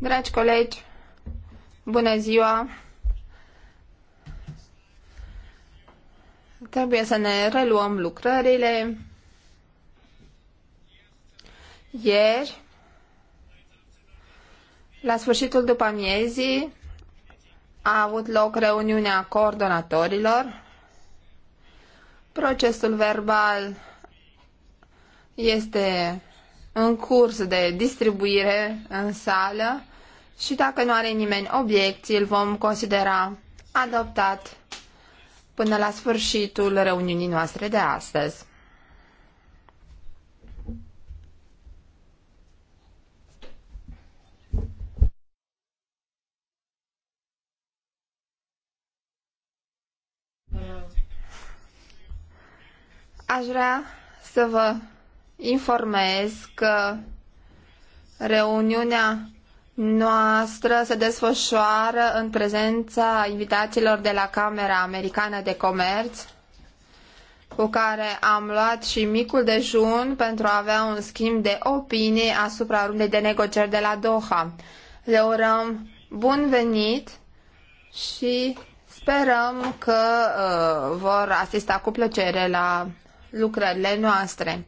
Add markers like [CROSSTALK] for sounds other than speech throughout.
Dragi colegi, bună ziua! Trebuie să ne reluăm lucrările. Ieri, la sfârșitul după amiezii, a avut loc reuniunea coordonatorilor. Procesul verbal este în curs de distribuire în sală și dacă nu are nimeni obiecții, îl vom considera adoptat până la sfârșitul reuniunii noastre de astăzi. Aș vrea să vă informez că reuniunea noastră se desfășoară în prezența invitațiilor de la Camera Americană de Comerț, cu care am luat și micul dejun pentru a avea un schimb de opinii asupra rundei de negocieri de la Doha. Le urăm bun venit și sperăm că uh, vor asista cu plăcere la lucrările noastre.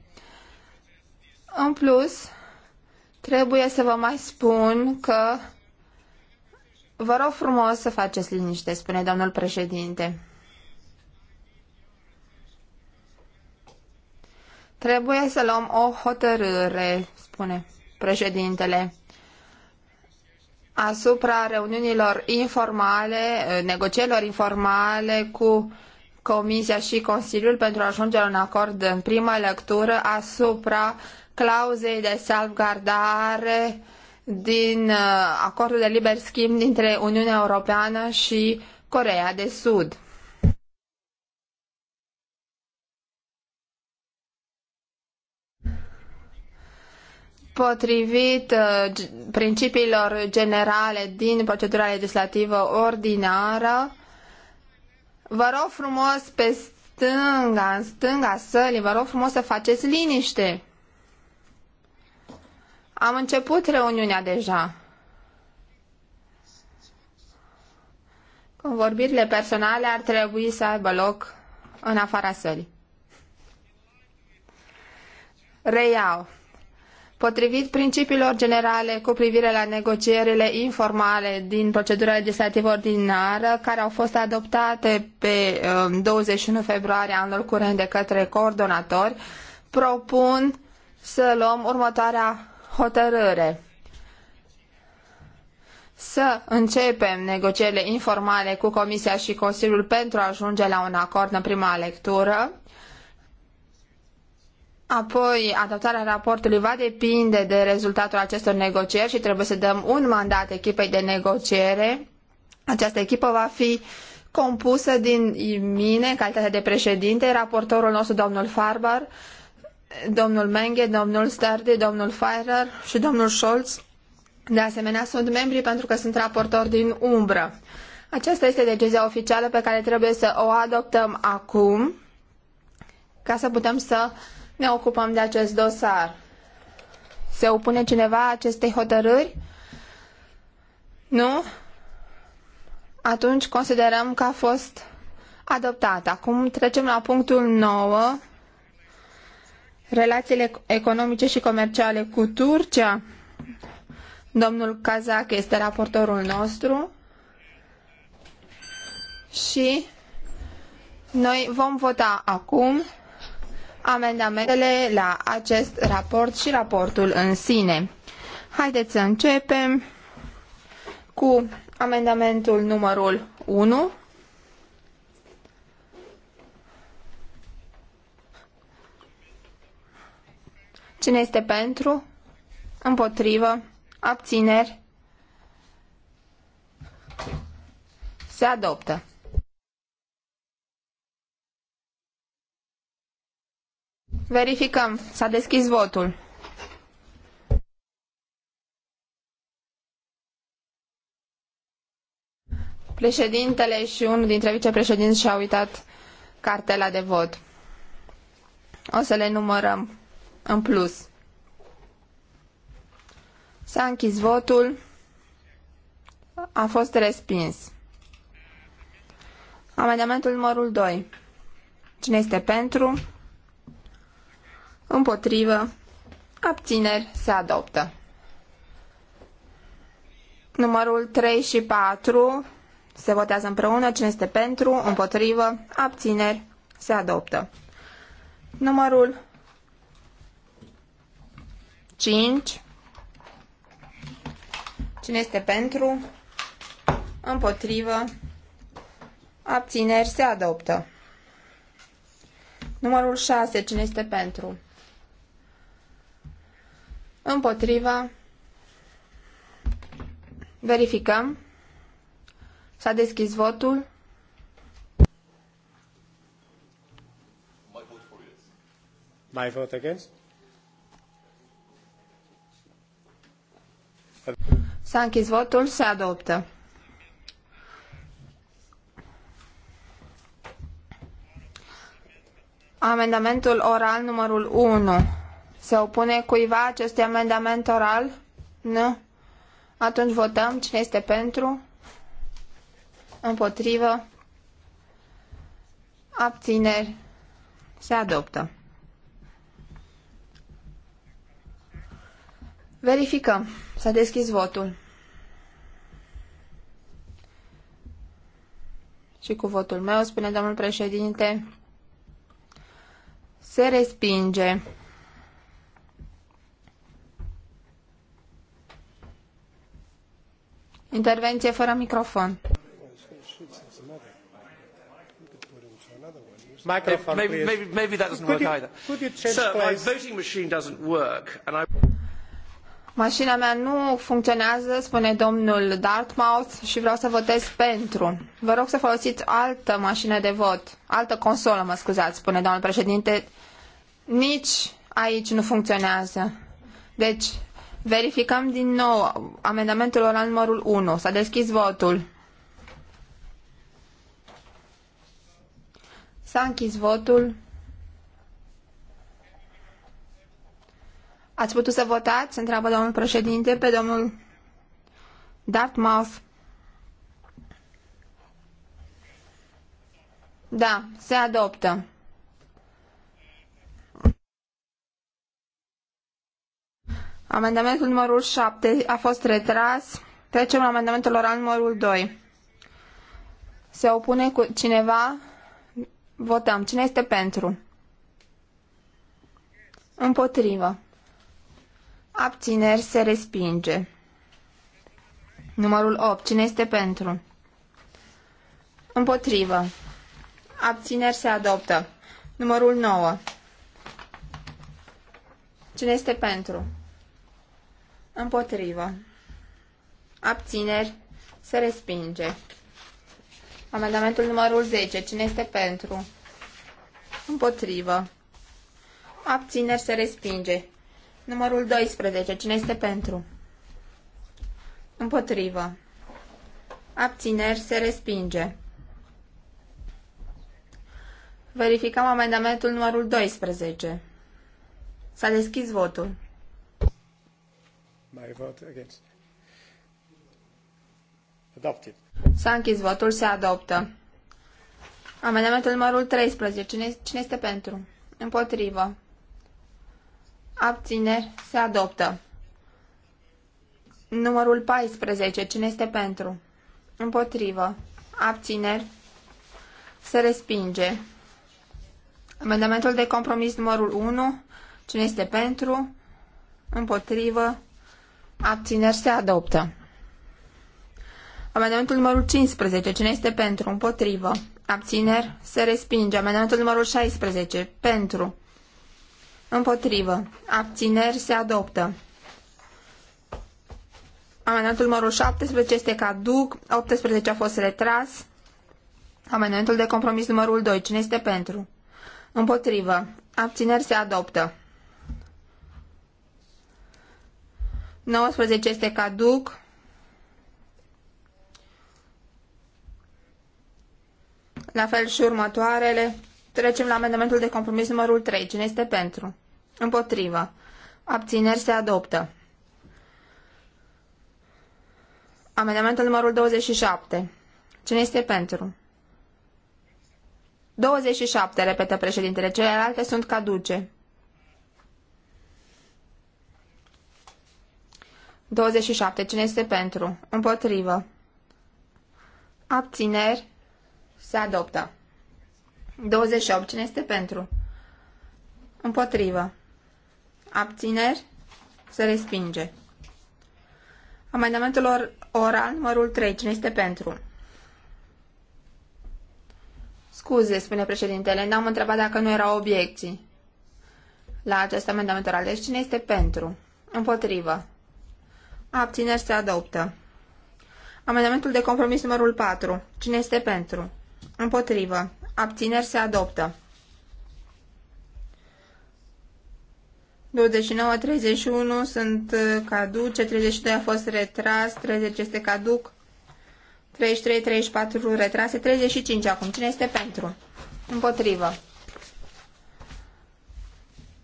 În plus, trebuie să vă mai spun că vă rog frumos să faceți liniște, spune domnul președinte. Trebuie să luăm o hotărâre, spune președintele, asupra reuniunilor informale, negocierilor informale cu Comisia și Consiliul pentru a ajunge la un acord în prima lectură asupra uh, clauzei de salvgardare din uh, acordul de liber schimb dintre Uniunea Europeană și Coreea de Sud. potrivit uh, principiilor generale din procedura legislativă ordinară, vă rog frumos pe stânga, în stânga sălii, vă rog frumos să faceți liniște. Am început reuniunea deja. Convorbirile personale ar trebui să aibă loc în afara sălii. Reiau. Potrivit principiilor generale cu privire la negocierile informale din procedura legislativă ordinară, care au fost adoptate pe 21 um, februarie anul curent de către coordonatori, propun să luăm următoarea hotărâre să începem negocierile informale cu Comisia și Consiliul pentru a ajunge la un acord în prima lectură. Apoi, adoptarea raportului va depinde de rezultatul acestor negocieri și trebuie să dăm un mandat echipei de negociere. Această echipă va fi compusă din mine, în calitate de președinte, raportorul nostru, domnul Farbar, domnul Menge, domnul Stardi, domnul Feirer și domnul Scholz. De asemenea, sunt membri pentru că sunt raportori din umbră. Aceasta este decizia oficială pe care trebuie să o adoptăm acum ca să putem să ne ocupăm de acest dosar. Se opune cineva acestei hotărâri? Nu? Atunci considerăm că a fost adoptat. Acum trecem la punctul 9 relațiile economice și comerciale cu Turcia. Domnul Kazak este raportorul nostru și noi vom vota acum amendamentele la acest raport și raportul în sine. Haideți să începem cu amendamentul numărul 1 Cine este pentru? Împotrivă? Abțineri? Se adoptă. Verificăm. S-a deschis votul. Președintele și unul dintre vicepreședinți și-au uitat cartela de vot. O să le numărăm în plus. S-a închis votul. A fost respins. Amendamentul numărul 2. Cine este pentru? Împotrivă. Abțineri. Se adoptă. Numărul 3 și 4 se votează împreună. Cine este pentru? Împotrivă. Abțineri. Se adoptă. Numărul 5. Cine este pentru? Împotrivă. Abțineri se adoptă. Numărul 6. Cine este pentru? Împotrivă. Verificăm. S-a deschis votul. My vote against? S-a închis votul, se adoptă. Amendamentul oral numărul 1. Se opune cuiva acest amendament oral? Nu. Atunci votăm cine este pentru, împotrivă, abțineri, se adoptă. Verificăm. S-a deschis votul. Și cu votul meu, spune domnul președinte, se respinge. Intervenție fără microfon. Microphone, maybe, maybe, maybe that doesn't could work you, either. Could you change Sir, my voting machine doesn't work, and I... Mașina mea nu funcționează, spune domnul Dartmouth și vreau să votez pentru. Vă rog să folosiți altă mașină de vot, altă consolă, mă scuzați, spune domnul președinte. Nici aici nu funcționează. Deci, verificăm din nou amendamentul oral numărul 1. S-a deschis votul. S-a închis votul. Ați putut să votați? Întreabă domnul președinte pe domnul Dartmouth. Da, se adoptă. Amendamentul numărul 7 a fost retras. Trecem la amendamentul oral numărul 2. Se opune cu cineva? Votăm. Cine este pentru? Împotrivă. Abțineri se respinge. Numărul 8. Cine este pentru? Împotrivă. Abțineri se adoptă. Numărul 9. Cine este pentru? Împotrivă. Abțineri se respinge. Amendamentul numărul 10. Cine este pentru? Împotrivă. Abțineri se respinge. Numărul 12. Cine este pentru? Împotrivă. Abțineri se respinge. Verificăm amendamentul numărul 12. S-a deschis votul. Mai vot against. Adopted. S-a închis votul, se adoptă. Amendamentul numărul 13. Cine, cine este pentru? Împotrivă abțineri, se adoptă. Numărul 14. Cine este pentru? Împotrivă. Abțineri. Se respinge. Amendamentul de compromis numărul 1. Cine este pentru? Împotrivă. Abțineri se adoptă. Amendamentul numărul 15. Cine este pentru? Împotrivă. Abțineri se respinge. Amendamentul numărul 16. Pentru. Împotrivă. Abțineri se adoptă. Amendamentul numărul 17 este caduc, 18 a fost retras. Amendamentul de compromis numărul 2. Cine este pentru? Împotrivă. Abțineri se adoptă. 19 este caduc. La fel și următoarele. Trecem la amendamentul de compromis numărul 3. Cine este pentru? Împotrivă. Abțineri se adoptă. Amendamentul numărul 27. Cine este pentru? 27, repetă președintele. Celelalte sunt caduce. 27. Cine este pentru? Împotrivă. Abțineri. Se adoptă. 28. Cine este pentru? Împotrivă abțineri, se respinge. Amendamentul oral numărul 3. Cine este pentru? Scuze, spune președintele, n-am întrebat dacă nu erau obiecții la acest amendament oral. Deci cine este pentru? Împotrivă. Abțineri se adoptă. Amendamentul de compromis numărul 4. Cine este pentru? Împotrivă. Abțineri se adoptă. 29, 31 sunt uh, caduce, 32 a fost retras, 30 este caduc, 33, 34 retrase, 35 acum. Cine este pentru? Împotrivă.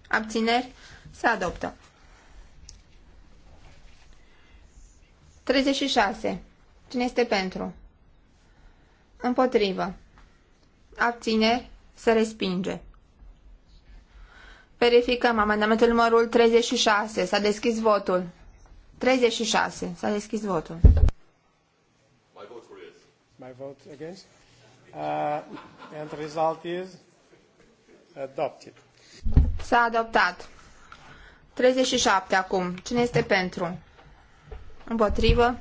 Abțineri? Se adoptă. 36. Cine este pentru? Împotrivă. Abțineri? Se respinge. Verificăm amendamentul numărul 36. S-a deschis votul. 36. S-a deschis votul. My vote for yes. My vote against. Uh, and result is adopted. S-a adoptat. 37 acum. Cine este pentru? Împotrivă?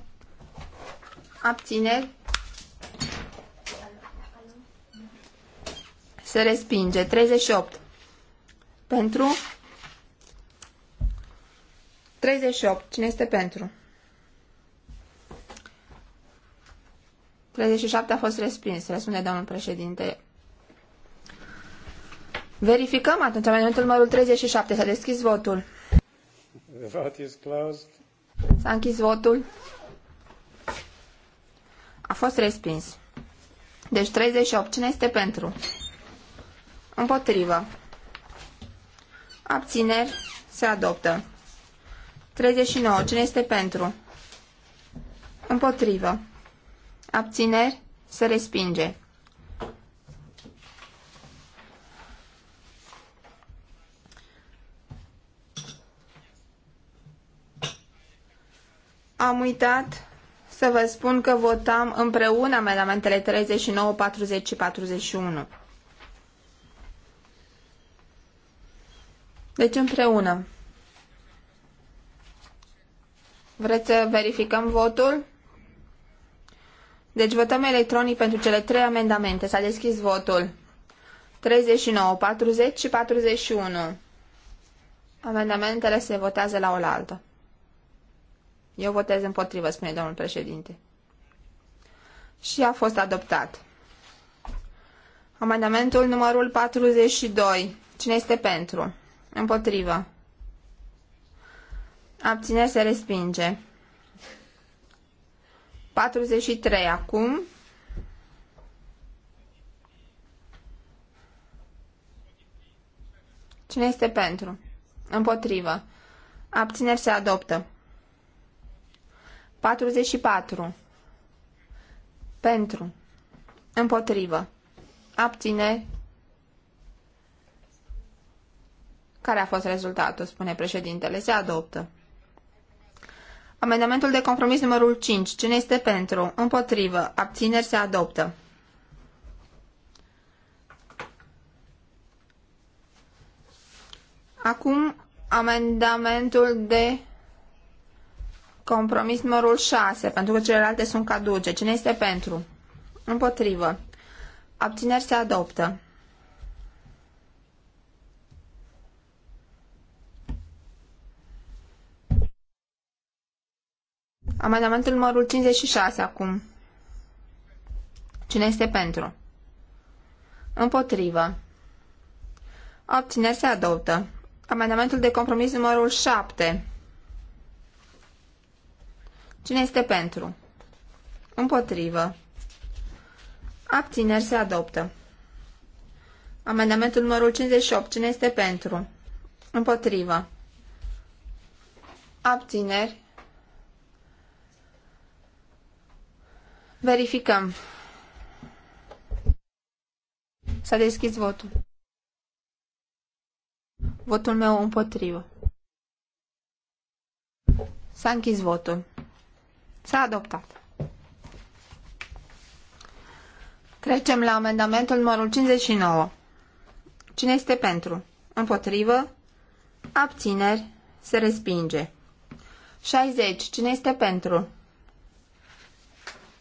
Abțineri? Se respinge. 38. Pentru. 38. Cine este pentru? 37 a fost respins, răspunde domnul președinte. Verificăm atunci amendamentul numărul 37. S-a deschis votul. The is closed. S-a închis votul. A fost respins. Deci 38. Cine este pentru? Împotrivă. Abțineri. Se adoptă. 39. Cine este pentru? Împotrivă. Abțineri. Se respinge. Am uitat să vă spun că votam împreună amendamentele 39, 40 și 41. Deci împreună. Vreți să verificăm votul? Deci votăm electronic pentru cele trei amendamente. S-a deschis votul. 39, 40 și 41. Amendamentele se votează la oaltă. Eu votez împotrivă, spune domnul președinte. Și a fost adoptat. Amendamentul numărul 42. Cine este pentru? Împotrivă. Abține se respinge. 43 acum. Cine este pentru? Împotrivă. Abțineri se adoptă. 44. Pentru. Împotrivă. Abțineri Care a fost rezultatul, spune președintele. Se adoptă. Amendamentul de compromis numărul 5. Cine este pentru? Împotrivă. Abțineri se adoptă. Acum amendamentul de compromis numărul 6, pentru că celelalte sunt caduce. Cine este pentru? Împotrivă. Abțineri se adoptă. Amendamentul numărul 56 acum. Cine este pentru? Împotrivă. Abțineri se adoptă. Amendamentul de compromis numărul 7. Cine este pentru? Împotrivă. Abțineri se adoptă. Amendamentul numărul 58. Cine este pentru? Împotrivă. Abțineri Verificăm. S-a deschis votul. Votul meu împotrivă. S-a închis votul. S-a adoptat. Trecem la amendamentul numărul 59. Cine este pentru? Împotrivă? Abțineri? Se respinge. 60. Cine este pentru?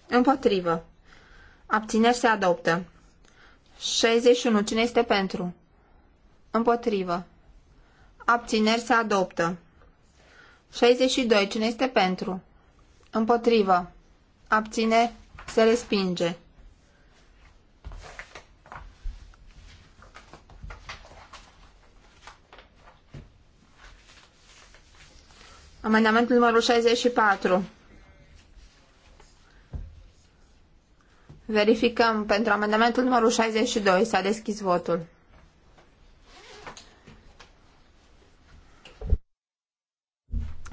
Împotrivă. Abțineri se adoptă. 61. Cine este pentru? Împotrivă. Abțineri se adoptă. 62. Cine este pentru? Împotrivă. abține se respinge. Amendamentul numărul 64. Verificăm pentru amendamentul numărul 62. S-a deschis votul.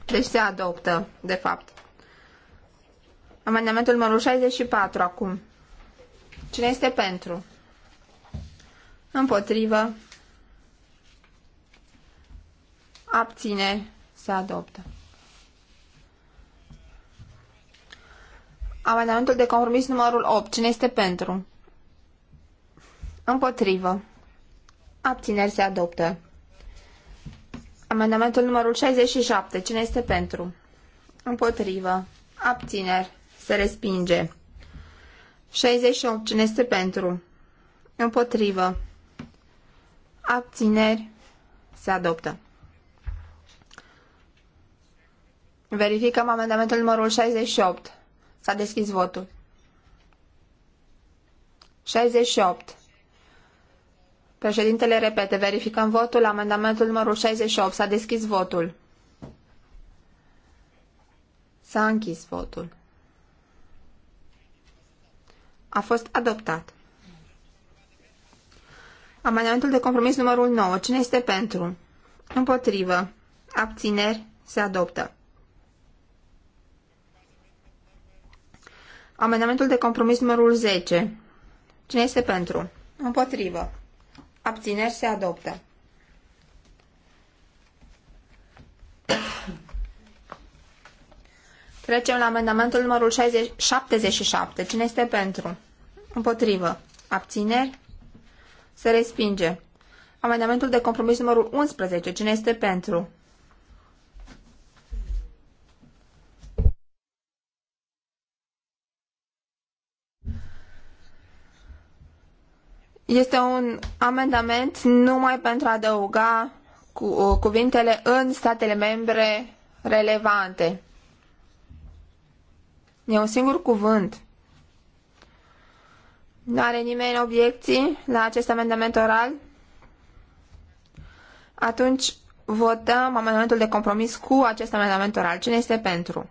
Deci se adoptă, de fapt. Amendamentul numărul 64 acum. Cine este pentru? Împotrivă. Abține. Se adoptă. Amendamentul de compromis numărul 8. Cine este pentru? Împotrivă. Abțineri se adoptă. Amendamentul numărul 67. Cine este pentru? Împotrivă. Abțineri. Se respinge. 68. Cine este pentru? Împotrivă. Abțineri. Se adoptă. Verificăm amendamentul numărul 68. S-a deschis votul. 68. Președintele repete, verificăm votul, amendamentul numărul 68. S-a deschis votul. S-a închis votul. A fost adoptat. Amendamentul de compromis numărul 9. Cine este pentru? Împotrivă. Abțineri. Se adoptă. Amendamentul de compromis numărul 10. Cine este pentru? Împotrivă. Abțineri se adoptă. Trecem la amendamentul numărul 60, 77. Cine este pentru? Împotrivă. Abțineri? Se respinge. Amendamentul de compromis numărul 11. Cine este pentru? Este un amendament numai pentru a adăuga cu, uh, cuvintele în statele membre relevante. E un singur cuvânt. Nu are nimeni obiecții la acest amendament oral? Atunci votăm amendamentul de compromis cu acest amendament oral. Cine este pentru?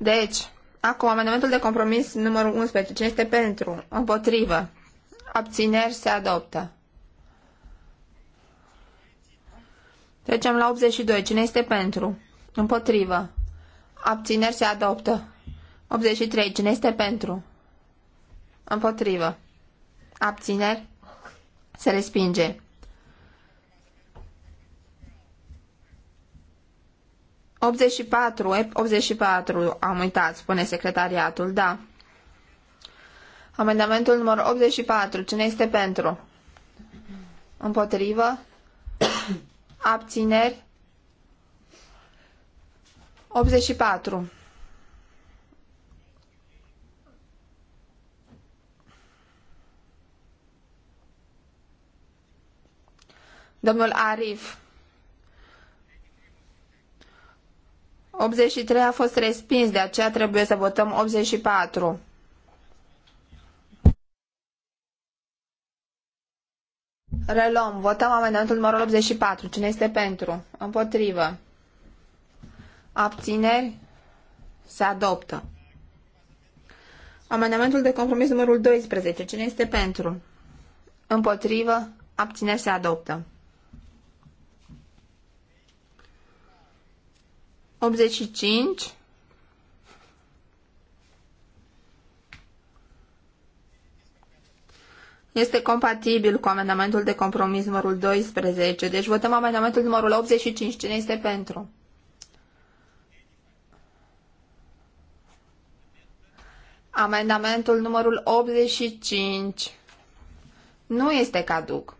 Deci, acum amendamentul de compromis numărul 11. Cine este pentru? Împotrivă. Abțineri se adoptă. Trecem la 82. Cine este pentru? Împotrivă. Abțineri se adoptă. 83. Cine este pentru? Împotrivă. Abțineri se respinge. 84, 84, am uitat, spune secretariatul, da. Amendamentul numărul 84, cine este pentru? Împotrivă? [COUGHS] Abțineri? 84. Domnul Arif. 83 a fost respins, de aceea trebuie să votăm 84. Reluăm. Votăm amendamentul numărul 84. Cine este pentru? Împotrivă. Abțineri? Se adoptă. Amendamentul de compromis numărul 12. Cine este pentru? Împotrivă? Abțineri? Se adoptă. 85. Este compatibil cu amendamentul de compromis numărul 12. Deci votăm amendamentul numărul 85. Cine este pentru? Amendamentul numărul 85 nu este caduc.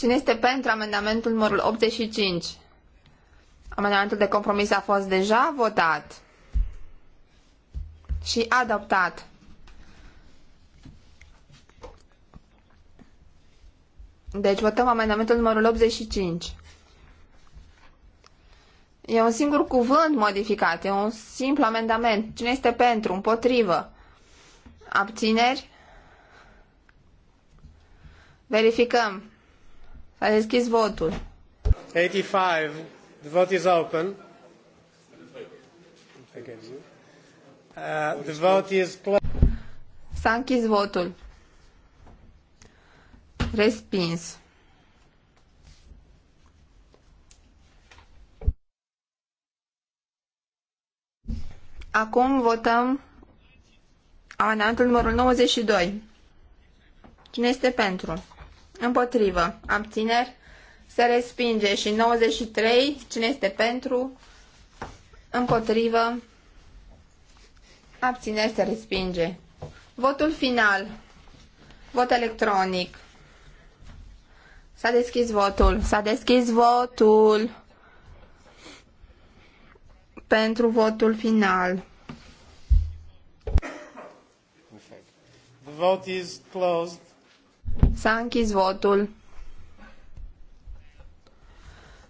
Cine este pentru amendamentul numărul 85? Amendamentul de compromis a fost deja votat și adoptat. Deci votăm amendamentul numărul 85. E un singur cuvânt modificat, e un simplu amendament. Cine este pentru? Împotrivă? Abțineri? Verificăm. S-a deschis votul. 85. The vote is open. Uh, the vote is closed. S-a închis votul. Respins. Acum votăm amendamentul numărul 92. Cine este pentru? Împotrivă. Abțineri. Se respinge. Și 93. Cine este pentru? Împotrivă. Abțineri. Se respinge. Votul final. Vot electronic. S-a deschis votul. S-a deschis votul pentru votul final. The vote is closed. S-a închis votul.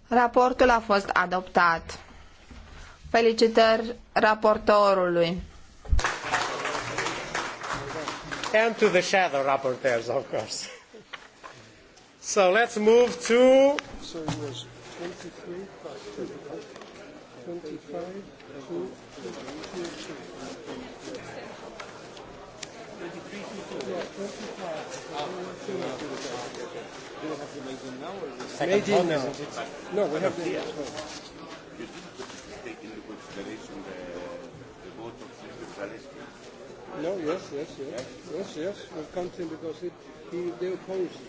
Raportul a fost adoptat. Felicitări raportorului. And to the shadow rapporteurs, of course. So let's move to... So it was 23, 25, 25 Second Made in now. No, we have the. You didn't take into consideration the, the vote of Mr. Zaleski. No, yes, yes, yes. Yes, yes. We can't him because it, he, they opposed.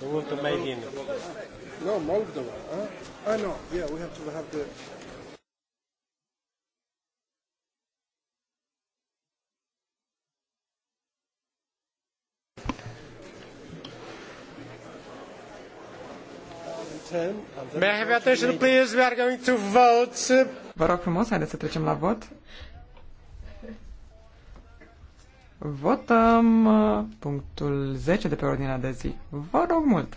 the vote of Made in. No, Moldova. Huh? Ah, no. Yeah, we have to have the. May I have attention, please? We are going to vote. Vă rog frumos, haideți să trecem la vot. Votăm uh, punctul 10 de pe ordinea de zi. Vă rog mult!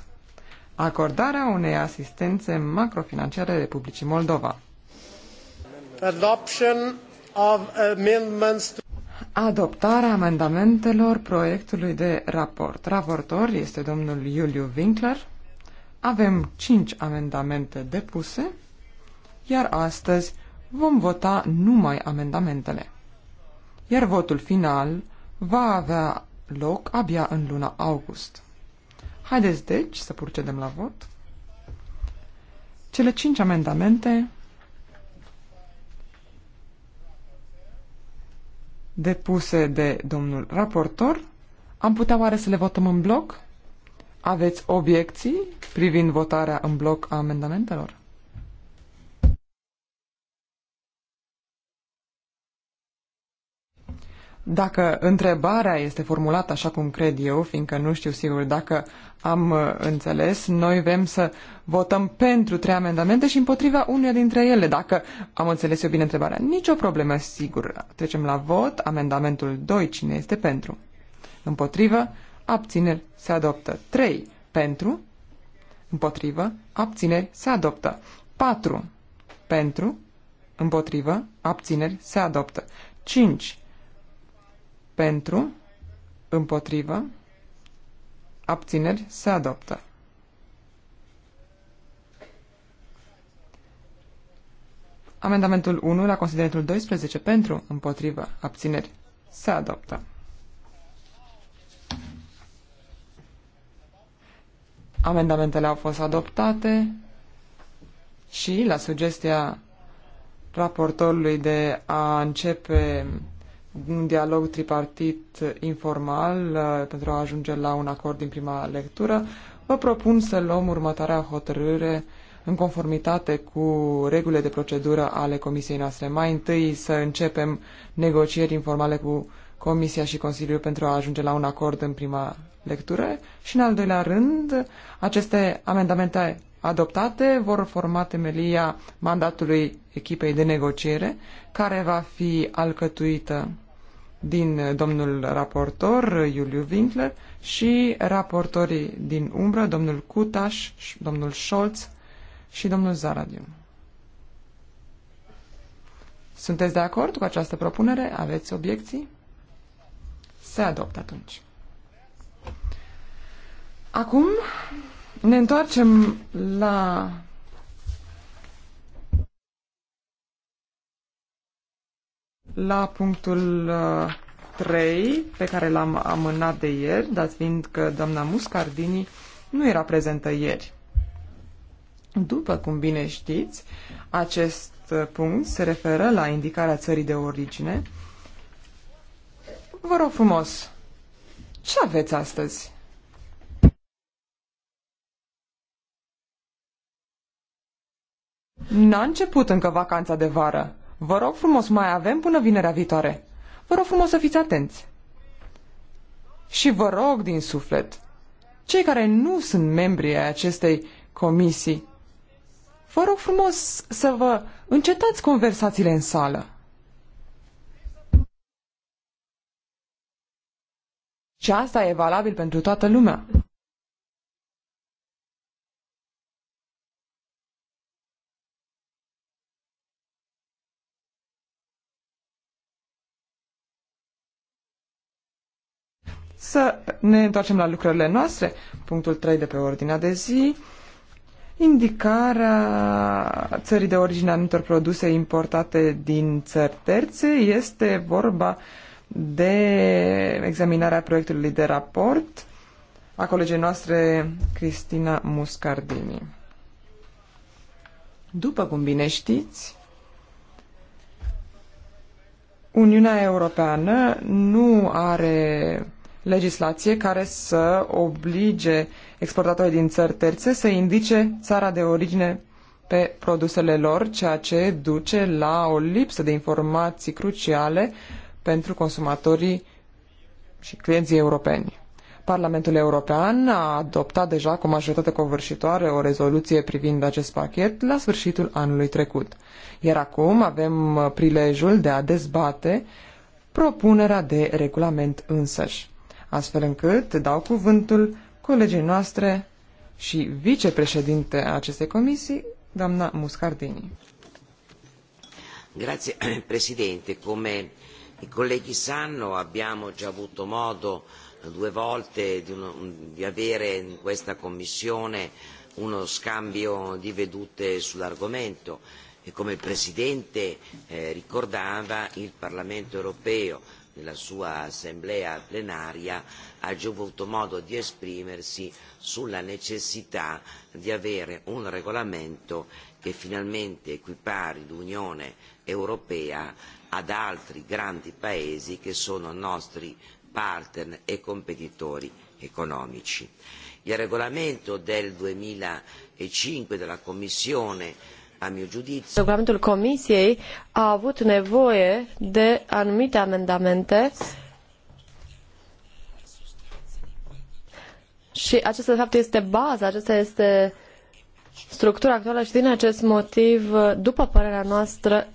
Acordarea unei asistențe macrofinanciare Republicii Moldova. Adoption of amendments to... Adoptarea amendamentelor proiectului de raport. Raportor este domnul Iuliu Winkler. Avem cinci amendamente depuse, iar astăzi vom vota numai amendamentele. Iar votul final va avea loc abia în luna august. Haideți, deci, să procedem la vot. Cele cinci amendamente depuse de domnul raportor, am putea oare să le votăm în bloc? Aveți obiecții privind votarea în bloc a amendamentelor? Dacă întrebarea este formulată așa cum cred eu, fiindcă nu știu sigur dacă am uh, înțeles, noi vrem să votăm pentru trei amendamente și împotriva unuia dintre ele, dacă am înțeles eu bine întrebarea. Nici o problemă, sigur. Trecem la vot. Amendamentul 2. Cine este pentru? Împotrivă? abțineri, se adoptă. 3. Pentru, împotrivă, abțineri, se adoptă. 4. Pentru, împotrivă, abțineri, se adoptă. 5. Pentru, împotrivă, abțineri, se adoptă. Amendamentul 1 la considerentul 12 pentru, împotrivă, abțineri, se adoptă. Amendamentele au fost adoptate și, la sugestia raportorului de a începe un dialog tripartit informal uh, pentru a ajunge la un acord din prima lectură, vă propun să luăm următoarea hotărâre în conformitate cu regulile de procedură ale comisiei noastre. Mai întâi să începem negocieri informale cu Comisia și Consiliul pentru a ajunge la un acord în prima lectură și, în al doilea rând, aceste amendamente adoptate vor forma temelia mandatului echipei de negociere, care va fi alcătuită din domnul raportor Iuliu Winkler și raportorii din umbră, domnul Cutaș, domnul Scholz și domnul Zaradiu. Sunteți de acord cu această propunere? Aveți obiecții? Se adoptă atunci. Acum ne întoarcem la la punctul 3 uh, pe care l-am amânat de ieri, dat fiind că doamna Muscardini nu era prezentă ieri. După cum bine știți, acest uh, punct se referă la indicarea țării de origine Vă rog frumos, ce aveți astăzi? N-a început încă vacanța de vară. Vă rog frumos, mai avem până vinerea viitoare. Vă rog frumos să fiți atenți. Și vă rog din suflet, cei care nu sunt membri ai acestei comisii, vă rog frumos să vă încetați conversațiile în sală. Și asta e valabil pentru toată lumea. Să ne întoarcem la lucrările noastre. Punctul 3 de pe ordinea de zi. Indicarea țării de origine a anumitor produse importate din țări terțe este vorba uh, de examinarea proiectului de raport a colegii noastre Cristina Muscardini. După cum bine știți, Uniunea Europeană nu are legislație care să oblige exportatorii din țări terțe să indice țara de origine pe produsele lor, ceea ce duce la o lipsă de informații cruciale pentru consumatorii și clienții europeni. Parlamentul European a adoptat deja cu majoritate covârșitoare o rezoluție privind acest pachet la sfârșitul anului trecut. Iar acum avem prilejul de a dezbate propunerea de regulament însăși, astfel încât dau cuvântul colegii noastre și vicepreședinte a acestei comisii, doamna Muscardini. Grazie, [CLEARS THROAT] președinte. Come I colleghi sanno, abbiamo già avuto modo due volte di, uno, di avere in questa Commissione uno scambio di vedute sull'argomento e come il Presidente eh, ricordava il Parlamento europeo nella sua assemblea plenaria ha già avuto modo di esprimersi sulla necessità di avere un regolamento che finalmente equipari l'Unione europea ad altri grandi paesi che sono nostri partner e competitori economici. Il regolamento del 2005 della Commissione a mio giudizio. Regolamentul Comisiei a avut nevoie de anumite amendamente și acesta de fapt este baza, acesta este structura actuală și din acest motiv, după părerea noastră,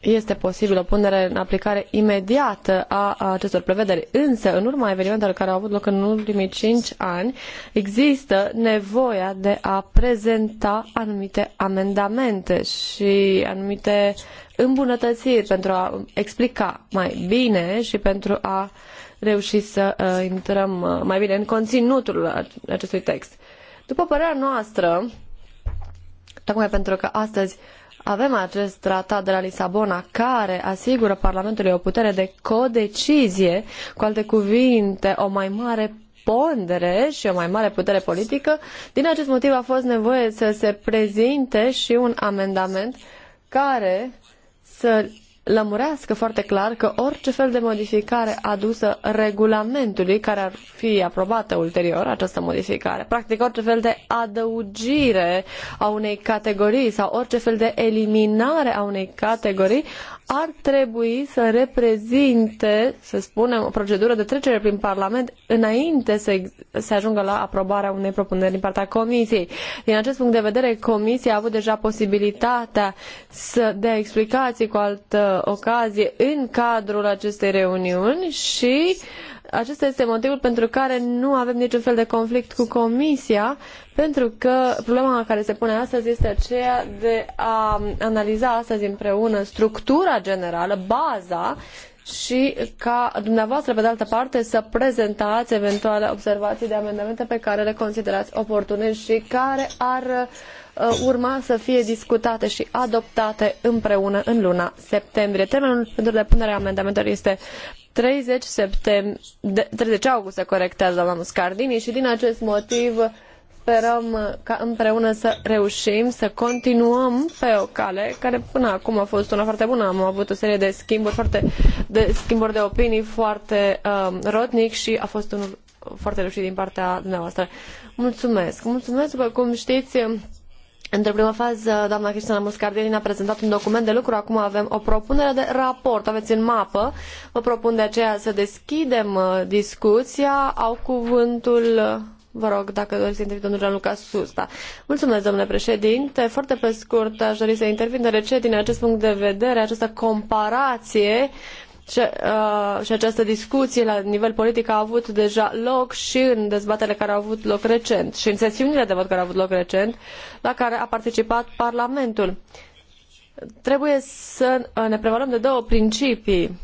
este posibil o punere în aplicare imediată a, acestor prevederi. Însă, în urma evenimentelor care au avut loc în ultimii cinci ani, există nevoia de a prezenta anumite amendamente și anumite îmbunătățiri pentru a explica mai bine și pentru a reuși să uh, intrăm uh, mai bine în conținutul acestui text. După părerea noastră, tocmai pentru că astăzi uh, avem acest tratat de la Lisabona care asigură Parlamentului o putere de codecizie, cu alte cuvinte, o mai mare pondere și o mai mare putere politică. Din acest motiv a fost nevoie să se prezinte și un amendament care să lămurească foarte clar că orice fel de modificare adusă regulamentului care ar fi aprobată ulterior această modificare, practic orice fel de adăugire a unei categorii sau orice fel de eliminare a unei categorii ar trebui să reprezinte, să spunem, o procedură de trecere prin Parlament înainte să se ajungă la aprobarea unei propuneri din partea Comisiei. Din acest punct de vedere, Comisia a avut deja posibilitatea să dea explicații cu altă ocazie în cadrul acestei reuniuni și uh, acesta este motivul pentru care nu avem niciun fel de conflict cu Comisia, pentru că problema care se pune astăzi este aceea de a analiza astăzi împreună structura generală, baza și ca dumneavoastră, pe de altă parte, să prezentați eventuale observații de amendamente pe care le considerați oportune și care ar uh, urma să fie discutate și adoptate împreună în luna septembrie. Termenul pentru depunerea amendamentelor este 30 septembrie, 30 august se corectează la Muscardini și din acest motiv sperăm ca împreună să reușim să continuăm pe o cale care până acum a fost una foarte bună. Am avut o serie de schimburi foarte, de schimburi de opinii foarte um, rotnic și a fost unul foarte reușit din partea dumneavoastră. Mulțumesc! Mulțumesc, după cum știți, Într-o primă fază, doamna Cristina Muscardini a prezentat un document de lucru, acum avem o propunere de raport, aveți în mapă. Vă propun de aceea să deschidem uh, discuția. Au cuvântul uh, Vă rog, dacă doriți să intervii, domnul Gianluca Susta. Mulțumesc, domnule președinte. Foarte pe scurt, aș dori să intervin, deoarece, din acest punct de vedere, această comparație uh, Uh, și, această discuție la nivel politic a avut deja loc și în dezbatele care au avut loc recent și în sesiunile de vot care au avut loc recent, la care a participat Parlamentul. Trebuie să ne prevalăm de două principii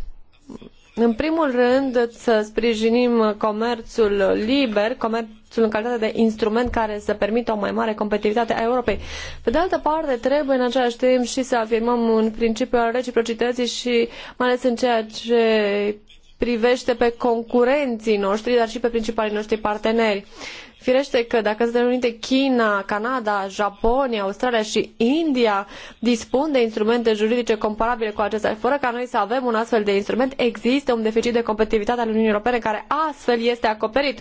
în primul rând, să sprijinim comerțul liber, comerțul în calitate de instrument care să permită o mai mare competitivitate a Europei. Pe de altă parte, trebuie în același timp și să afirmăm un principiu al reciprocității și mai ales în ceea ce privește pe concurenții noștri, dar și pe principalii noștri parteneri. Firește că dacă Statele Unite, China, Canada, Japonia, Australia și India dispun de instrumente juridice comparabile cu acestea, fără ca noi să avem un astfel de instrument, există un deficit de competitivitate al Uniunii Europene care astfel este acoperit.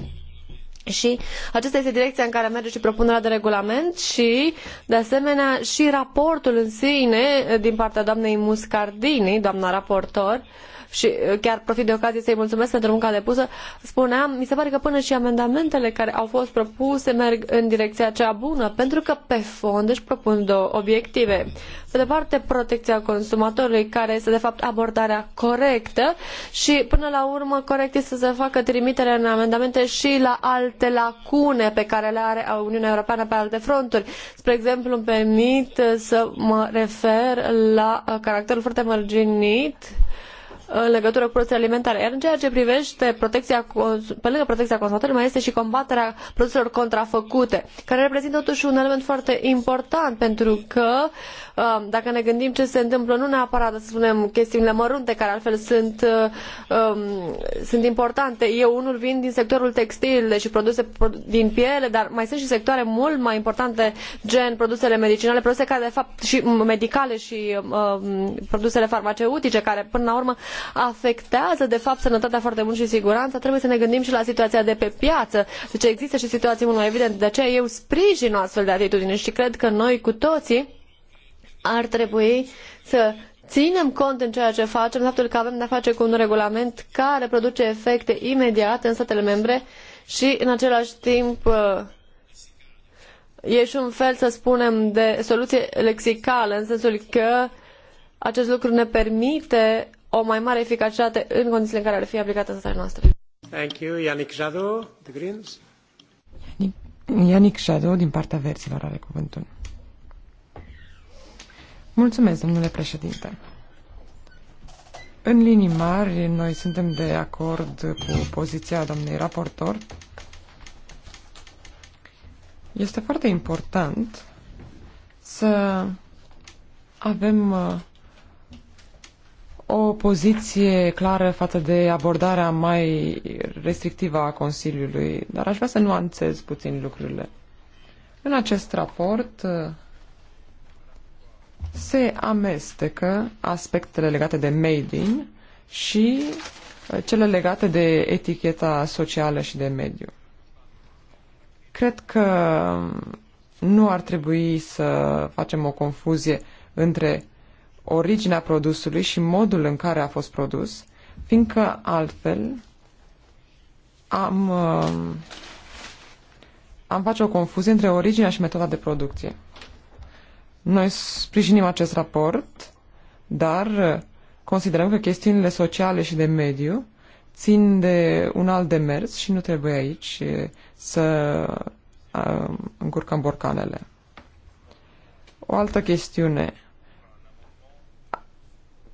Și aceasta este direcția în care merge și propunerea de regulament și, de asemenea, și raportul în sine din partea doamnei Muscardini, doamna raportor, uh, și uh, chiar profit de ocazie să-i mulțumesc pentru munca depusă, spuneam, mi se pare că până și amendamentele care au fost propuse merg în direcția cea bună, pentru că pe fond își propun două obiective. Pe de parte, protecția consumatorului, care este de fapt abordarea corectă și până la urmă corect este să se facă trimitere în amendamente și la alte lacune pe care le are Uniunea Europeană pe alte fronturi. Spre exemplu, îmi permit să mă refer la caracterul foarte mărginit în legătură cu produsele alimentare. Iar în ceea ce privește protecția, pe lângă protecția consumatorului, mai este și combaterea produselor contrafăcute, care reprezintă totuși un element foarte important, pentru că um, dacă ne gândim ce se întâmplă, nu neapărat, să spunem, chestiunile mărunte, care altfel sunt, uh, um, sunt importante. Eu unul vin din sectorul textil, și produse din piele, dar mai sunt și sectoare mult mai importante, gen produsele medicinale, produse care de fapt și medicale și um, produsele farmaceutice, care până la urmă afectează, de fapt, sănătatea foarte mult și siguranța, trebuie să ne gândim și la situația de pe piață. Deci există și situații mult mai evidente. De aceea eu sprijin o astfel de atitudine și cred că noi cu toții ar trebui să ținem cont în ceea ce facem, faptul că avem de-a face cu un regulament care produce efecte imediate în statele membre și în același timp e și un fel, să spunem, de soluție lexicală, în sensul că acest lucru ne permite o mai mare eficacitate în condițiile în care ar fi aplicată în statele noastre. Thank you. Yannick Jadot, The Greens. Yannick Jadot, din partea verzilor, are cuvântul. Mulțumesc, domnule președinte. În linii mari, noi suntem de acord cu poziția doamnei raportor. Este foarte important să avem uh, o poziție clară față de abordarea mai restrictivă a Consiliului, dar aș vrea să nuanțez puțin lucrurile. În acest raport uh, se amestecă aspectele legate de made in și uh, cele legate de eticheta socială și de mediu. Cred că um, nu ar trebui să facem o confuzie între originea produsului și modul în care a fost produs, fiindcă altfel am, um, am face o confuzie între originea și metoda de producție. Noi sprijinim acest raport, dar considerăm că chestiunile sociale și de mediu țin de un alt demers și nu trebuie aici să um, încurcăm borcanele. O altă chestiune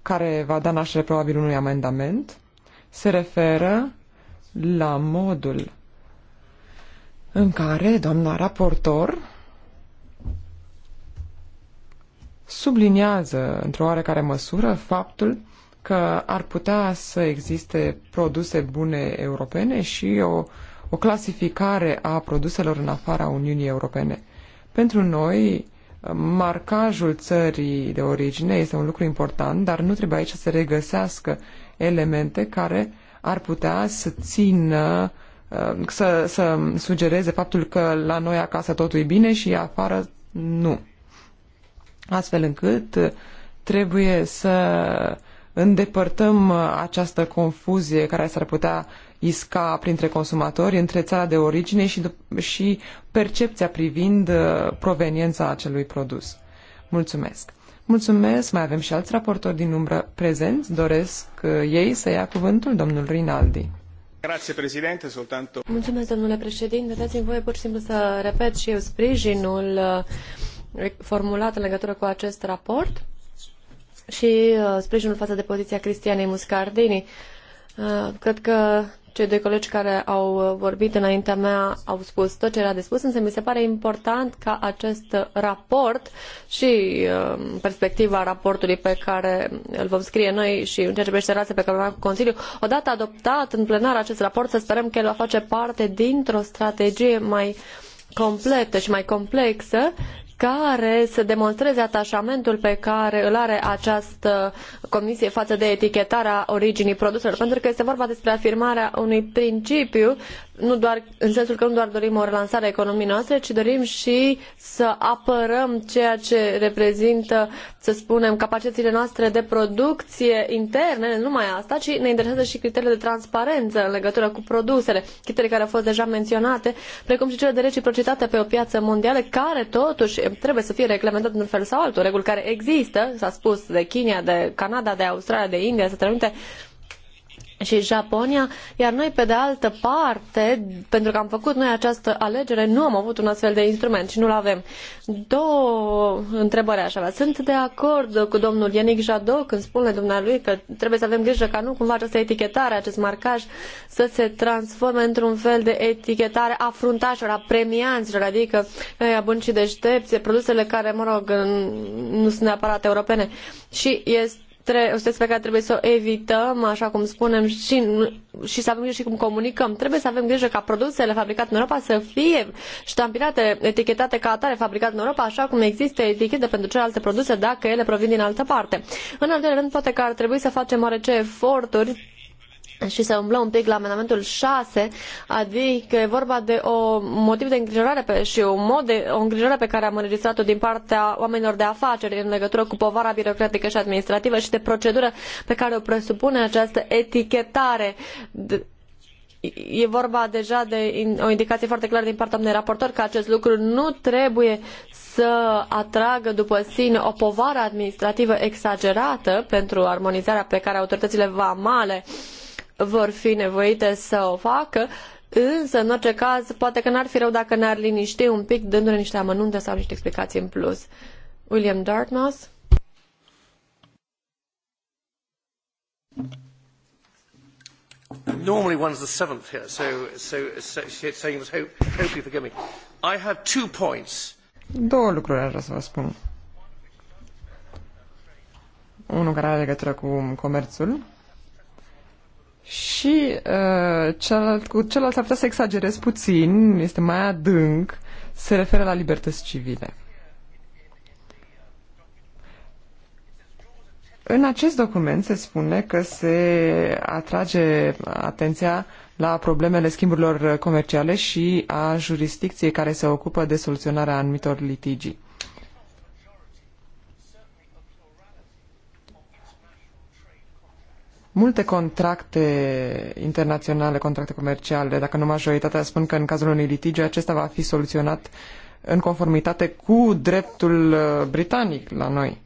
care va da naștere probabil unui amendament, se referă la modul în care doamna raportor subliniază într-o oarecare măsură faptul că ar putea să existe produse bune europene și o, o clasificare a produselor în afara Uniunii Europene. Pentru noi, marcajul țării de origine este un lucru important, dar nu trebuie aici să se regăsească elemente care ar putea să țină, uh, să, să sugereze faptul că la noi acasă totul e bine și afară nu. Astfel încât uh, trebuie să îndepărtăm uh, această confuzie care s-ar putea uh, isca printre consumatori între țara de origine și, și percepția privind uh, proveniența acelui produs. Mulțumesc! Mulțumesc, mai avem și alți raportori din umbră prezenți, doresc uh, ei să ia cuvântul, domnul Rinaldi. Grazie, președinte, soltanto... Mulțumesc, domnule președinte, dați-mi voie pur și simplu să repet și eu sprijinul uh, formulat în legătură cu acest raport și sprijinul față de poziția Cristianei Muscardini. Cred că cei doi colegi care au vorbit înaintea mea au spus tot ce era de spus, însă mi se pare important ca acest raport și um, perspectiva raportului pe care îl vom scrie noi și în ceea ce privește relația pe care o avem cu Consiliu, odată adoptat în plenar acest raport, să sperăm că el va face parte dintr-o strategie mai completă și mai complexă care să demonstreze atașamentul pe care îl are această comisie față de etichetarea originii produselor, pentru că este vorba despre afirmarea unui principiu nu doar, în sensul că nu doar dorim o relansare a economiei noastre, ci dorim și să apărăm ceea ce reprezintă, să spunem, capacitățile noastre de producție interne, nu numai asta, ci ne interesează și criteriile de transparență în legătură cu produsele, criterii care au fost deja menționate, precum și cele de reciprocitate pe o piață mondială, care totuși trebuie să fie reglementată într-un fel sau altul, reguli care există, s-a spus de China, de Canada, de Australia, de India, Statele Unite, și Japonia, iar noi, pe de altă parte, pentru că am făcut noi această alegere, nu am avut un astfel de instrument și nu-l avem. Două întrebări aș avea. Sunt de acord cu domnul Ianic Jadot când spune dumnealui că trebuie să avem grijă ca nu cumva această etichetare, acest marcaj să se transforme într-un fel de etichetare a fruntașilor, a premianților, adică a buni și deștepți, produsele care, mă rog, nu sunt neapărat europene. Și este o situație pe care trebuie să o evităm, așa cum spunem, și, și să avem grijă și cum comunicăm. Trebuie să avem grijă ca produsele fabricate în Europa să fie ștampilate, etichetate ca atare fabricate în Europa, așa cum există etichete pentru celelalte produse dacă ele provin din altă parte. În al doilea rând, poate că ar trebui să facem oarece eforturi și să umblăm un pic la amendamentul 6, adică e vorba de o motiv de îngrijorare pe, și un mod de o îngrijorare pe care am înregistrat-o din partea oamenilor de afaceri în legătură cu povara birocratică și administrativă și de procedură pe care o presupune această etichetare de, e vorba deja de o indicație foarte clară din partea unui raportor că acest lucru nu trebuie să atragă după sine o povară administrativă exagerată pentru armonizarea pe care autoritățile vamale uh, vor fi nevoite să o facă, însă, în orice caz, poate că n-ar fi rău dacă ne-ar liniști un pic, dându-ne niște amănunte sau niște explicații în plus. William Dartmouth? normally one's the seventh here, so, so, so, so you must hope, hope you forgive me. I have two points. Două lucruri aș vrea să vă spun. Unul care are legătură cu comerțul și uh, celălalt, cu celălalt s-ar putea să exagerez puțin, este mai adânc, se referă la libertăți civile. În acest document se spune că se atrage atenția la problemele schimburilor comerciale și a jurisdicției care se ocupă de soluționarea anumitor litigii. multe contracte internaționale, contracte comerciale, dacă nu majoritatea spun că în cazul unui litigiu acesta va fi soluționat în conformitate cu dreptul uh, britanic la noi.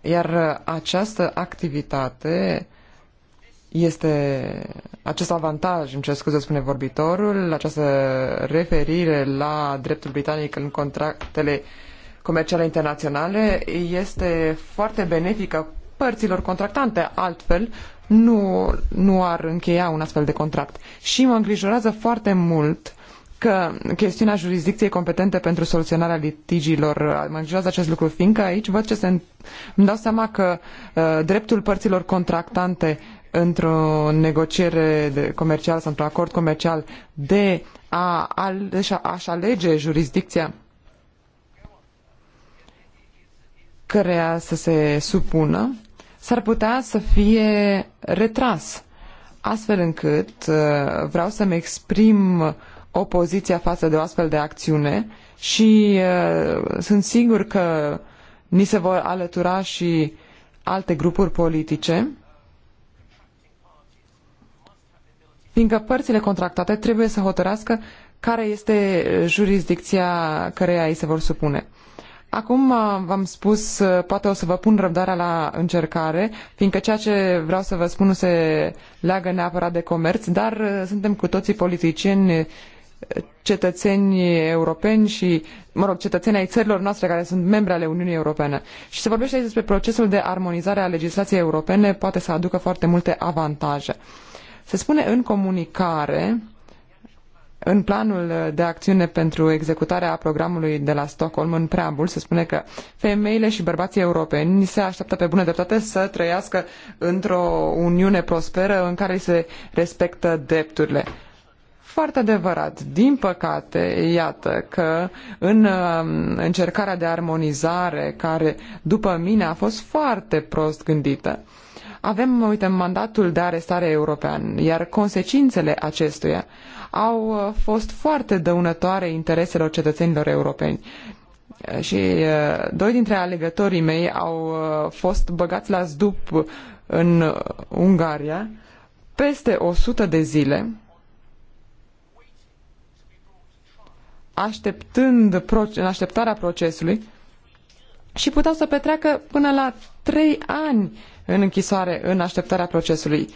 Iar uh, această activitate este acest avantaj, în ce scuze spune vorbitorul, această referire la dreptul britanic în contractele comerciale internaționale este foarte benefică părților contractante, altfel nu, nu ar încheia un astfel de contract. Și mă îngrijorează foarte mult că chestiunea jurisdicției competente pentru soluționarea litigiilor, mă îngrijorează acest lucru, fiindcă aici văd ce se... îmi dau seama că uh, dreptul părților contractante într-o negociere comercială sau într-un acord comercial de a, a, a-și alege jurisdicția căreia să se supună s-ar putea să fie retras. Astfel încât uh, vreau să-mi exprim opoziția față de o astfel de acțiune și uh, sunt sigur că ni se vor alătura și alte grupuri politice, fiindcă părțile contractate trebuie să hotărească care este jurisdicția căreia ei se vor supune. Acum uh, v-am spus, uh, poate o să vă pun răbdarea la încercare, fiindcă ceea ce vreau să vă spun nu se leagă neapărat de comerț, dar uh, suntem cu toții politicieni, cetățeni europeni și, mă rog, cetățeni ai țărilor noastre care sunt membre ale Uniunii Europene. Și se vorbește aici despre procesul de armonizare a legislației europene, poate să aducă foarte multe avantaje. Se spune în comunicare în planul de acțiune pentru executarea programului de la Stockholm, în preambul, se spune că femeile și bărbații europeni se așteaptă pe bună dreptate să trăiască într-o uniune prosperă în care se respectă drepturile foarte adevărat. Din păcate, iată că în um, încercarea de armonizare, care după mine a fost foarte prost gândită, avem, uite, mandatul de arestare european, iar consecințele acestuia au uh, fost foarte dăunătoare intereselor cetățenilor europeni și uh, doi dintre alegătorii mei au uh, fost băgați la zdup în Ungaria peste o sută de zile așteptând în așteptarea procesului și puteau să petreacă până la trei ani în închisoare în așteptarea procesului.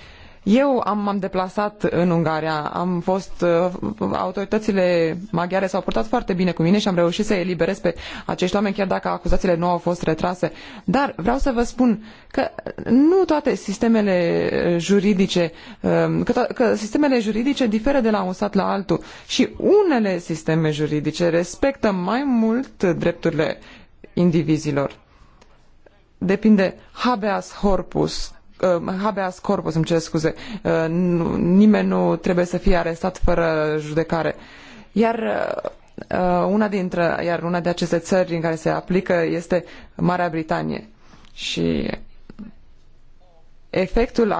Eu am, m-am deplasat în Ungaria, am fost, uh, autoritățile maghiare s-au purtat foarte bine cu mine și am reușit să eliberez pe acești oameni, chiar dacă acuzațiile nu au fost retrase. Dar vreau să vă spun că nu toate sistemele juridice, um, că, că sistemele juridice diferă de la un stat la altul și unele sisteme juridice respectă mai mult drepturile indivizilor. Depinde habeas corpus, uh, habeas corpus, îmi cer scuze, uh, nimeni nu trebuie să fie arestat fără judecare. Iar uh, una dintre, iar una de aceste țări în care se aplică este Marea Britanie. Și efectul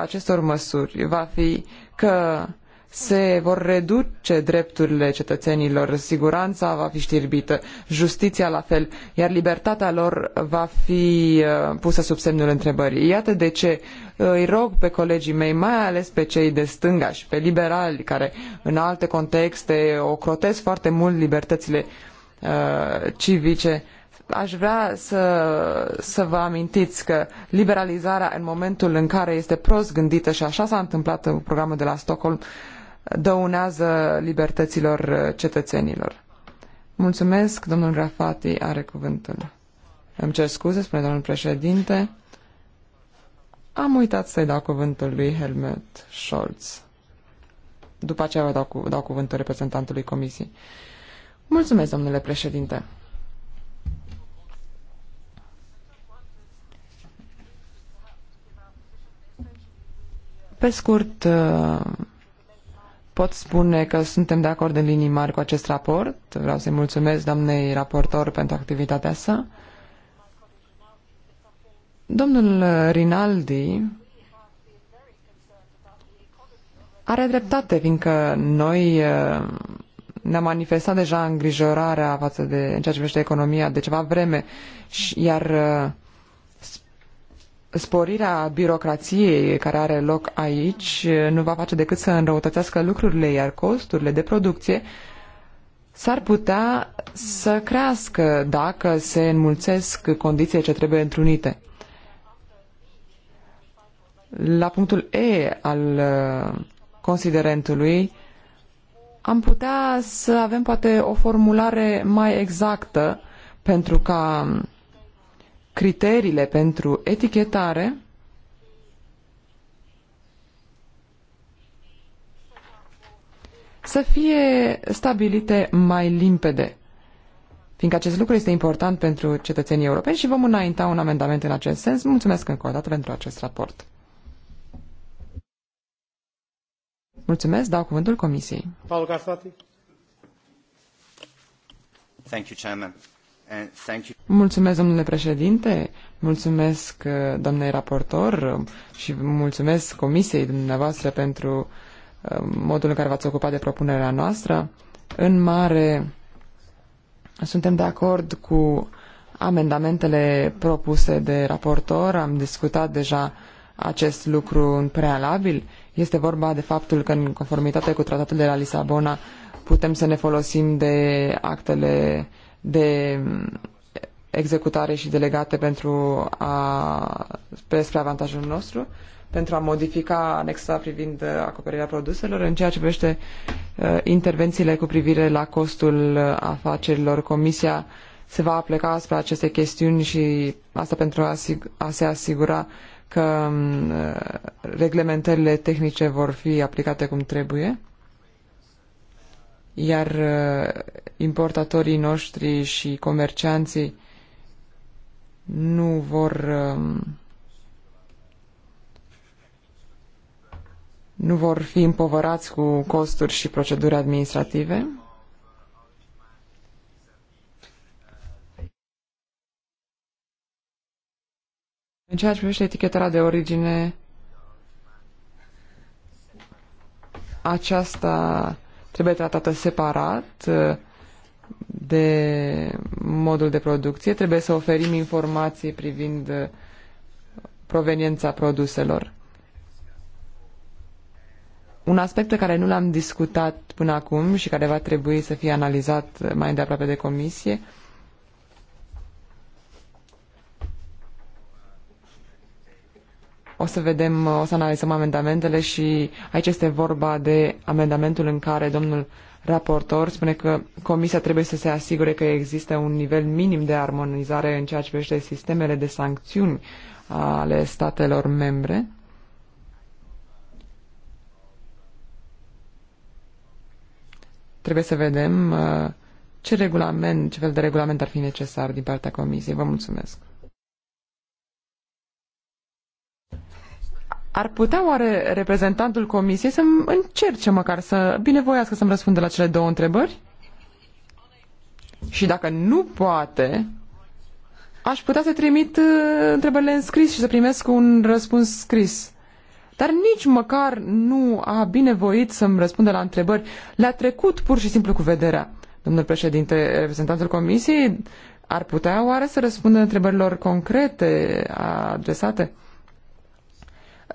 acestor măsuri va fi că uh, se vor reduce drepturile cetățenilor, siguranța va fi știrbită, justiția la fel, iar libertatea lor va fi uh, pusă sub semnul întrebării. Iată de ce uh, îi rog pe colegii mei, mai ales pe cei de stânga și pe liberali, care în alte contexte ocrotesc foarte mult libertățile uh, civice, aș vrea să, să vă amintiți că liberalizarea în momentul în care este prost gândită și așa s-a întâmplat în programul de la Stockholm, dăunează libertăților cetățenilor. Mulțumesc, domnul Grafati are cuvântul. Îmi cer scuze, spune domnul președinte. Am uitat să-i dau cuvântul lui Helmut Scholz. După aceea vă dau, cu, dau cuvântul reprezentantului comisiei. Mulțumesc, domnule președinte. Pe scurt, pot spune că suntem de acord în linii mari cu acest raport. Vreau să-i mulțumesc doamnei raportor pentru activitatea sa. Domnul Rinaldi are dreptate, fiindcă noi eh, ne am manifestat deja îngrijorarea față de în ceea ce privește economia de ceva vreme, și, iar uh, sporirea birocrației care are loc aici nu va face decât să înrăutățească lucrurile, iar costurile de producție s-ar putea să crească dacă se înmulțesc condițiile ce trebuie întrunite. La punctul E al uh, considerentului am putea să avem poate o formulare mai exactă pentru ca criteriile pentru etichetare să fie stabilite mai limpede, fiindcă acest lucru este important pentru cetățenii europeni și vom înainta un amendament în acest sens. Mulțumesc încă o dată pentru acest raport. Mulțumesc, dau cuvântul Comisiei. Paul Carfati. Thank you, Chairman. Mulțumesc, domnule președinte, mulțumesc, uh, domnule raportor și mulțumesc comisiei dumneavoastră pentru uh, modul în care v-ați ocupat de propunerea noastră. În mare, suntem de acord cu amendamentele propuse de raportor. Am discutat deja acest lucru în prealabil. Este vorba de faptul că, în conformitate cu tratatul de la Lisabona, putem să ne folosim de actele uh, de executare și delegate pentru a, spre avantajul nostru, pentru a modifica anexa privind acoperirea produselor în ceea ce privește uh, intervențiile cu privire la costul afacerilor. Comisia se va aplica asupra aceste chestiuni și asta pentru a, a se asigura că uh, reglementările tehnice vor fi aplicate cum trebuie iar uh, importatorii noștri și comercianții nu vor um, nu vor fi împovărați cu costuri și proceduri administrative. În ceea ce privește etichetarea de origine, aceasta trebuie tratată separat uh, de modul de producție, trebuie să oferim informații privind uh, proveniența produselor. Un aspect pe care nu l-am discutat până acum și care va trebui să fie analizat uh, mai de aproape de comisie O să vedem, o să analizăm amendamentele și aici este vorba de amendamentul în care domnul raportor spune că Comisia trebuie să se asigure că există un nivel minim de armonizare în ceea ce privește sistemele de sancțiuni ale statelor membre. Trebuie să vedem uh, ce regulament, ce fel de regulament ar fi necesar din partea Comisiei. Vă mulțumesc. Ar putea oare reprezentantul comisiei să încerce măcar să binevoiască să-mi răspundă la cele două întrebări? Și dacă nu poate, aș putea să trimit uh, întrebările în scris și să primesc un răspuns scris. Dar nici măcar nu a binevoit să-mi răspundă la întrebări. Le-a trecut pur și simplu cu vederea. Domnul președinte, reprezentantul comisiei ar putea oare să răspundă întrebărilor concrete adresate?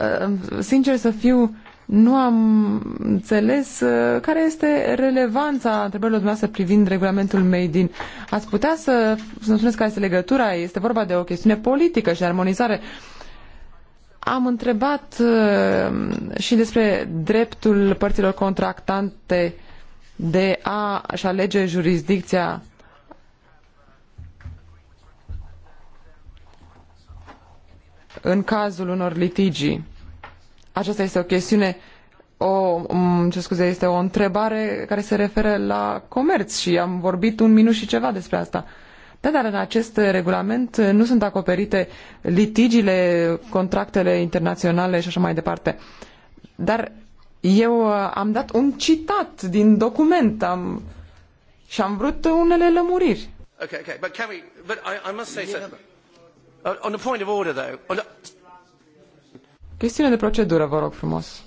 Eh, sincer să fiu, nu am înțeles eh, care este relevanța întrebărilor dumneavoastră privind regulamentul Made in. Ați putea să, să spuneți care este legătura? Este vorba de o chestiune politică și de armonizare. Am întrebat eh, și despre dreptul părților contractante de a-și alege jurisdicția în cazul unor litigii. Aceasta este o chestiune, o, um, ce scuze, este o întrebare care se referă la comerț și am vorbit un minut și ceva despre asta. Da, dar în acest regulament uh, nu sunt acoperite litigiile, contractele internaționale și așa mai departe. Dar eu uh, am dat un citat din document am, și am vrut unele lămuriri. but can we, but I, I must say yeah, Uh, on a point of order, though. On a... Chestiune de procedură, vă rog frumos.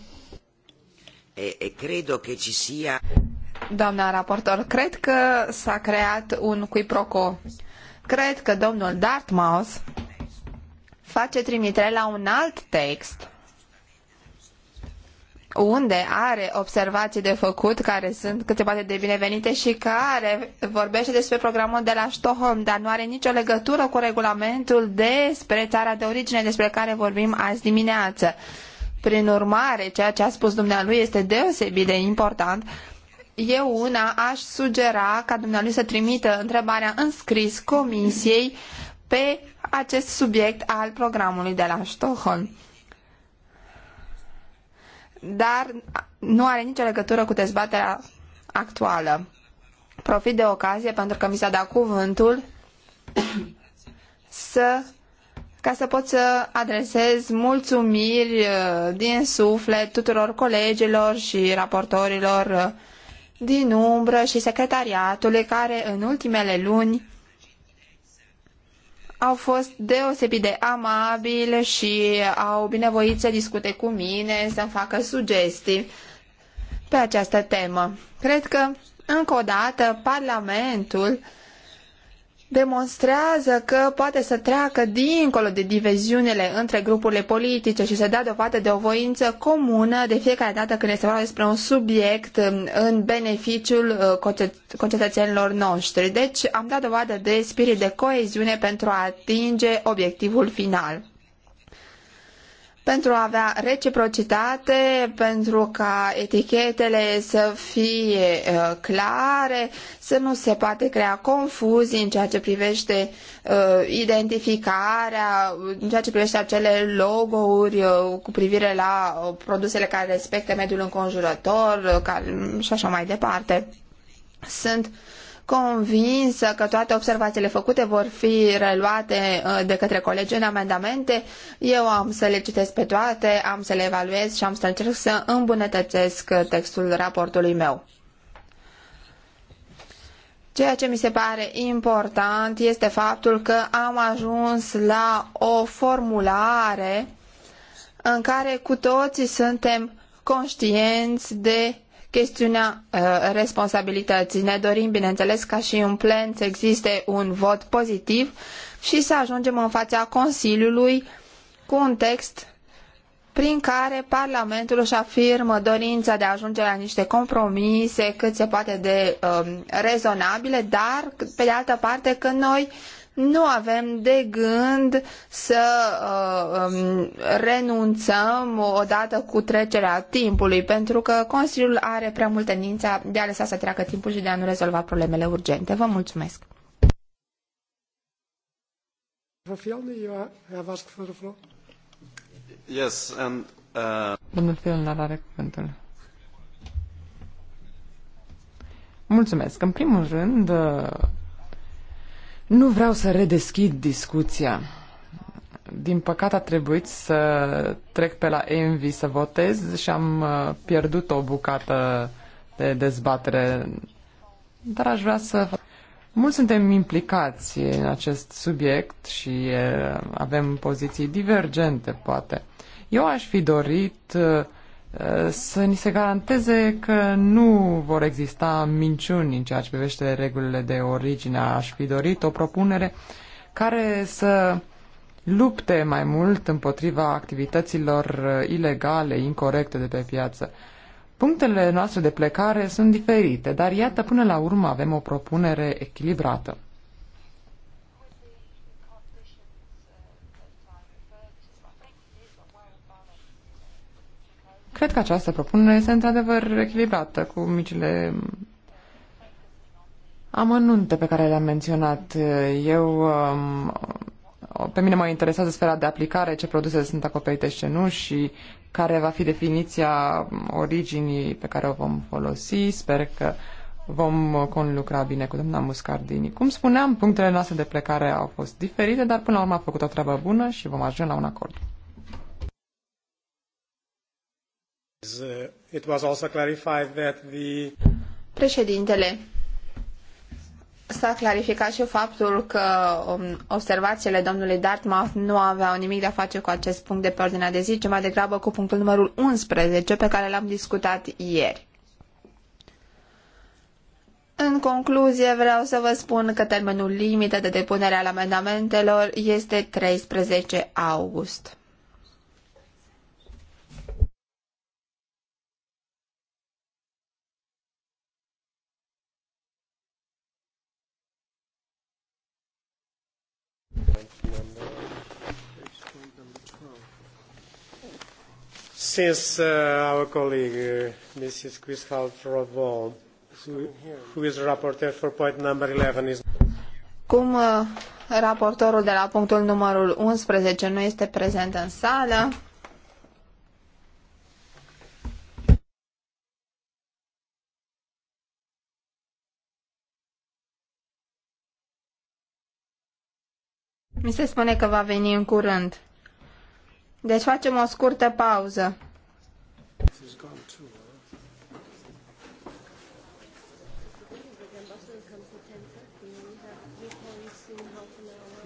E, e credo che ci sia... Doamna raportor, cred că s-a creat un quiproquo. Cred că domnul Dartmouth face trimitere la un alt text unde are observații de făcut care sunt cât se poate de binevenite și care vorbește despre programul de la Stockholm, dar nu are nicio legătură cu regulamentul despre țara de origine despre care vorbim azi dimineață. Prin urmare, ceea ce a spus dumnealui este deosebit de important. Eu una aș sugera ca dumnealui să trimită întrebarea în scris comisiei pe acest subiect al programului de la Stockholm dar nu are nicio legătură cu dezbaterea actuală. Profit de ocazie, pentru că mi s-a dat cuvântul, [COUGHS] să, ca să pot să adresez mulțumiri uh, din suflet tuturor colegilor și raportorilor uh, din umbră și secretariatului care în ultimele luni au fost deosebit de amabile și au binevoit să discute cu mine, să-mi facă sugestii pe această temă. Cred că, încă o dată, Parlamentul demonstrează că poate să treacă dincolo de diviziunile între grupurile politice și să dea dovadă de o voință comună de fiecare dată când este vorba despre un subiect um, în beneficiul uh, concetățenilor noștri. Deci am dat dovadă de spirit de coeziune pentru a atinge obiectivul final pentru a avea reciprocitate, pentru ca etichetele să fie uh, clare, să nu se poate crea confuzii în ceea ce privește uh, identificarea, în ceea ce privește acele logo-uri uh, cu privire la produsele care respectă mediul înconjurător care, și așa mai departe. Sunt convinsă că toate observațiile făcute vor fi reluate uh, de către colegi în amendamente. Eu am să le citesc pe toate, am să le evaluez și am să încerc să îmbunătățesc uh, textul raportului meu. Ceea ce mi se pare important este faptul că am ajuns la o formulare în care cu toții suntem conștienți de chestiunea uh, responsabilității. Ne dorim, bineînțeles, ca și în plen să existe un vot pozitiv și să ajungem în fața Consiliului cu un text prin care Parlamentul își afirmă dorința de a ajunge la niște compromise cât se poate de um, rezonabile, dar, pe de altă parte, că noi nu avem de gând să uh, um, renunțăm odată cu trecerea timpului, pentru că Consiliul are prea mult tendința de a lăsa să treacă timpul și de a nu rezolva problemele urgente. Vă mulțumesc! Yes, and, uh... Domnul Fielner are cuvântul. Mulțumesc. În primul rând, uh, nu vreau să redeschid discuția. Din păcate a trebuit să trec pe la Envy să votez și am uh, pierdut o bucată de dezbatere. Dar aș vrea să... Mulți suntem implicați în acest subiect și uh, avem poziții divergente, poate. Eu aș fi dorit uh, să ni se garanteze că nu vor exista minciuni în ceea ce privește regulile de origine. Aș fi dorit o propunere care să lupte mai mult împotriva activităților ilegale, incorrecte de pe piață. Punctele noastre de plecare sunt diferite, dar iată, până la urmă avem o propunere echilibrată. Cred că această propunere este într-adevăr echilibrată cu micile amănunte pe care le-am menționat. Eu, um, pe mine mă interesează sfera de aplicare, ce produse sunt acoperite și ce nu și care va fi definiția originii pe care o vom folosi. Sper că vom conlucra bine cu doamna Muscardini. Cum spuneam, punctele noastre de plecare au fost diferite, dar până la urmă a făcut o treabă bună și vom ajunge la un acord. Uh, it was also clarified that the... Președintele, s-a clarificat și faptul că um, observațiile domnului Dartmouth nu aveau nimic de a face cu acest punct de pe ordinea de zi, ci mai degrabă cu punctul numărul 11 pe care l-am discutat ieri. În concluzie, vreau să vă spun că termenul limită de depunere al amendamentelor este 13 august. Since uh, our colleague, uh, Mrs. who, who is rapporteur for point number 11, is... Cum uh, raportorul de la punctul numărul 11 nu este prezent în sală, Mi se spune că va veni în curând. Deci facem o scurtă pauză.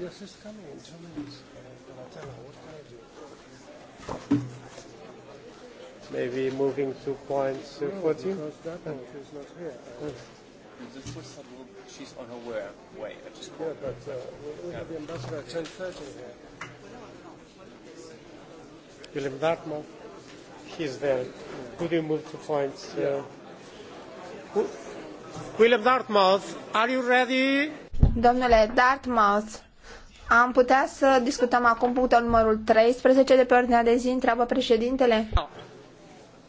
Yes, it's coming Maybe moving to point no, 14? because that one not here. Uh, she's on her way. yeah, but uh, we, have the ambassador at 10.30 here. Willem Dartmouth. He's there. Could you move to point? Uh, Willem Dartmouth, are you ready? Domnule Dartmouth, am putea să discutăm acum punctul numărul 13 de pe ordinea de zi, întreabă președintele.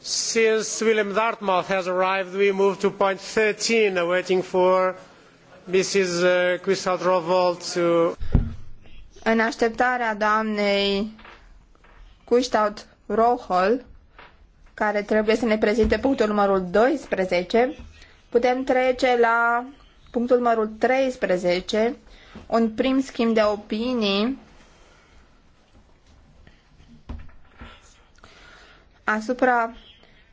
Since William Dartmouth has arrived, we move to point 13, waiting for Mrs. Uh, Crystal Rovold to... În așteptarea doamnei Cuștaut Rohol, care trebuie să ne prezinte punctul numărul 12, putem trece la punctul numărul 13, un prim schimb de opinii asupra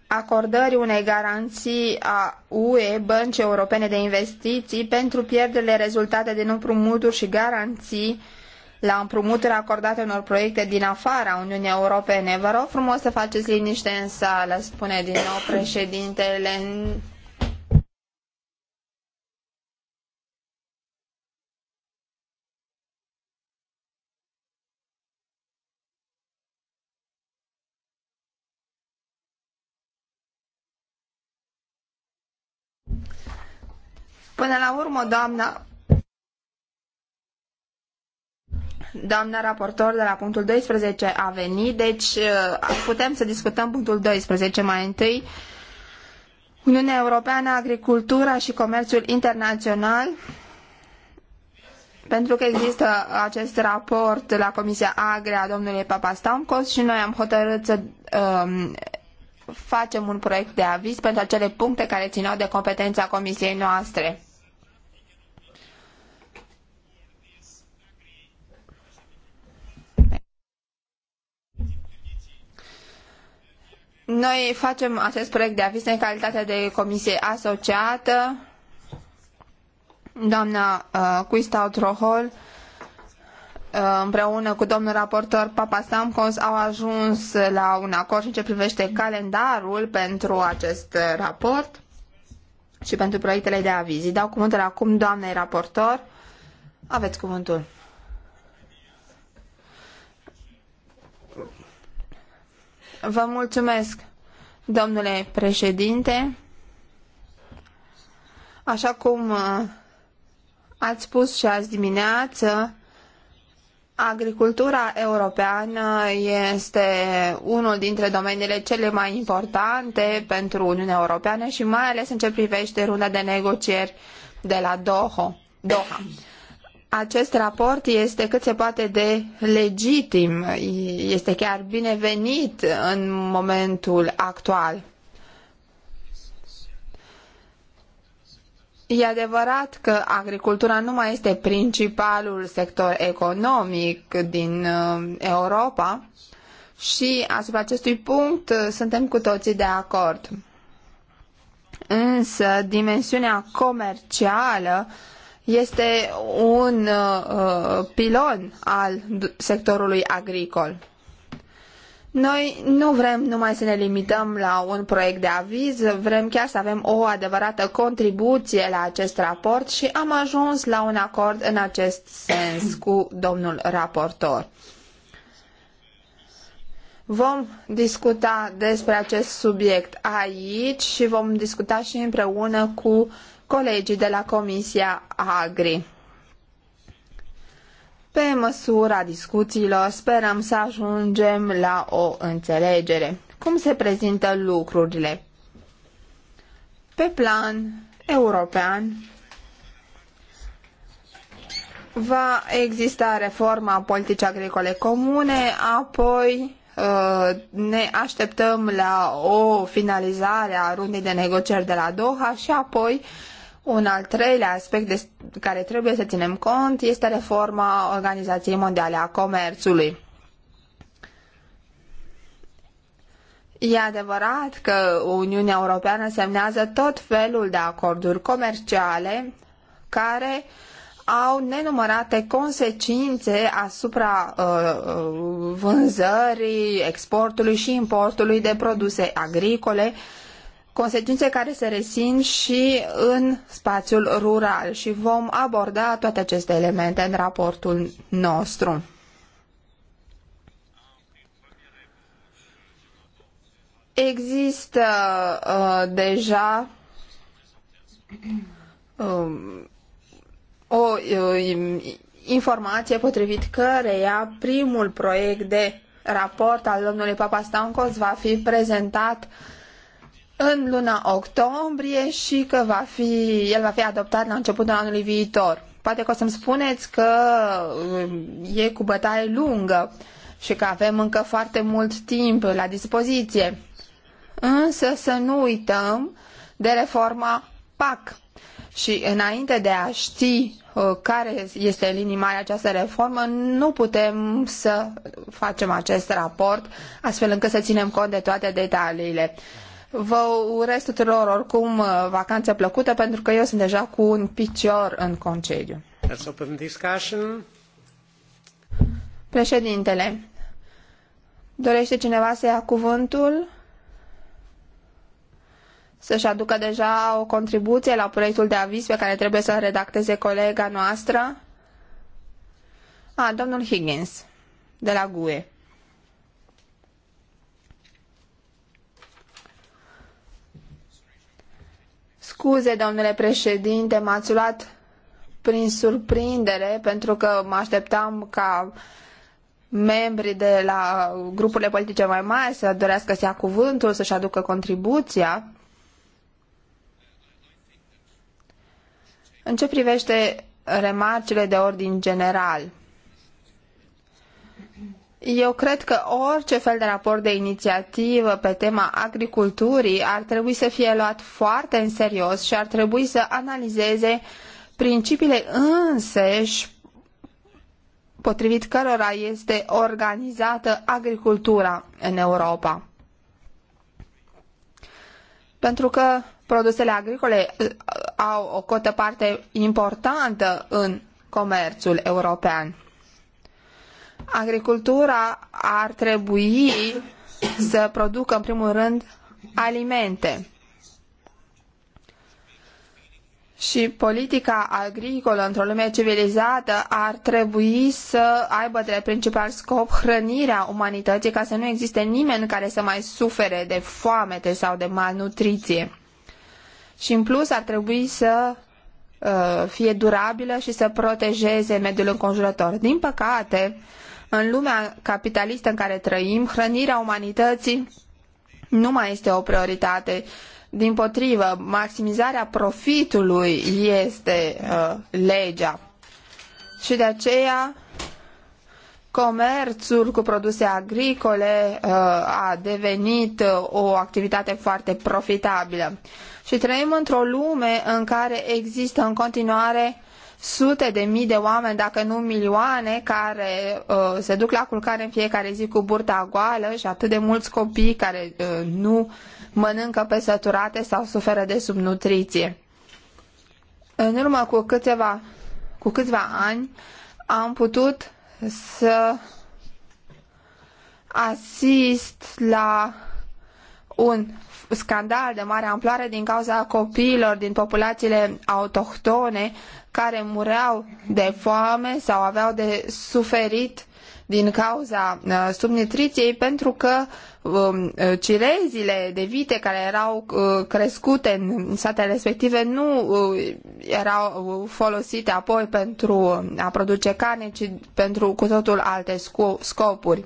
acordării unei garanții a UE, Băncii Europene de Investiții, pentru pierderile rezultate din împrumuturi și garanții la împrumuturi acordate unor proiecte din afara Uniunii Europene. Vă rog frumos să faceți liniște în sală, spune din nou președintele. Până la urmă, doamna Doamna raportor de la punctul 12 a venit, deci uh, putem să discutăm punctul 12 mai întâi. Uniunea Europeană, agricultura și comerțul internațional, pentru că există acest raport la Comisia Agre a domnului Papastamcos și noi am hotărât să um, facem un proiect de aviz pentru acele puncte care țineau de competența Comisiei noastre. Noi facem acest proiect de aviz în calitate de comisie asociată. Doamna uh, Cuista Trohol uh, împreună cu domnul raportor Papa Stamkos au ajuns la un acord în ce privește calendarul pentru acest raport și pentru proiectele de avizii. Dau cuvântul acum doamnei raportor. Aveți cuvântul. Vă mulțumesc, domnule președinte. Așa cum uh, ați spus și azi dimineață, agricultura europeană este unul dintre domeniile cele mai importante pentru Uniunea Europeană și mai ales în ce privește runda de negocieri de la Doha. Doha acest raport este cât se poate de legitim, este chiar binevenit în momentul actual. E adevărat că agricultura nu mai este principalul sector economic din uh, Europa și asupra acestui punct uh, suntem cu toții de acord. Însă dimensiunea comercială este un uh, uh pilon al sectorului agricol. Noi nu vrem numai să ne limităm la un proiect de aviz, vrem chiar să avem o adevărată contribuție la acest raport și am ajuns la un acord în acest sens cu domnul raportor. Vom discuta despre acest subiect aici și vom discuta și împreună cu uh, colegii de la Comisia Agri. Pe măsura discuțiilor sperăm să ajungem la o înțelegere. Cum se prezintă lucrurile? Pe plan european va exista reforma politicii agricole comune, apoi uh, ne așteptăm la o finalizare a rundei de negocieri de la Doha și apoi un al treilea aspect de care trebuie să ținem cont este reforma Organizației Mondiale a Comerțului. E adevărat că Uniunea Europeană semnează tot felul de acorduri comerciale care au nenumărate consecințe asupra uh, uh vânzării, exportului și importului de produse agricole, uh, consecințe care se resimt și în spațiul rural și vom aborda toate aceste elemente în raportul nostru. Există uh, deja um, o uh, informație potrivit căreia primul proiect de raport al domnului Papa Stancos va fi prezentat uh, în luna octombrie și că va fi, el va fi adoptat la începutul anului viitor. Poate că o să-mi spuneți că um, e cu bătaie lungă și că avem încă foarte mult timp la dispoziție. Însă să nu uităm de reforma PAC. Și înainte de a ști uh, care este în linii mari această reformă, nu putem să facem acest raport astfel încât să ținem cont de toate detaliile. Vă urez tuturor oricum uh, vacanță plăcută pentru că eu sunt deja cu un picior în concediu. Let's open discussion. Președintele, dorește cineva să ia cuvântul? Să-și aducă deja o contribuție la proiectul de aviz pe care trebuie să-l redacteze colega noastră? A, domnul Higgins, de la GUE. scuze, domnule președinte, m-ați luat prin surprindere pentru că mă așteptam ca membrii de la grupurile politice mai mari să dorească să ia cuvântul, să-și aducă contribuția. În ce privește remarcile de ordin general, eu cred că orice fel de raport de inițiativă pe tema agriculturii ar trebui să fie luat foarte în serios și ar trebui să analizeze principiile înseși potrivit cărora este organizată agricultura în Europa. Pentru că produsele agricole uh, au o cotă parte importantă în comerțul european. Agricultura ar trebui să producă, în primul rând, alimente. Și politica agricolă într-o lume civilizată ar trebui să aibă drept principal scop hrănirea umanității ca să nu existe nimeni care să mai sufere de foamete sau de malnutriție. Și în plus ar trebui să uh, fie durabilă și să protejeze mediul înconjurător. Din păcate, uh, în lumea capitalistă în care trăim, hrănirea umanității nu mai este o prioritate. Din potrivă, maximizarea profitului este uh, legea. Și de aceea comerțul cu produse agricole uh, a devenit uh, o activitate foarte profitabilă. Și trăim într-o lume în care există în continuare sute de mii de oameni, dacă nu milioane, care uh, se duc la culcare în fiecare zi cu burta goală și atât de mulți copii care uh, nu mănâncă pe săturate sau suferă de subnutriție. În urmă cu câteva, cu câțiva ani am putut să asist la un scandal de mare amploare din cauza copiilor din populațiile autohtone care mureau de foame sau aveau de suferit din cauza uh, subnutriției pentru că um, uh, cirezile de vite care erau uh, crescute în satele respective nu erau folosite apoi pentru a produce carne, ci pentru cu totul alte scopuri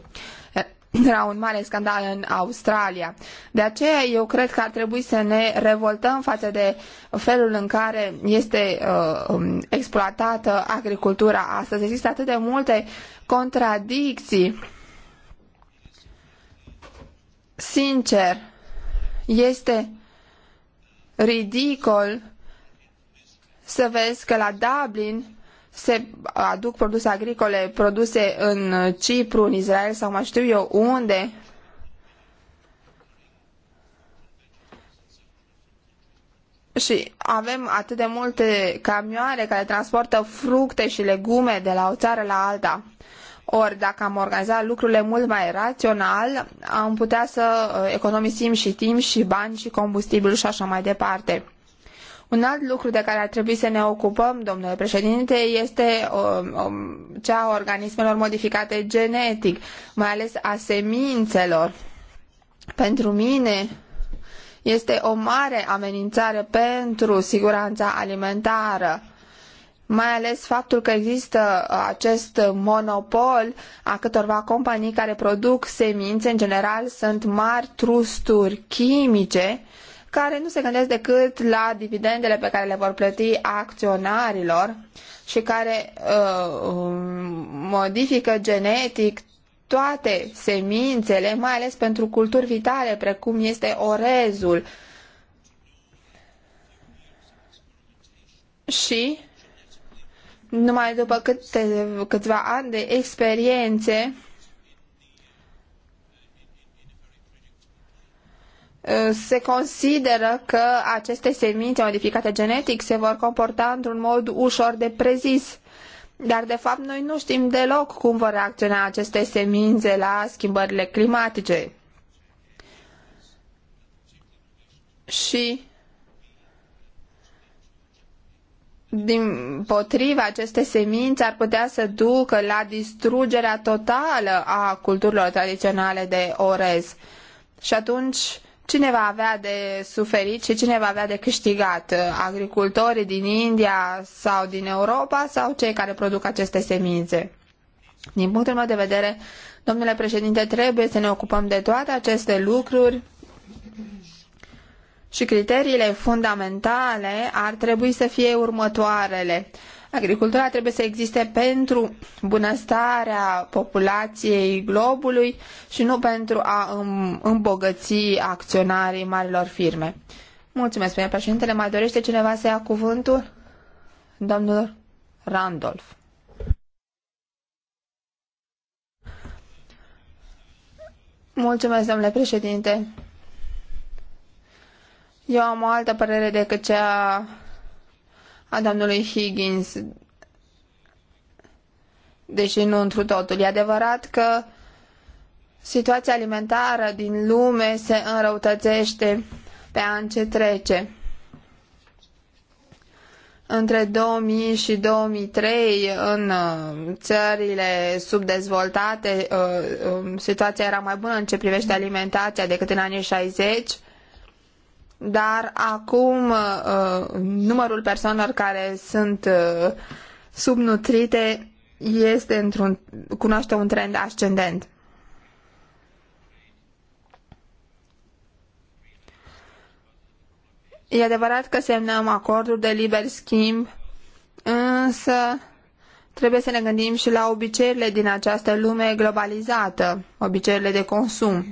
era un mare scandal în Australia. De aceea eu cred că ar trebui să ne revoltăm față de felul în care este uh, um, exploatată agricultura astăzi. Există atât de multe contradicții. Sincer, este ridicol să vezi că la Dublin se aduc produse agricole produse în Cipru, în Israel sau mai știu eu unde. Și avem atât de multe camioane care transportă fructe și legume de la o țară la alta. Ori dacă am organizat lucrurile mult mai rațional, am putea să uh, economisim și timp și bani și combustibil și așa mai departe. Un alt lucru de care ar trebui să ne ocupăm, domnule președinte, este cea a organismelor modificate genetic, mai ales a semințelor. Pentru mine este o mare amenințare pentru siguranța alimentară mai ales faptul că există acest monopol a câtorva companii care produc semințe, în general sunt mari trusturi chimice uh, care nu se gândesc decât la dividendele pe care le vor plăti acționarilor și care uh, um, modifică genetic toate semințele, mai ales pentru culturi vitale, precum este orezul. Și numai după câte, câțiva ani de experiențe, Uh, se consideră că aceste semințe modificate genetic se vor comporta într-un mod ușor de prezis. Dar, de fapt, noi nu știm deloc cum vor reacționa aceste semințe la schimbările climatice. Și din potriva, aceste semințe ar putea să ducă la distrugerea totală a culturilor tradiționale de orez. Și atunci cine va avea de suferit și cine va avea de câștigat? Agricultorii din India sau din Europa sau cei care produc aceste semințe? Din punctul meu de vedere, domnule președinte, trebuie să ne ocupăm de toate aceste lucruri și criteriile fundamentale ar trebui să fie următoarele Agricultura trebuie să existe pentru bunăstarea populației globului și nu pentru a îmbogăți acționarii marilor firme. Mulțumesc, domnule președintele. Mai dorește cineva să ia cuvântul? Domnul Randolph. Mulțumesc, domnule președinte. Eu am o altă părere decât cea a domnului Higgins, deși nu întru totul. E adevărat că situația alimentară din lume se înrăutățește pe an ce trece. Între 2000 și 2003, în uh, țările subdezvoltate, uh, um, situația era mai bună în ce privește alimentația decât în anii 60 dar acum uh, uh, numărul persoanelor care sunt uh, subnutrite este într-un, cunoaște un trend ascendent. E adevărat că semnăm acorduri de liber schimb, însă trebuie să ne gândim și la obiceiurile din această lume globalizată, obiceiurile de consum.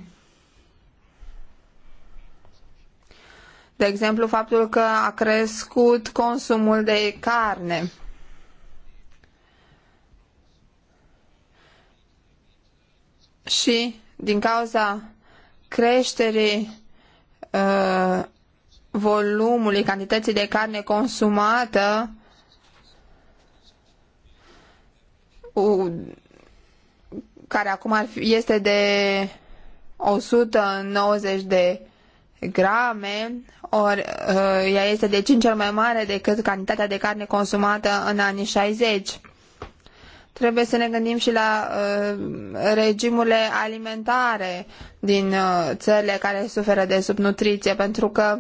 De exemplu, faptul că a crescut consumul de carne. Și din cauza creșterii uh, volumului, cantității de carne consumată, care acum este de 190 de grame, ori uh, ea este de 5 ori mai mare decât cantitatea de carne consumată în anii 60. Trebuie să ne gândim și la uh, regimurile alimentare din uh, țările care suferă de subnutriție, pentru că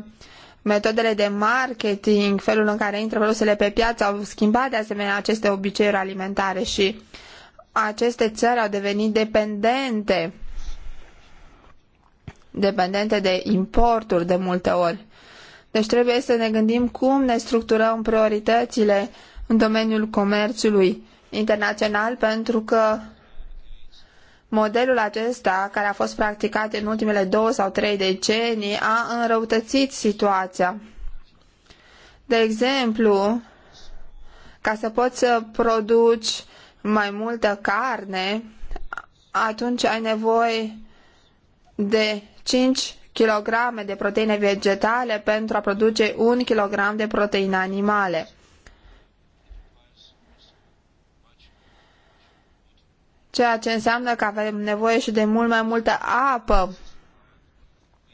metodele de marketing, felul în care intră produsele pe piață au schimbat de asemenea aceste obiceiuri alimentare și aceste țări au devenit dependente dependente de importuri de multe ori. Deci trebuie să ne gândim cum ne structurăm prioritățile în domeniul comerțului internațional pentru că modelul acesta care a fost practicat în ultimele două sau trei decenii a înrăutățit situația. De exemplu, ca să poți să produci mai multă carne, atunci ai nevoie de 5 kg de proteine vegetale pentru a produce 1 kg de proteine animale. Ceea ce înseamnă că avem nevoie și de mult mai multă apă.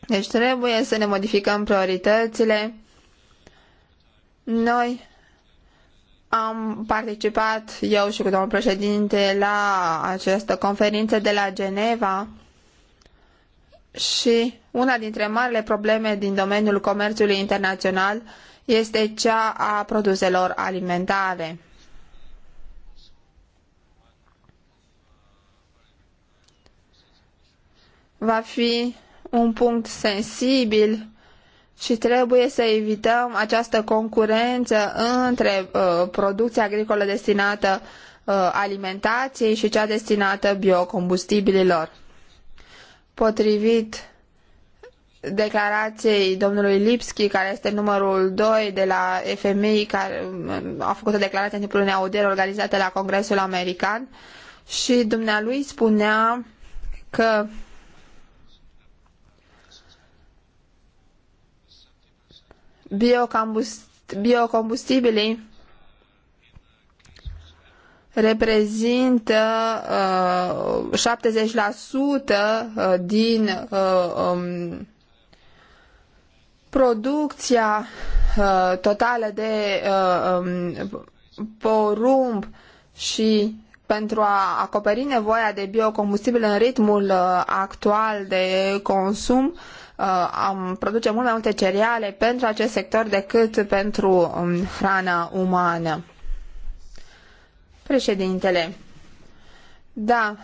Deci trebuie să ne modificăm prioritățile. Noi am participat, eu și cu domnul președinte, la această conferință de la Geneva și una dintre marile probleme din domeniul comerțului internațional este cea a produselor alimentare. Va fi un punct sensibil și trebuie să evităm această concurență între uh, producția agricolă destinată uh, alimentației și cea destinată biocombustibililor. Potrivit declarației domnului Lipski, care este numărul doi de la FMI, care a făcut o declarație în timpul unei audieri organizate la Congresul American și dumnealui spunea că biocombustibilii reprezintă uh, 70% uh, din uh, um, producția uh, totală de uh, um, porumb și pentru a acoperi nevoia de biocombustibil în ritmul uh, actual de consum, uh, am produce mult mai multe cereale pentru acest sector decât pentru um, hrana umană. Președintele, da,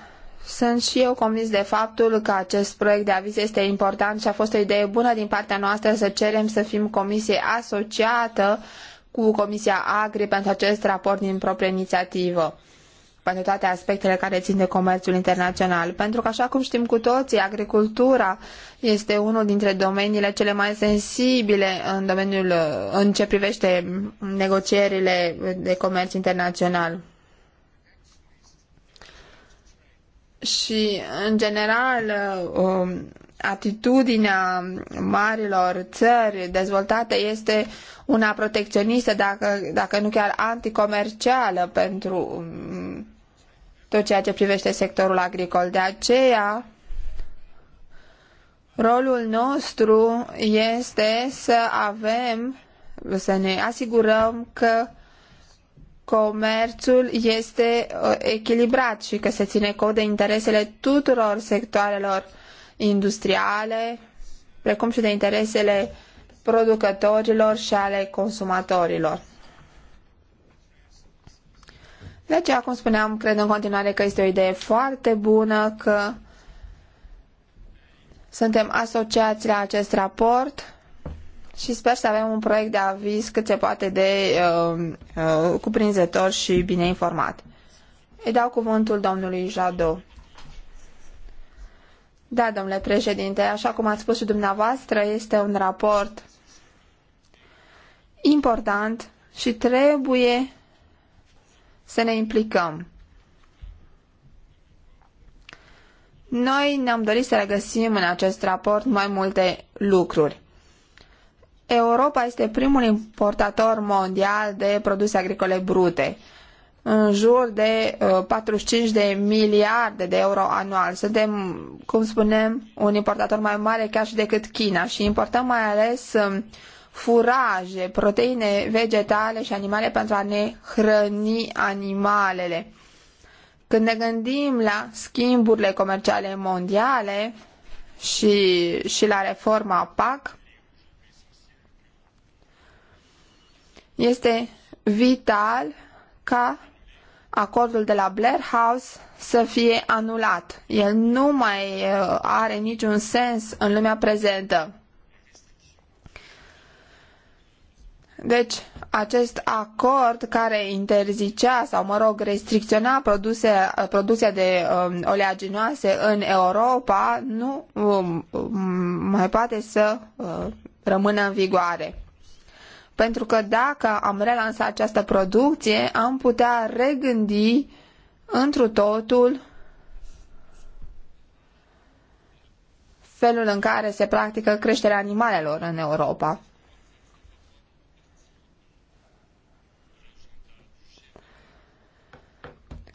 sunt și eu convins de faptul că acest proiect de aviz este important și a fost o idee bună din partea noastră să cerem să fim comisie asociată cu Comisia Agri pentru acest raport din proprie inițiativă pentru toate aspectele care țin de comerțul internațional. Pentru că, așa cum știm cu toții, agricultura este unul dintre domeniile cele mai sensibile în, domeniul, în ce privește negocierile de comerț internațional. și, în general, uh, um, atitudinea marilor țări dezvoltate este una protecționistă, dacă, dacă nu chiar anticomercială pentru um, tot ceea ce privește sectorul agricol. De aceea, rolul nostru este să avem, să ne asigurăm că comerțul este uh, echilibrat și că se ține cont de interesele tuturor sectoarelor industriale, precum și de interesele producătorilor și ale consumatorilor. De aceea, cum spuneam, cred în continuare că este o idee foarte bună, că suntem asociați la acest raport și sper să avem un proiect de aviz cât se poate de uh, uh, cuprinzător și bine informat. Îi dau cuvântul domnului Jado. Da, domnule președinte, așa cum ați spus și dumneavoastră, este un raport important și trebuie să ne implicăm. Noi ne-am dorit să regăsim în acest raport mai multe lucruri. Europa este primul importator mondial de produse agricole brute, în jur de 45 uh, de miliarde de euro anual. Suntem, cum spunem, un importator mai mare chiar și decât China și importăm mai ales um, furaje, proteine vegetale și animale pentru a ne hrăni animalele. Când ne gândim la schimburile comerciale mondiale și, și la reforma PAC, Este vital ca acordul de la Blair House să fie anulat. El nu mai uh, are niciun sens în lumea prezentă. Deci, acest acord care interzicea sau, mă rog, restricționa produse, producția de um, oleaginoase în Europa nu um, um mai poate să uh, rămână în vigoare. Pentru că dacă am relansa această producție, am putea regândi întru totul felul în care se practică creșterea animalelor în Europa.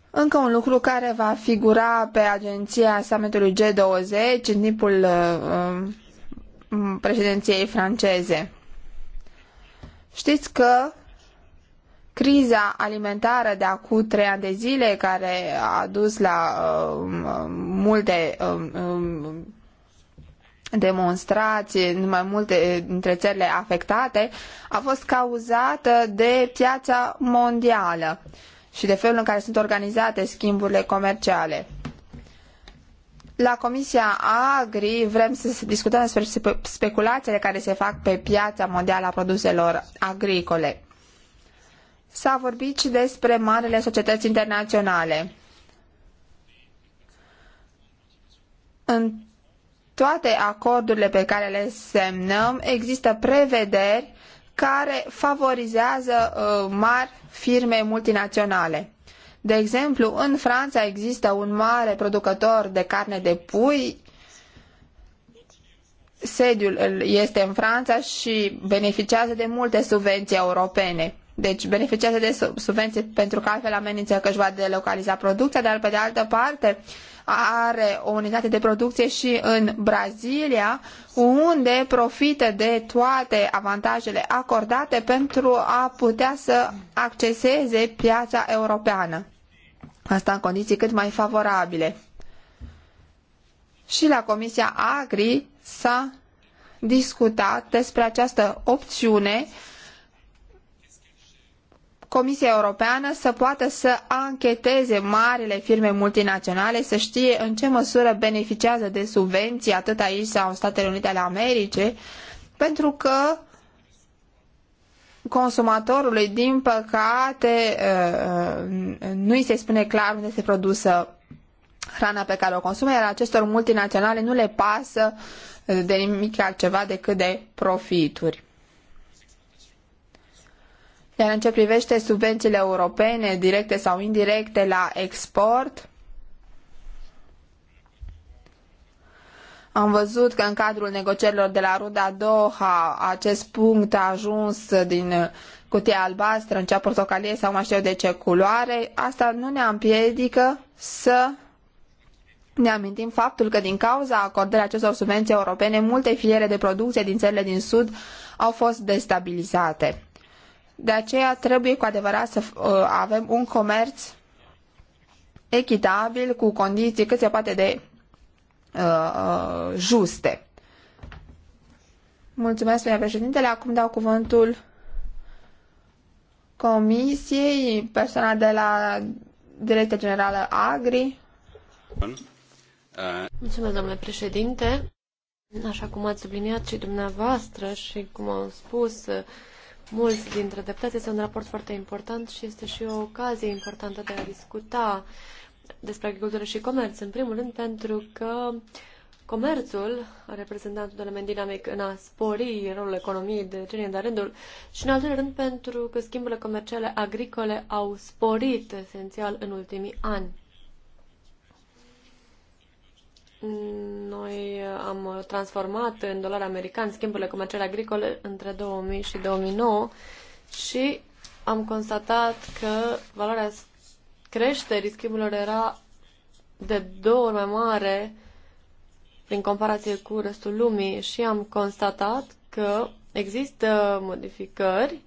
Încă un lucru care va figura pe agenția summitului G20 în timpul uh, um, președinției franceze. Știți că criza alimentară de acum trei ani de zile, care a dus la uh, multe uh, demonstrații în mai multe dintre țările afectate, a fost cauzată de piața mondială și de felul în care sunt organizate schimburile comerciale. La Comisia Agri vrem să discutăm despre speculațiile care se fac pe piața mondială a produselor agricole. S-a vorbit și despre marile societăți internaționale. În toate acordurile pe care le semnăm există prevederi care favorizează uh, mari firme multinaționale. De exemplu, în Franța există un mare producător de carne de pui, sediul este în Franța și beneficiază de multe subvenții europene. Deci beneficiază de subvenții pentru că altfel amenință că își va delocaliza producția, dar pe de altă parte are o unitate de producție și în Brazilia, unde profită de toate avantajele acordate pentru a putea să acceseze piața europeană. Asta în condiții cât mai favorabile. Și la Comisia Agri s-a discutat despre această opțiune Comisia Europeană să poată să ancheteze marile firme multinaționale, să știe în ce măsură beneficiază de subvenții atât aici sau în Statele Unite ale Americii, pentru că consumatorului, din păcate, uh, uh, nu îi se spune clar unde este produsă hrana pe care o consumă, iar acestor multinaționale nu le pasă uh, de nimic altceva decât de profituri. Iar în ce privește subvențiile europene, directe sau indirecte, la export, Am văzut că în cadrul negocierilor de la Ruda Doha acest punct a ajuns din cutia albastră în cea portocalie sau mai știu de ce culoare. Asta nu ne împiedică să ne amintim faptul că din cauza acordării acestor subvenții europene, multe filiere de producție din țările din Sud au fost destabilizate. De aceea trebuie cu adevărat să uh, avem un comerț echitabil, cu condiții cât se poate de Uh, uh, juste. Mulțumesc, domnule președintele. Acum dau cuvântul comisiei, persoana de la Direcția Generală Agri. Mulțumesc, domnule președinte. Așa cum ați subliniat și dumneavoastră și cum am spus uh, mulți dintre deputați, este un raport foarte important și este și o ocazie importantă de a discuta uh, despre agricultură și comerț. În primul rând pentru că comerțul a reprezentat un element dinamic în a spori rolul economiei de genie de rândul și în al doilea rând pentru că schimburile comerciale agricole au sporit esențial în ultimii ani. Noi am transformat în dolari americani schimburile comerciale agricole între 2000 și 2009 și am constatat că valoarea creșterii schimburilor era de două ori mai mare prin comparație cu restul lumii și am constatat că există modificări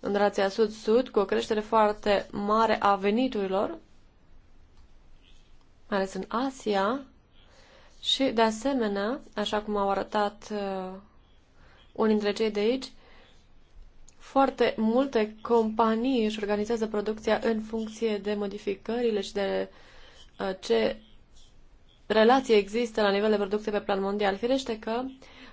în rația sud-sud cu o creștere foarte mare a veniturilor, mai ales în Asia, și de asemenea, așa cum au arătat uh, unii dintre cei de aici, foarte multe companii își organizează producția în funcție de modificările și de uh, ce relație există la nivel de producție pe plan mondial. Firește că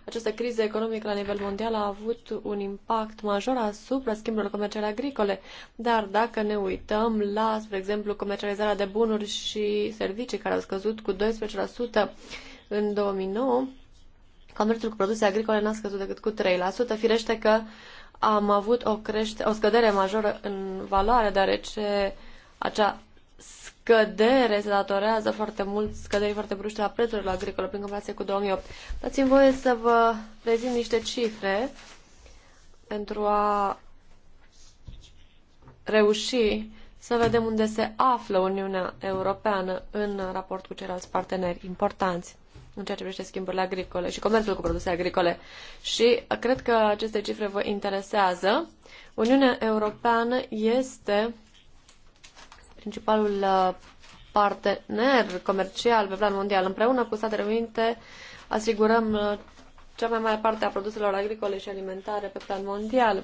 această criză economică la nivel mondial a avut un impact major asupra schimburilor comerciale agricole, dar dacă ne uităm la, spre exemplu, comercializarea de bunuri și servicii care au scăzut cu 12% în 2009, comerțul cu produse agricole n-a scăzut decât cu 3%. Firește că am avut o, crește, o scădere majoră în valoare, deoarece acea scădere se datorează foarte mult, scăderii foarte bruște la prețurile agricole prin comparație cu 2008. Dați-mi voie să vă prezint niște cifre pentru a reuși să vedem unde se află Uniunea Europeană în raport cu ceilalți parteneri importanți în ceea ce privește schimburile agricole și comerțul cu produse agricole. Și cred că aceste cifre vă interesează. Uniunea Europeană este principalul uh, partener comercial pe plan mondial. Împreună cu Statele Unite asigurăm uh, cea mai mare parte a produselor agricole și alimentare pe plan mondial.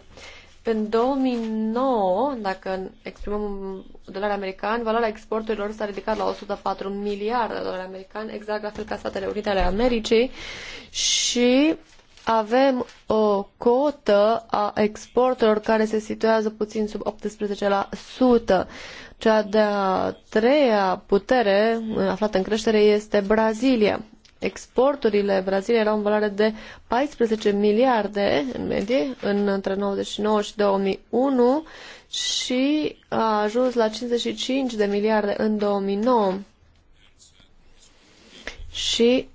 În 2009, dacă exprimăm dolari americani, valoarea exporturilor s-a ridicat la 104 miliarde de dolari americani, exact la fel ca Statele Unite ale Americii și avem o cotă a exporturilor care se situează puțin sub 18%. Cea de-a treia putere aflată în creștere este Brazilia. Exporturile Braziliei erau în valoare de 14 miliarde în medie în, între 99 și 2001 și a ajuns la 55 de miliarde în 2009 și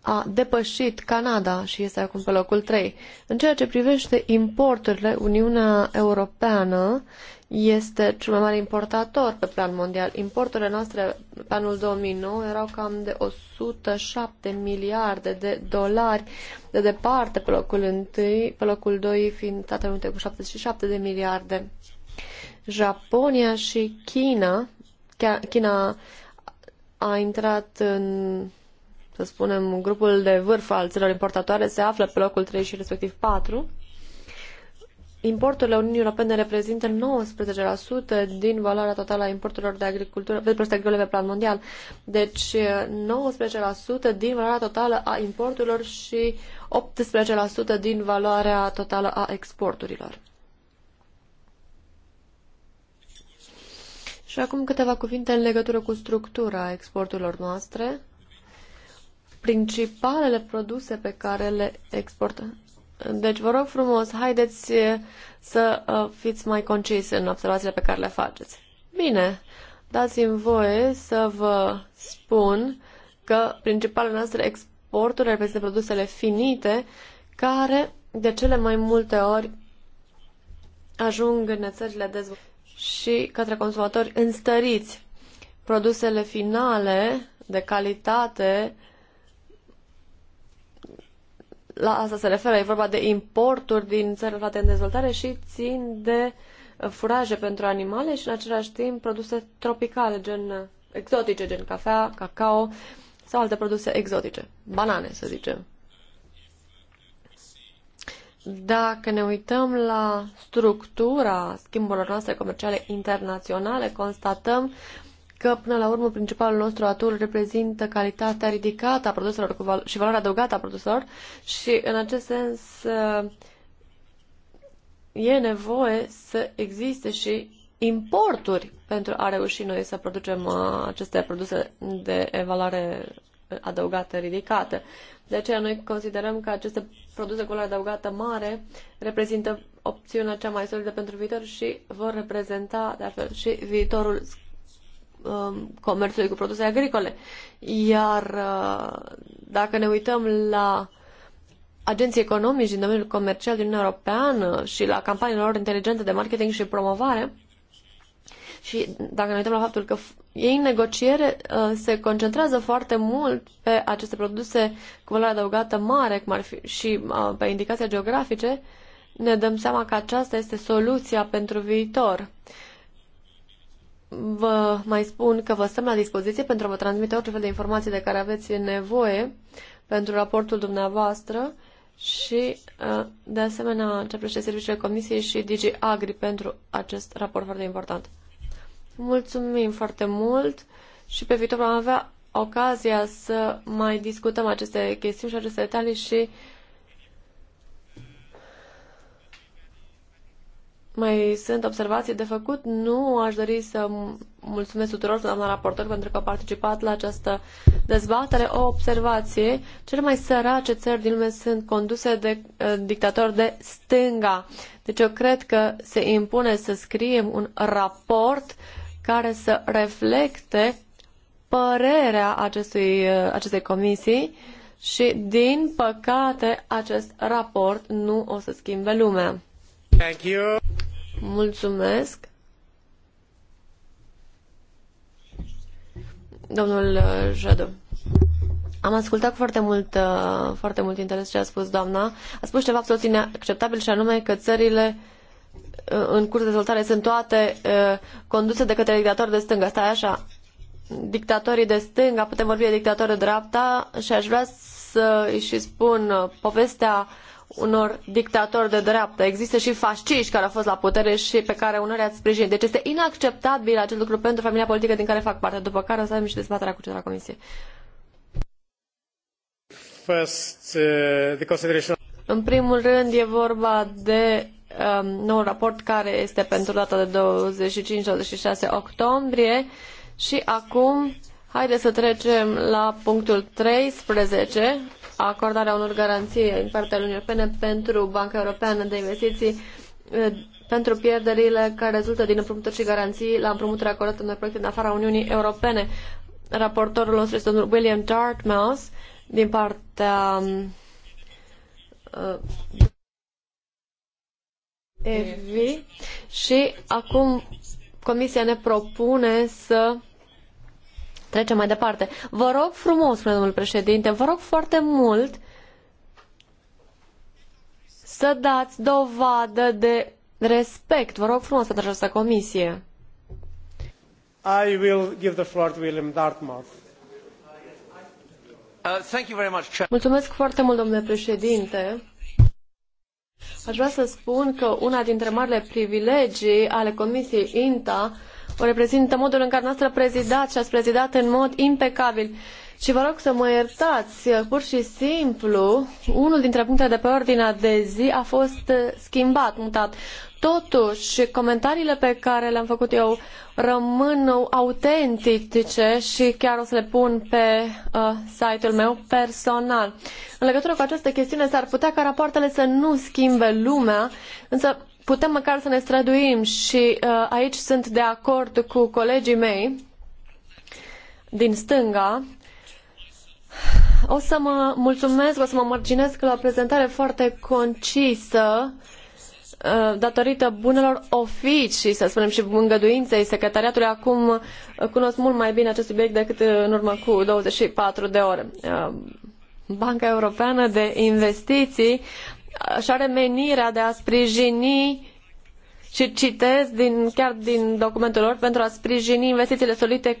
a depășit Canada și este acum pe locul 3. În ceea ce privește importurile, Uniunea Europeană este cel mai mare importator pe plan mondial. Importurile noastre pe anul 2009 erau cam de 107 miliarde de dolari de departe pe locul 1, pe locul 2 fiind Statele Unite cu 77 de miliarde. Japonia și China, China a intrat în să spunem, grupul de vârf al țărilor importatoare se află pe locul 3 și respectiv 4 Importurile Uniunii Europene reprezintă 19% din valoarea totală a importurilor de agricultură, de proste agricole pe plan mondial. Deci 19% din valoarea totală a importurilor și 18% din valoarea totală a exporturilor. Și acum câteva cuvinte în legătură cu structura exporturilor noastre. Principalele produse pe care le exportăm deci vă rog frumos, haideți să fiți mai concise în observațiile pe care le faceți. Bine, dați-mi voie să vă spun că principalele noastre exporturi reprezintă produsele finite care de cele mai multe ori ajung în țările dezvoltate și către consumatori înstăriți. Produsele finale de calitate la asta se referă, e vorba de importuri din țări aflate în dezvoltare și țin de uh, furaje pentru animale și în același timp produse tropicale, gen uh, exotice, gen cafea, cacao sau alte produse exotice, banane să zicem. Dacă ne uităm la structura schimburilor noastre comerciale internaționale, constatăm că, până la urmă, principalul nostru atur reprezintă calitatea ridicată a produselor cu val- și valoarea adăugată a produselor și, în acest sens, e nevoie să existe și importuri pentru a reuși noi să producem uh, aceste produse de valoare adăugată ridicată. De aceea noi considerăm că aceste produse cu valoare adăugată mare reprezintă opțiunea cea mai solidă pentru viitor și vor reprezenta, de altfel, și viitorul Um, comerțului cu produse agricole. Iar uh, dacă ne uităm la agenții economici din domeniul comercial din Uniunea Europeană și la campaniile lor inteligente de marketing și promovare, și dacă ne uităm la faptul că ei în negociere uh, se concentrează foarte mult pe aceste produse cu valoare adăugată mare cum ar fi, și uh, pe indicații geografice, ne dăm seama că aceasta este soluția pentru viitor. Uh, vă mai spun că vă stăm la dispoziție pentru a vă transmite orice fel de informații de care aveți nevoie pentru raportul dumneavoastră și, uh, de asemenea, ce privește serviciile Comisiei și DG Agri pentru acest raport foarte important. Mulțumim foarte mult și pe viitor vom avea ocazia să mai discutăm aceste chestiuni și aceste detalii și Mai sunt observații de făcut. Nu aș dori să mulțumesc tuturor, doamna raportor, pentru că a participat la această dezbatere. O observație. Cele mai sărace țări din lume sunt conduse de uh, dictatori de stânga. Deci eu cred că se impune să scriem un raport care să reflecte părerea acestui, eh, acestei comisii și, din păcate, acest raport nu o să schimbe lumea. Thank you. Mulțumesc. Domnul uh, Jadu. Am ascultat foarte mult, uh, foarte mult interes ce a spus doamna. A spus ceva absolut inacceptabil și anume că țările uh, în curs de dezvoltare sunt toate conduse de către dictatori de stânga. Stai așa, dictatorii de stânga, putem vorbi de dictatori de dreapta și aș vrea să și spun povestea uh, unor dictatori de dreapta. Există și fasciști care au fost la putere și pe care uneori ați sprijinit. Deci este inacceptabil acest lucru pentru familia politică din care fac parte, după care o să avem și dezbaterea cu cei de la Comisie. First, uh, the consideration... În primul rând e vorba de um, nou raport care este pentru data de 25-26 octombrie și acum haideți să trecem la punctul 13 acordarea unor garanții din partea Uniunii Europene pentru Banca Europeană de Investiții eh, pentru pierderile care rezultă din împrumuturi și garanții la împrumuturi acordate unor proiecte în afara Uniunii Europene. Raportorul nostru este domnul William Dartmouth din partea uh, eh, EV și acum Comisia ne propune să Trecem mai departe. Vă rog frumos, domnul președinte, vă rog foarte mult să dați dovadă de respect. Vă rog frumos pentru această comisie. I will give the floor to William Dartmouth. Uh, thank you very much. Mulțumesc foarte mult, domnule președinte. Aș vrea să spun că una dintre marile privilegii ale Comisiei INTA o reprezintă modul în care noastră prezidați și ați prezidat în mod impecabil. Și vă rog să mă iertați, pur și simplu, unul dintre punctele de pe ordinea de zi a fost eh, schimbat, mutat. Totuși, comentariile pe care le-am făcut eu rămân autentice și chiar o să le pun pe uh, site-ul meu personal. În legătură cu această chestiune, s-ar putea ca rapoartele să nu schimbe lumea, însă putem măcar să ne străduim și uh, aici sunt de acord cu colegii mei din stânga. O să mă mulțumesc, o să mă mărginesc la o prezentare foarte concisă uh, datorită bunelor oficii, să spunem, și îngăduinței secretariatului, acum uh, cunosc mult mai bine acest subiect decât uh, în urmă cu 24 de ore. Banca Europeană de Investiții Așa are menirea de a sprijini și citez din, chiar din documentul lor pentru a sprijini investițiile solide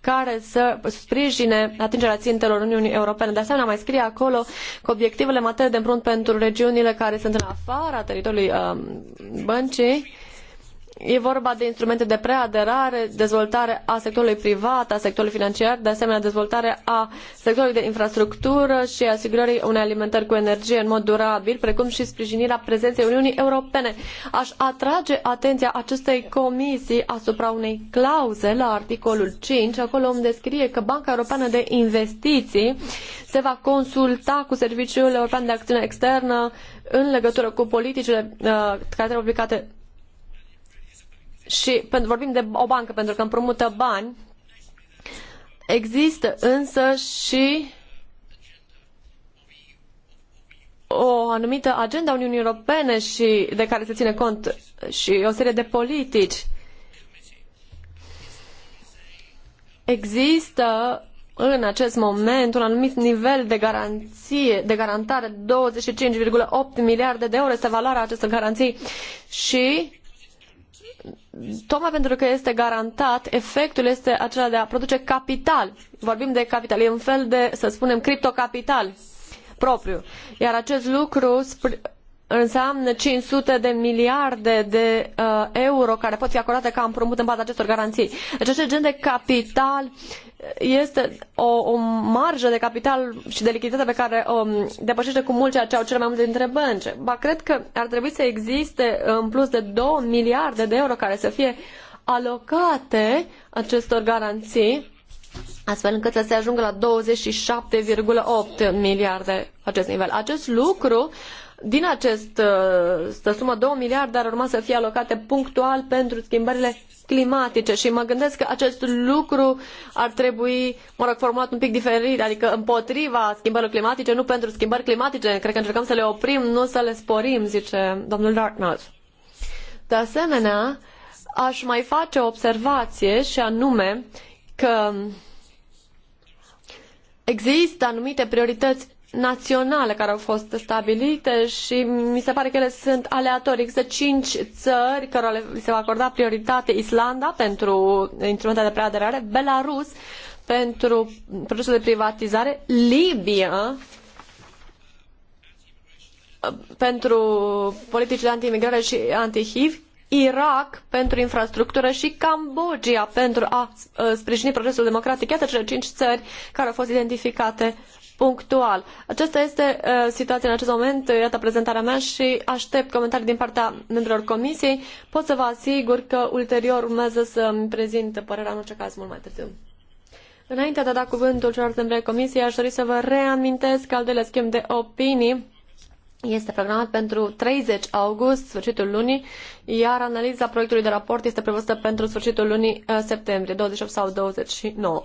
care să sprijine atingerea țintelor Uniunii Europene. De asemenea, mai scrie acolo că obiectivele în materie de împrumut pentru regiunile care sunt în afara teritoriului um, băncii E vorba de instrumente de preaderare, dezvoltare a sectorului privat, a sectorului financiar, de asemenea dezvoltare a sectorului de infrastructură și asigurării unei alimentări cu energie în mod durabil, precum și sprijinirea prezenței Uniunii Europene. Aș atrage atenția acestei comisii asupra unei clauze la articolul 5, acolo unde scrie că Banca Europeană de Investiții se va consulta cu Serviciul European de Acțiune Externă în legătură cu politicile uh, care trebuie aplicate și pentru, vorbim de o bancă pentru că împrumută bani, există însă și o anumită agenda Uniunii Europene și de care se ține cont și o serie de politici. Există în acest moment un anumit nivel de garanție, de garantare, 25,8 miliarde de euro este valoarea acestor garanții și tocmai pentru că este garantat, efectul este acela de a produce capital. Vorbim de capital, e un fel de, să spunem, criptocapital propriu. Iar acest lucru înseamnă 500 de miliarde de uh, euro care pot fi acordate ca împrumut în baza acestor garanții. Deci acest gen de capital este o, o marjă de capital și de lichiditate pe care o um, depășește cu mult ceea ce au cele mai multe dintre bănci. Ba, cred că ar trebui să existe în plus de 2 miliarde de euro care să fie alocate acestor garanții astfel încât să se ajungă la 27,8 miliarde acest nivel. Acest lucru din uh, această sumă, 2 miliarde ar urma să fie alocate punctual pentru schimbările climatice și mă gândesc că acest lucru ar trebui, mă rog, formulat un pic diferit, adică împotriva schimbărilor climatice, nu pentru schimbări climatice. Cred că încercăm să le oprim, nu să le sporim, zice domnul Dartmouth. De asemenea, aș mai face o observație și anume că există anumite priorități naționale care au fost stabilite și mi se pare că ele sunt aleatorii. Există cinci țări care le se va acorda prioritate Islanda pentru instrumentele de preaderare, Belarus pentru procesul de privatizare, Libia uh, pentru politicile anti-imigrare și anti-HIV, Irak pentru infrastructură și Cambodgia pentru a uh, sprijini procesul democratic. Iată cele cinci țări care au fost identificate punctual. Aceasta este uh, situația în acest moment, iată prezentarea mea și aștept comentarii din partea membrilor comisiei. Pot să vă asigur că ulterior urmează să îmi prezint părerea în orice caz mult mai târziu. Înainte de a da cuvântul celor membre comisiei, aș dori să vă reamintesc că al doilea schimb de opinii este programat pentru 30 august, sfârșitul lunii, iar analiza proiectului de raport este prevăzută pentru sfârșitul lunii uh, septembrie, 28 sau 29.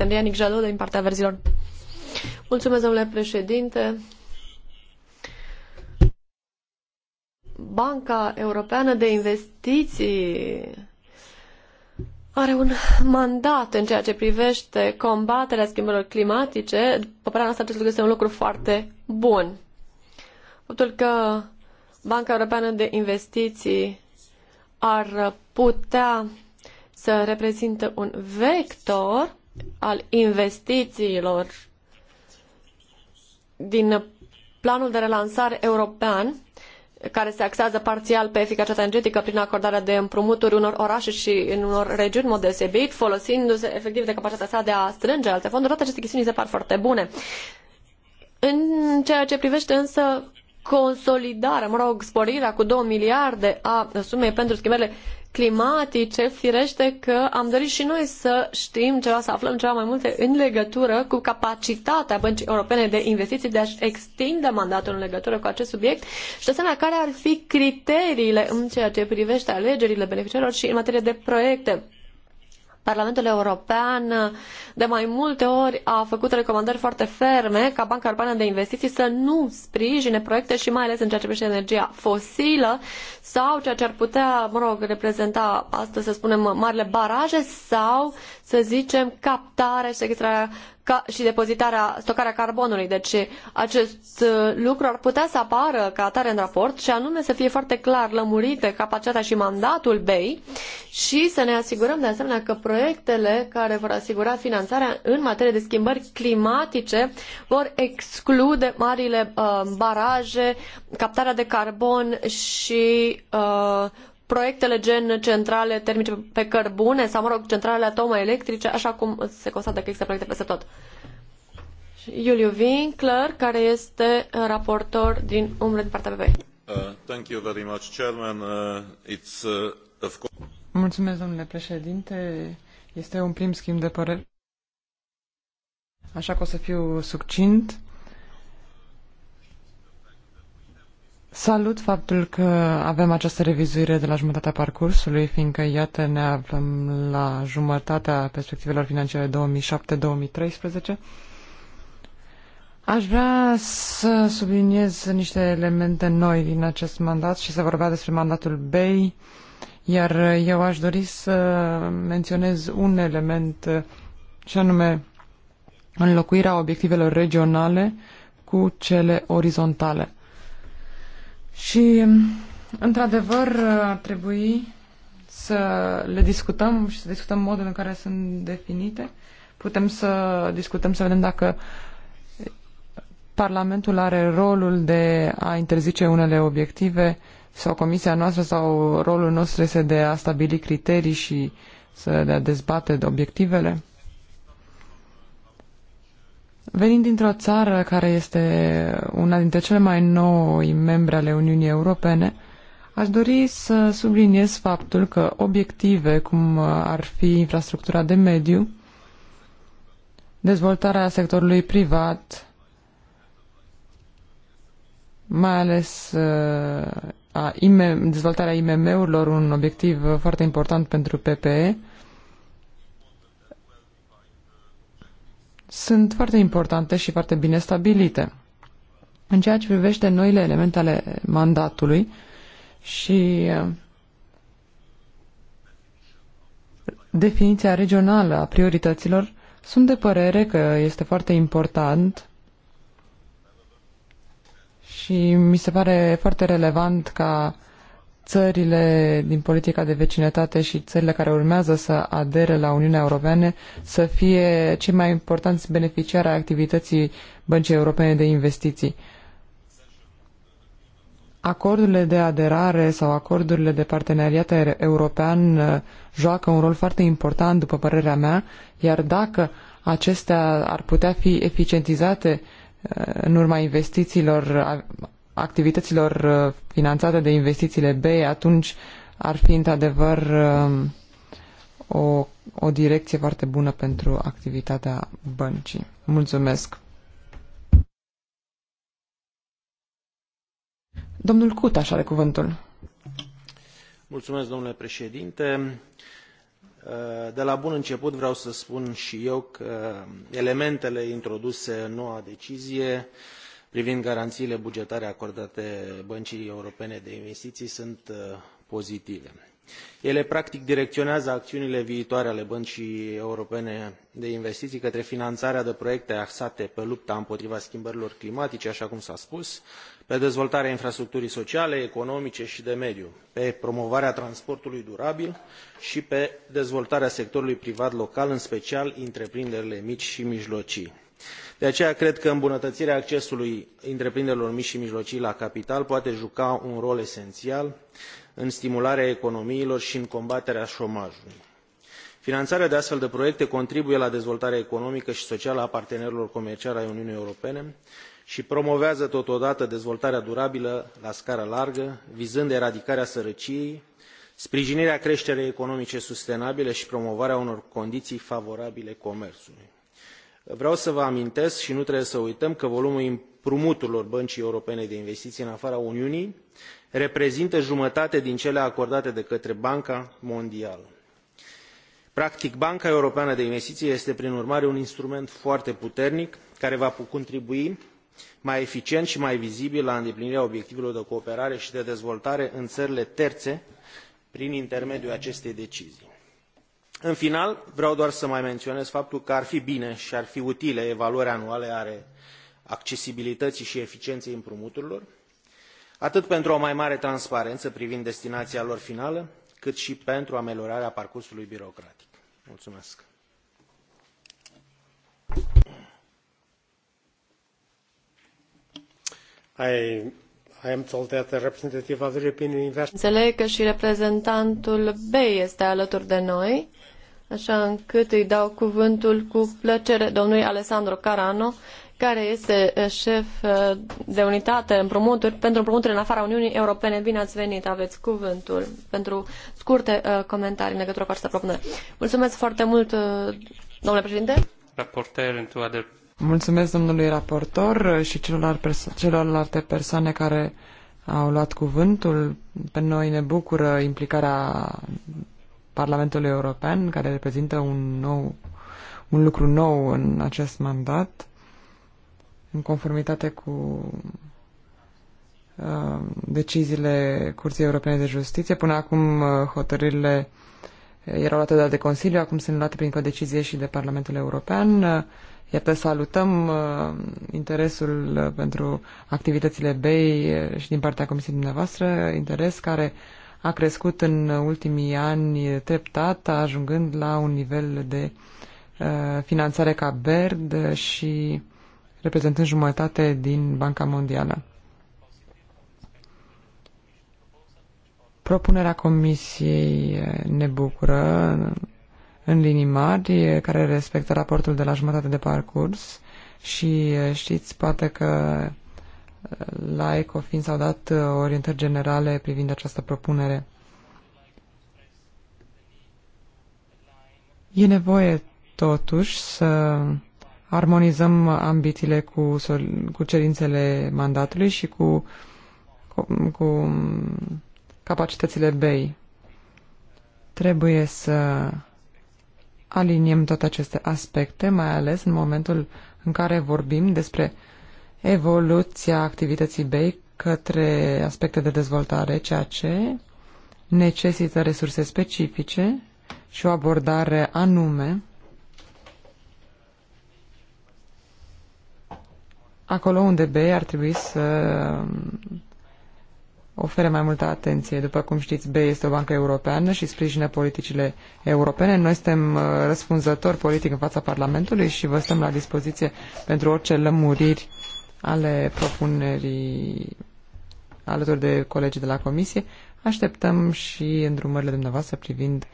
Temria Nicjalou din partea verzilor. Mulțumesc, domnule președinte. Banca Europeană de Investiții are un mandat în ceea ce privește combaterea schimbărilor climatice. După părerea noastră, acest lucru este un lucru foarte bun. Faptul că Banca Europeană de Investiții ar putea să reprezinte un vector al investițiilor din planul de relansare european, care se axează parțial pe eficacitatea energetică prin acordarea de împrumuturi unor orașe și în unor regiuni în mod deosebit, folosindu-se efectiv de capacitatea sa de a strânge alte fonduri. Toate aceste chestiuni se par foarte bune. În ceea ce privește însă consolidarea, mă rog, sporirea cu 2 miliarde a sumei pentru schimbările climatice, firește că am dorit și noi să știm ceva, să aflăm ceva mai multe în legătură cu capacitatea Băncii Europene de Investiții de a-și extinde mandatul în legătură cu acest subiect și, de asemenea, care ar fi criteriile în ceea ce privește alegerile beneficiarilor și în materie de proiecte. Parlamentul European de mai multe ori a făcut recomandări foarte ferme ca Banca Europeană de Investiții să nu sprijine proiecte și mai ales în ceea ce privește energia fosilă sau ceea ce ar putea, mă rog, reprezenta astăzi, să spunem, marile baraje sau să zicem, captare și, ca, și depozitarea, stocarea carbonului. Deci acest uh, lucru ar putea să apară ca atare în raport și anume să fie foarte clar lămurite capacitatea și mandatul BEI și să ne asigurăm de asemenea că proiectele care vor asigura finanțarea în materie de schimbări climatice vor exclude marile uh, baraje, captarea de carbon și uh, proiectele gen centrale termice pe cărbune sau, mă rog, centralele atomo-electrice, așa cum se constată că există proiecte peste tot. Iuliu Winkler, care este raportor din umbră din partea BPI. Uh, thank you very much, Chairman. Uh, it's, uh, of course... Mulțumesc, domnule președinte. Este un prim schimb de părere. Așa că o să fiu succint. Salut faptul că avem această revizuire de la jumătatea parcursului, fiindcă, iată, ne aflăm la jumătatea perspectivelor financiare 2007-2013. Aș vrea să subliniez niște elemente noi din acest mandat și să vorbea despre mandatul BEI, iar eu aș dori să menționez un element, și anume înlocuirea obiectivelor regionale cu cele orizontale. Și, într-adevăr, ar trebui să le discutăm și să discutăm modul în care sunt definite. Putem să discutăm, să vedem dacă Parlamentul are rolul de a interzice unele obiective sau comisia noastră sau rolul nostru este de a stabili criterii și să le dezbate de obiectivele? Venind dintr-o țară care este una dintre cele mai noi membre ale Uniunii Europene, aș dori să subliniez faptul că obiective cum ar fi infrastructura de mediu, dezvoltarea sectorului privat, mai ales uh, a IMM, dezvoltarea IMM-urilor, un obiectiv foarte important pentru PPE, sunt foarte importante și foarte bine stabilite. În ceea ce privește noile elemente ale mandatului și eh, definiția regională a priorităților, sunt de părere că este foarte important și mi se pare foarte relevant ca țările din politica de vecinătate și țările care urmează să adere la Uniunea Europeană să fie cei mai importanți beneficiari ai activității Băncii Europene de Investiții. Acordurile de aderare sau acordurile de parteneriat european uh, joacă un rol foarte important, după părerea mea, iar dacă acestea ar putea fi eficientizate uh, în urma investițiilor activităților uh, finanțate de investițiile BEI, atunci ar fi într-adevăr uh, o, o direcție foarte bună pentru activitatea băncii. Mulțumesc! Domnul așa are cuvântul. Mulțumesc, domnule președinte. Uh, de la bun început vreau să spun și eu că elementele introduse în noua decizie privind garanțiile bugetare acordate băncii europene de investiții sunt uh, pozitive. ele practic direcționează acțiunile viitoare ale băncii europene de investiții către finanțarea de proiecte axate pe lupta împotriva schimbărilor climatice așa cum s a spus pe dezvoltarea infrastructurii sociale economice și de mediu pe promovarea transportului durabil și pe dezvoltarea sectorului privat local în special întreprinderile mici și mijlocii de aceea cred că îmbunătăirea accesului întreprinderilor mici i mijlocii la capital poate juca un rol esenial în stimularea economiilor i în combaterea omajului. finanarea de astfel de proiecte contribuie la dezvoltarea economică i socială a partenerilor comerciali ai uniunii europene i promovează totodată dezvoltarea durabilă la scară largă vizând eradicarea sărăciei sprijinirea creterii economice sustenabile i promovarea unor condiii favorabile comerului vreau să vă amintesc i nu trebuie să uităm că volumul împrumuturilor băncii europene de investiii în afara uniunii reprezintă jumătate din cele acordate de către banca mondială. practic banca europeană de investiii este prin urmare un instrument foarte puternic care va contribui mai eficient i mai vizibil la îndeplinirea obiectivelor de cooperare i de dezvoltare în ările tere prin intermediul acestei decizii în final vreau doar să mai menionez faptul că ar fi bine i ar fi utile evaluări anuale ale accesibilităii i eficienei împrumuturilor atât pentru o mai mare transparenă privind destinaia lor finală cât i pentru ameliorarea parcursului birocratic. Mulțumesc. I, I am told that the representative of the European Investment... Înțeleg că și reprezentantul BEI este alături de noi așa încât îi dau cuvântul cu plăcere domnului Alessandro Carano, care este eh, șef eh, de unitate împrumuturi, pentru împrumuturi în afara Uniunii Europene. Bine ați venit, aveți cuvântul pentru scurte eh, comentarii în legătură cu această propunere. Mulțumesc foarte mult, domnule președinte. Raporter into Mulțumesc domnului raportor și celorlalte, perso- celorlalte persoane care au luat cuvântul. Pe noi ne bucură implicarea Parlamentului European, care reprezintă un, nou, un lucru nou în acest mandat, în conformitate cu uh, deciziile Curții Europene de Justiție. Până acum uh, hotărârile erau luate de Consiliu, acum sunt luate prin o decizie și de Parlamentul European. Uh, Iată, salutăm uh, interesul uh, pentru activitățile BEI uh, și din partea Comisiei dumneavoastră, interes care a crescut în ultimii ani treptat, ajungând la un nivel de uh, finanțare ca BERD și reprezentând jumătate din Banca Mondială. Propunerea Comisiei uh, ne bucură în linii mari, uh, care respectă raportul de la jumătate de parcurs și știți poate că la ECOFIN s-au dat uh, orientări generale privind această propunere. E nevoie totuși să armonizăm ambițiile cu, cu cerințele mandatului și cu, cu, cu capacitățile BEI. Trebuie să aliniem toate aceste aspecte, mai ales în momentul în care vorbim despre uh, evoluția activității BEI către aspecte de dezvoltare, ceea ce necesită resurse specifice și o abordare anume acolo unde BEI ar trebui să ofere mai multă atenție. După cum știți, BEI este o bancă europeană și sprijină politicile europene. Noi suntem uh, răspunzători politic în fața Parlamentului și vă stăm la dispoziție pentru orice lămuriri ale propunerii alături de colegii de la comisie. Așteptăm și îndrumările dumneavoastră privind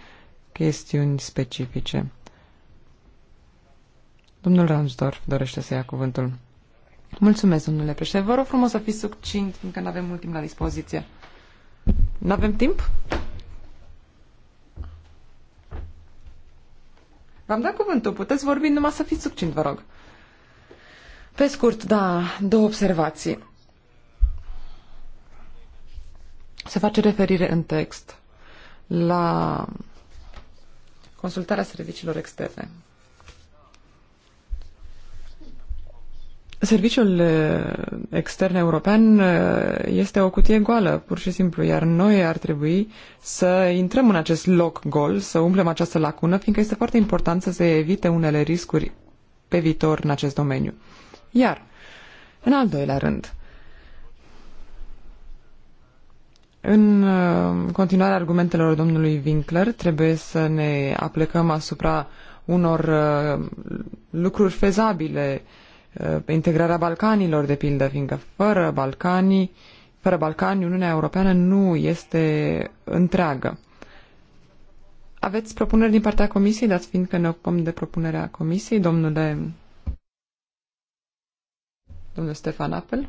chestiuni specifice. Domnul Ransdorf dorește să ia cuvântul. Mulțumesc, domnule președinte. Vă rog frumos să fiți succint, fiindcă nu avem mult timp la dispoziție. Nu avem timp? V-am dat cuvântul. Puteți vorbi numai să fiți succint, vă rog. Pe scurt, da, două observații. Se face referire în text la consultarea serviciilor externe. Serviciul extern european este o cutie goală, pur și simplu, iar noi ar trebui să intrăm în acest loc gol, să umplem această lacună, fiindcă este foarte important să se evite unele riscuri pe viitor în acest domeniu. Iar, în al doilea rând, În uh, continuarea argumentelor domnului Winkler, trebuie să ne aplicăm asupra unor uh, lucruri fezabile, uh, integrarea Balcanilor, de pildă, fiindcă fără Balcanii, fără Balcani, Uniunea Europeană nu este întreagă. Aveți propuneri din partea Comisiei, dați fiindcă ne ocupăm de propunerea Comisiei, domnule Domnul Stefan Apel.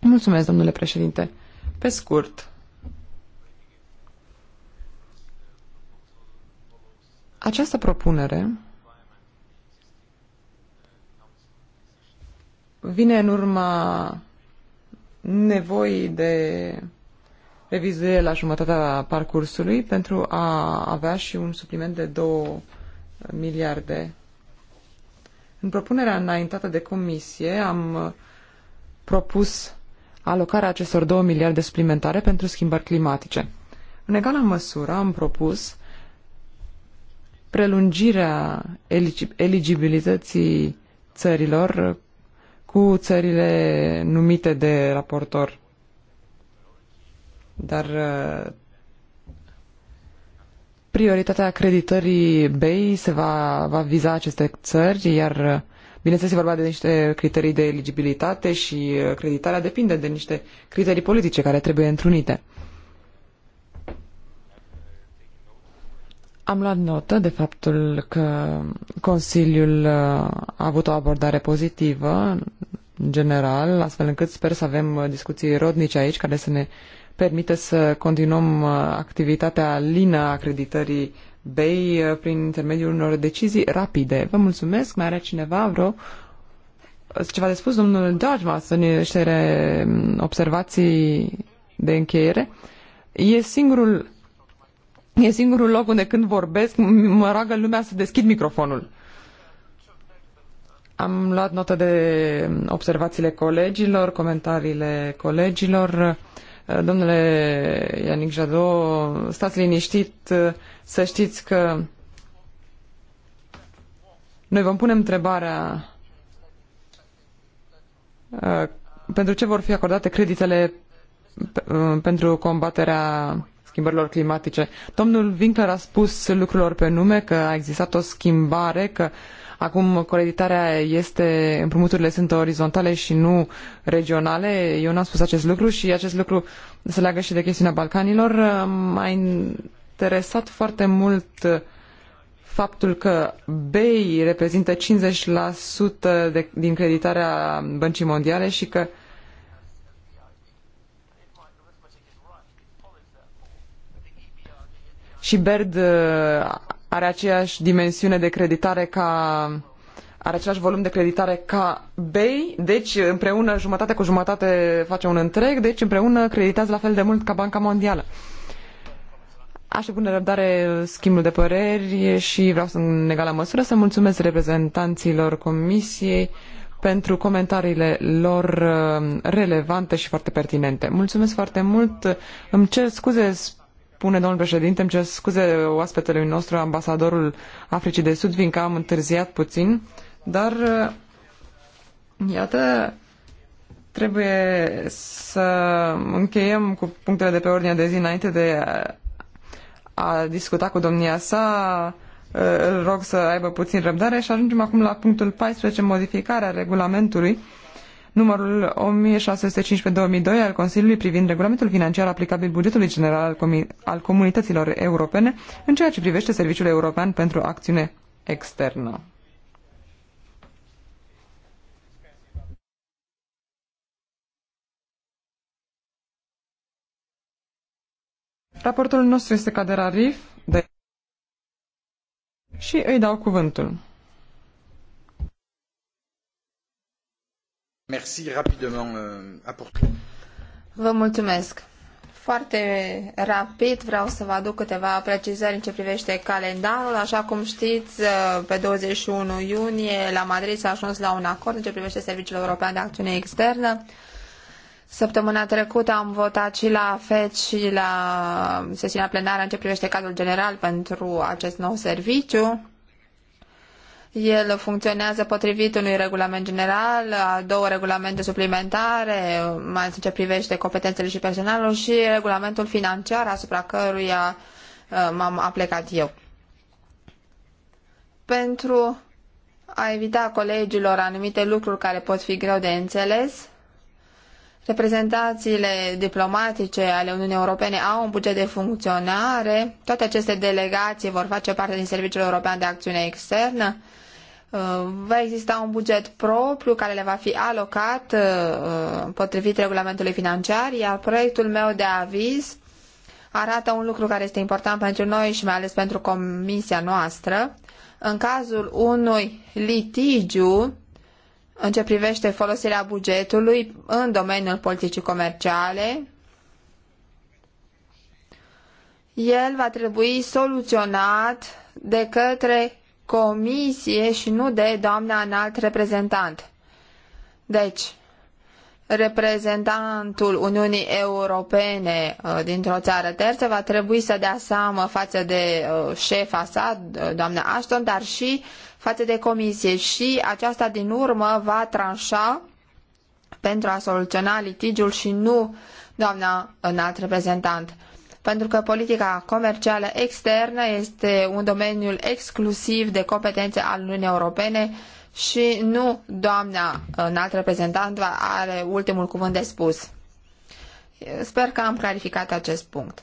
Mulțumesc, domnule președinte. Pe scurt, această propunere vine în urma nevoii de revizuire la jumătatea parcursului pentru a avea și un supliment de 2 miliarde în propunerea înaintată de comisie am uh, propus alocarea acestor 2 miliarde suplimentare pentru schimbări climatice. În egală măsură am propus prelungirea eligibilității țărilor uh, cu țările numite de raportor. Dar uh, prioritatea acreditării BEI se va, va viza aceste țări, iar bineînțeles e vorba de niște criterii de eligibilitate și uh, creditarea depinde de niște criterii politice care trebuie întrunite. Am luat notă de faptul că Consiliul uh, a avut o abordare pozitivă în general, astfel încât sper să avem uh, discuții rodnice aici care să ne permite să continuăm uh, activitatea lină a acreditării BEI uh, prin intermediul unor decizii rapide. Vă mulțumesc. Mai are cineva vreo uh, ceva de spus? Domnul ne niște um, observații de încheiere. E singurul, e singurul loc unde când vorbesc mă roagă lumea să deschid microfonul. Am luat notă de um, observațiile colegilor, comentariile colegilor. Domnule Ianic Jadou, stați liniștit să știți că noi vom pune întrebarea uh, pentru ce vor fi acordate creditele uh, pentru combaterea schimbărilor climatice. Domnul Winkler a spus lucrurilor pe nume că a existat o schimbare, că uh, Acum, coreditarea este, împrumuturile sunt orizontale și nu regionale. Eu n-am spus acest lucru și acest lucru se leagă și de chestiunea Balcanilor. M-a interesat foarte mult faptul că BEI reprezintă 50% de, din creditarea Băncii Mondiale și că și BERD are aceeași dimensiune de creditare ca are același volum de creditare ca BEI, deci împreună jumătate cu jumătate face un întreg, deci împreună creditează la fel de mult ca Banca Mondială. Aștept cu nerăbdare schimbul de păreri și vreau să, în egală măsură să mulțumesc reprezentanților Comisiei pentru comentariile lor uh, relevante și foarte pertinente. Mulțumesc foarte mult. Îmi cer scuze spune domnul președinte, îmi cer scuze oaspetelui nostru, ambasadorul Africii de Sud, fiindcă am întârziat puțin, dar uh, iată, trebuie să încheiem cu punctele de pe ordinea de zi înainte de a discuta cu domnia sa, uh, îl rog să aibă puțin răbdare și ajungem acum la punctul 14, modificarea regulamentului numărul 1615-2002 al Consiliului privind regulamentul financiar aplicabil bugetului general al, comi al comunităților europene în ceea ce privește Serviciul European pentru Acțiune Externă. Raportul nostru este Caderarif de... și îi dau cuvântul. Euh, vă mulțumesc. Foarte rapid vreau să vă aduc câteva precizări în ce privește calendarul. Așa cum știți, uh, pe 21 iunie la Madrid s-a ajuns la un acord în ce privește Serviciul European de Acțiune Externă. Săptămâna trecută am votat și la FED și la sesiunea plenară în ce privește cadrul general pentru acest nou serviciu. El funcționează potrivit unui regulament general, a două regulamente suplimentare, mai ales în ce privește competențele și personalul, și regulamentul financiar asupra căruia uh, m-am aplicat eu. Pentru a evita colegilor anumite lucruri care pot fi greu de înțeles, reprezentațiile diplomatice ale Uniunii Europene au un buget de funcționare, toate aceste delegații vor face parte din Serviciul European de Acțiune Externă, uh, va exista un buget propriu care le va fi alocat uh, uh, potrivit regulamentului financiar, iar proiectul meu de aviz arată un lucru care este important pentru noi și mai ales pentru comisia noastră. În cazul unui litigiu în ce privește folosirea bugetului în domeniul politicii comerciale, el va trebui soluționat de către comisie și nu de doamna înalt reprezentant. Deci, reprezentantul Uniunii Europene uh, dintr-o țară terță va trebui să dea seamă față de uh, șefa sa, doamna Ashton, dar și față de comisie și aceasta din urmă va tranșa pentru a soluționa litigiul și nu doamna înalt reprezentant. Pentru că politica comercială externă este un domeniu exclusiv de competențe al Uniunii Europene și nu doamna înalt reprezentant are ultimul cuvânt de spus. Sper că am clarificat acest punct.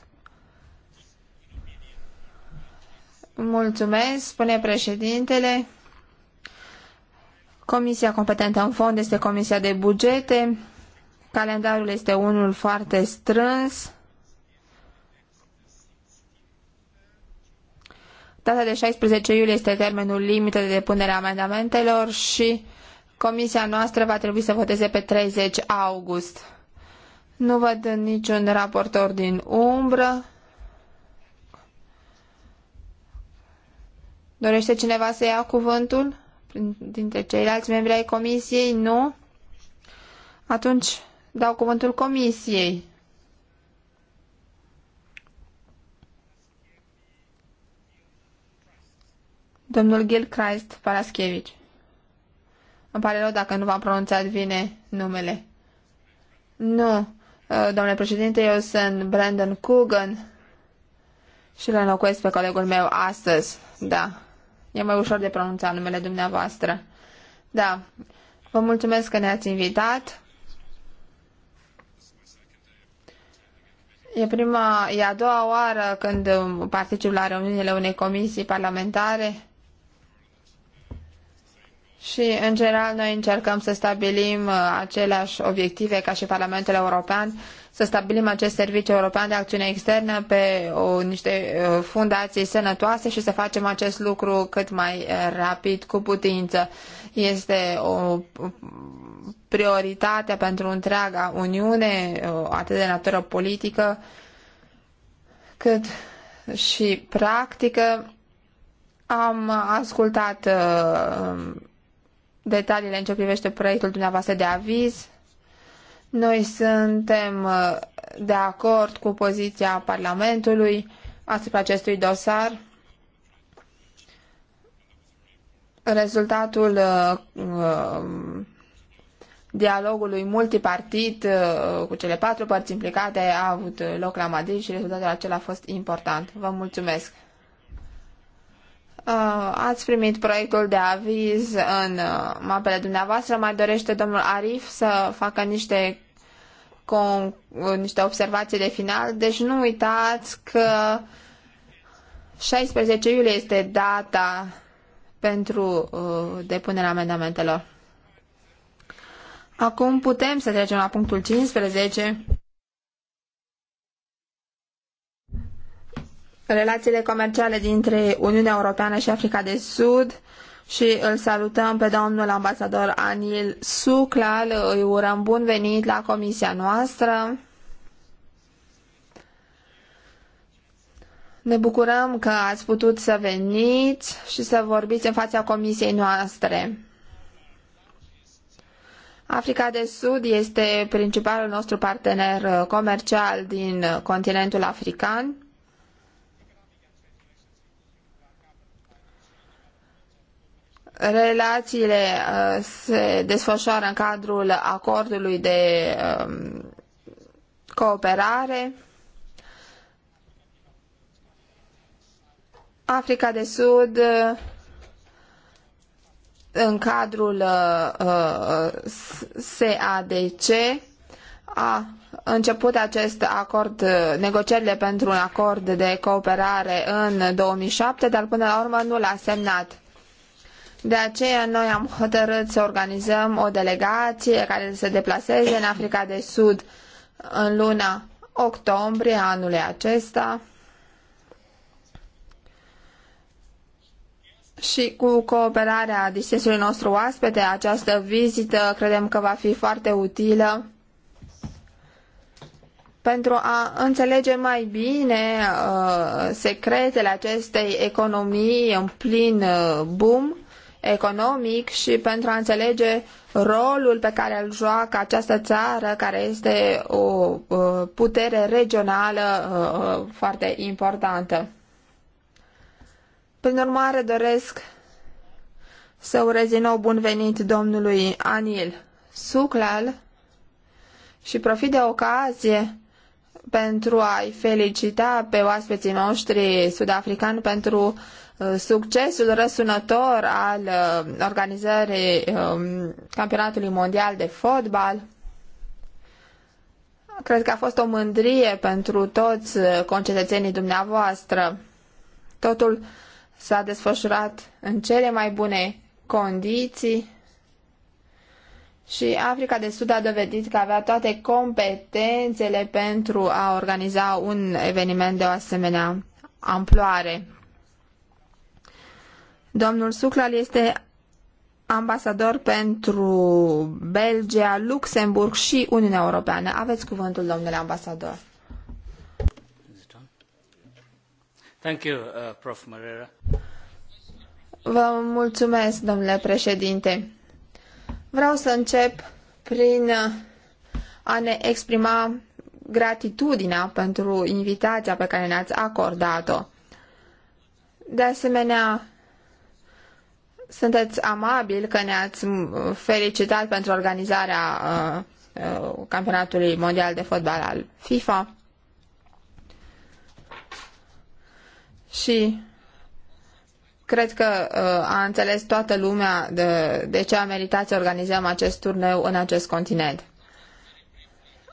Mulțumesc, spune președintele. Comisia competentă în fond este Comisia de Bugete. Calendarul este unul foarte strâns. Data de 16 iulie este termenul limită de depunere a amendamentelor și comisia noastră va trebui să voteze pe 30 august. Nu văd niciun raportor din umbră. Dorește cineva să ia cuvântul? Dintre ceilalți membri ai comisiei? Nu? Atunci dau cuvântul comisiei. Domnul Gil Christ Paraschevici. Îmi pare rău dacă nu v-am pronunțat bine numele. Nu, uh, domnule președinte, eu sunt Brandon Coogan și îl înlocuiesc pe colegul meu astăzi, da. E mai ușor de pronunțat numele dumneavoastră. Da, vă mulțumesc că ne-ați invitat. E prima, e a doua oară când particip la reuniunile unei comisii parlamentare și, în general, noi încercăm să stabilim uh, aceleași obiective ca și Parlamentul European să stabilim acest serviciu european de acțiune externă pe o, niște uh, fundații sănătoase și să facem acest lucru cât mai uh, rapid, cu putință. Este o prioritate pentru întreaga Uniune, uh, atât de natură politică, cât și practică. Am ascultat detaliile în ce privește proiectul dumneavoastră de aviz noi suntem uh, de acord cu poziția Parlamentului asupra acestui dosar. Rezultatul uh, uh, dialogului multipartit cu cele patru părți implicate a avut loc la Madrid și rezultatul acela a fost important. Vă mulțumesc! Uh, ați primit proiectul de aviz în uh, mapele dumneavoastră. Mai dorește domnul Arif să facă niște, con, niște observații de final. Deci nu uitați că 16 iulie este data pentru uh, depunerea amendamentelor. Acum putem să trecem la punctul 15 relațiile comerciale dintre Uniunea Europeană și Africa de Sud și îl salutăm pe domnul ambasador Anil Suclal, îi urăm bun venit la comisia noastră. Ne bucurăm că ați putut să veniți și să vorbiți în fața comisiei noastre. Africa de Sud este principalul nostru partener comercial din continentul african Relațiile uh, se desfășoară în cadrul acordului de um, cooperare. Africa de Sud uh, în cadrul uh, SADC a început acest acord, negocierile pentru un acord de cooperare în 2007, dar până la urmă nu l-a semnat. De aceea noi am hotărât să organizăm o delegație care să se deplaseze în Africa de Sud în luna octombrie anului acesta și cu cooperarea distinsului nostru oaspete, această vizită credem că va fi foarte utilă pentru a înțelege mai bine uh, secretele acestei economii în plin uh, boom economic și pentru a înțelege rolul pe care îl joacă această țară, care este o putere regională foarte importantă. Prin urmare, doresc să urez din nou bun venit domnului Anil Suclal și profit de ocazie pentru a-i felicita pe oaspeții noștri sud-africani pentru Uh, succesul răsunător al uh, organizării um, campionatului mondial de fotbal. Cred că a fost o mândrie pentru toți uh, concetățenii dumneavoastră. Totul s-a desfășurat în cele mai bune condiții și Africa de Sud a dovedit că avea toate competențele pentru a organiza un eveniment de o asemenea amploare. Domnul Suclal este ambasador pentru Belgia, Luxemburg și Uniunea Europeană. Aveți cuvântul, domnule ambasador. Thank you, uh, Prof. Marera. Vă mulțumesc, domnule președinte. Vreau să încep prin uh, a ne exprima gratitudinea pentru invitația pe care ne-ați acordat-o. De asemenea, sunteți amabil că ne-ați felicitat pentru organizarea uh, uh, campionatului mondial de fotbal al FIFA. Și cred că uh, a înțeles toată lumea de, de ce a meritat să organizăm acest turneu în acest continent.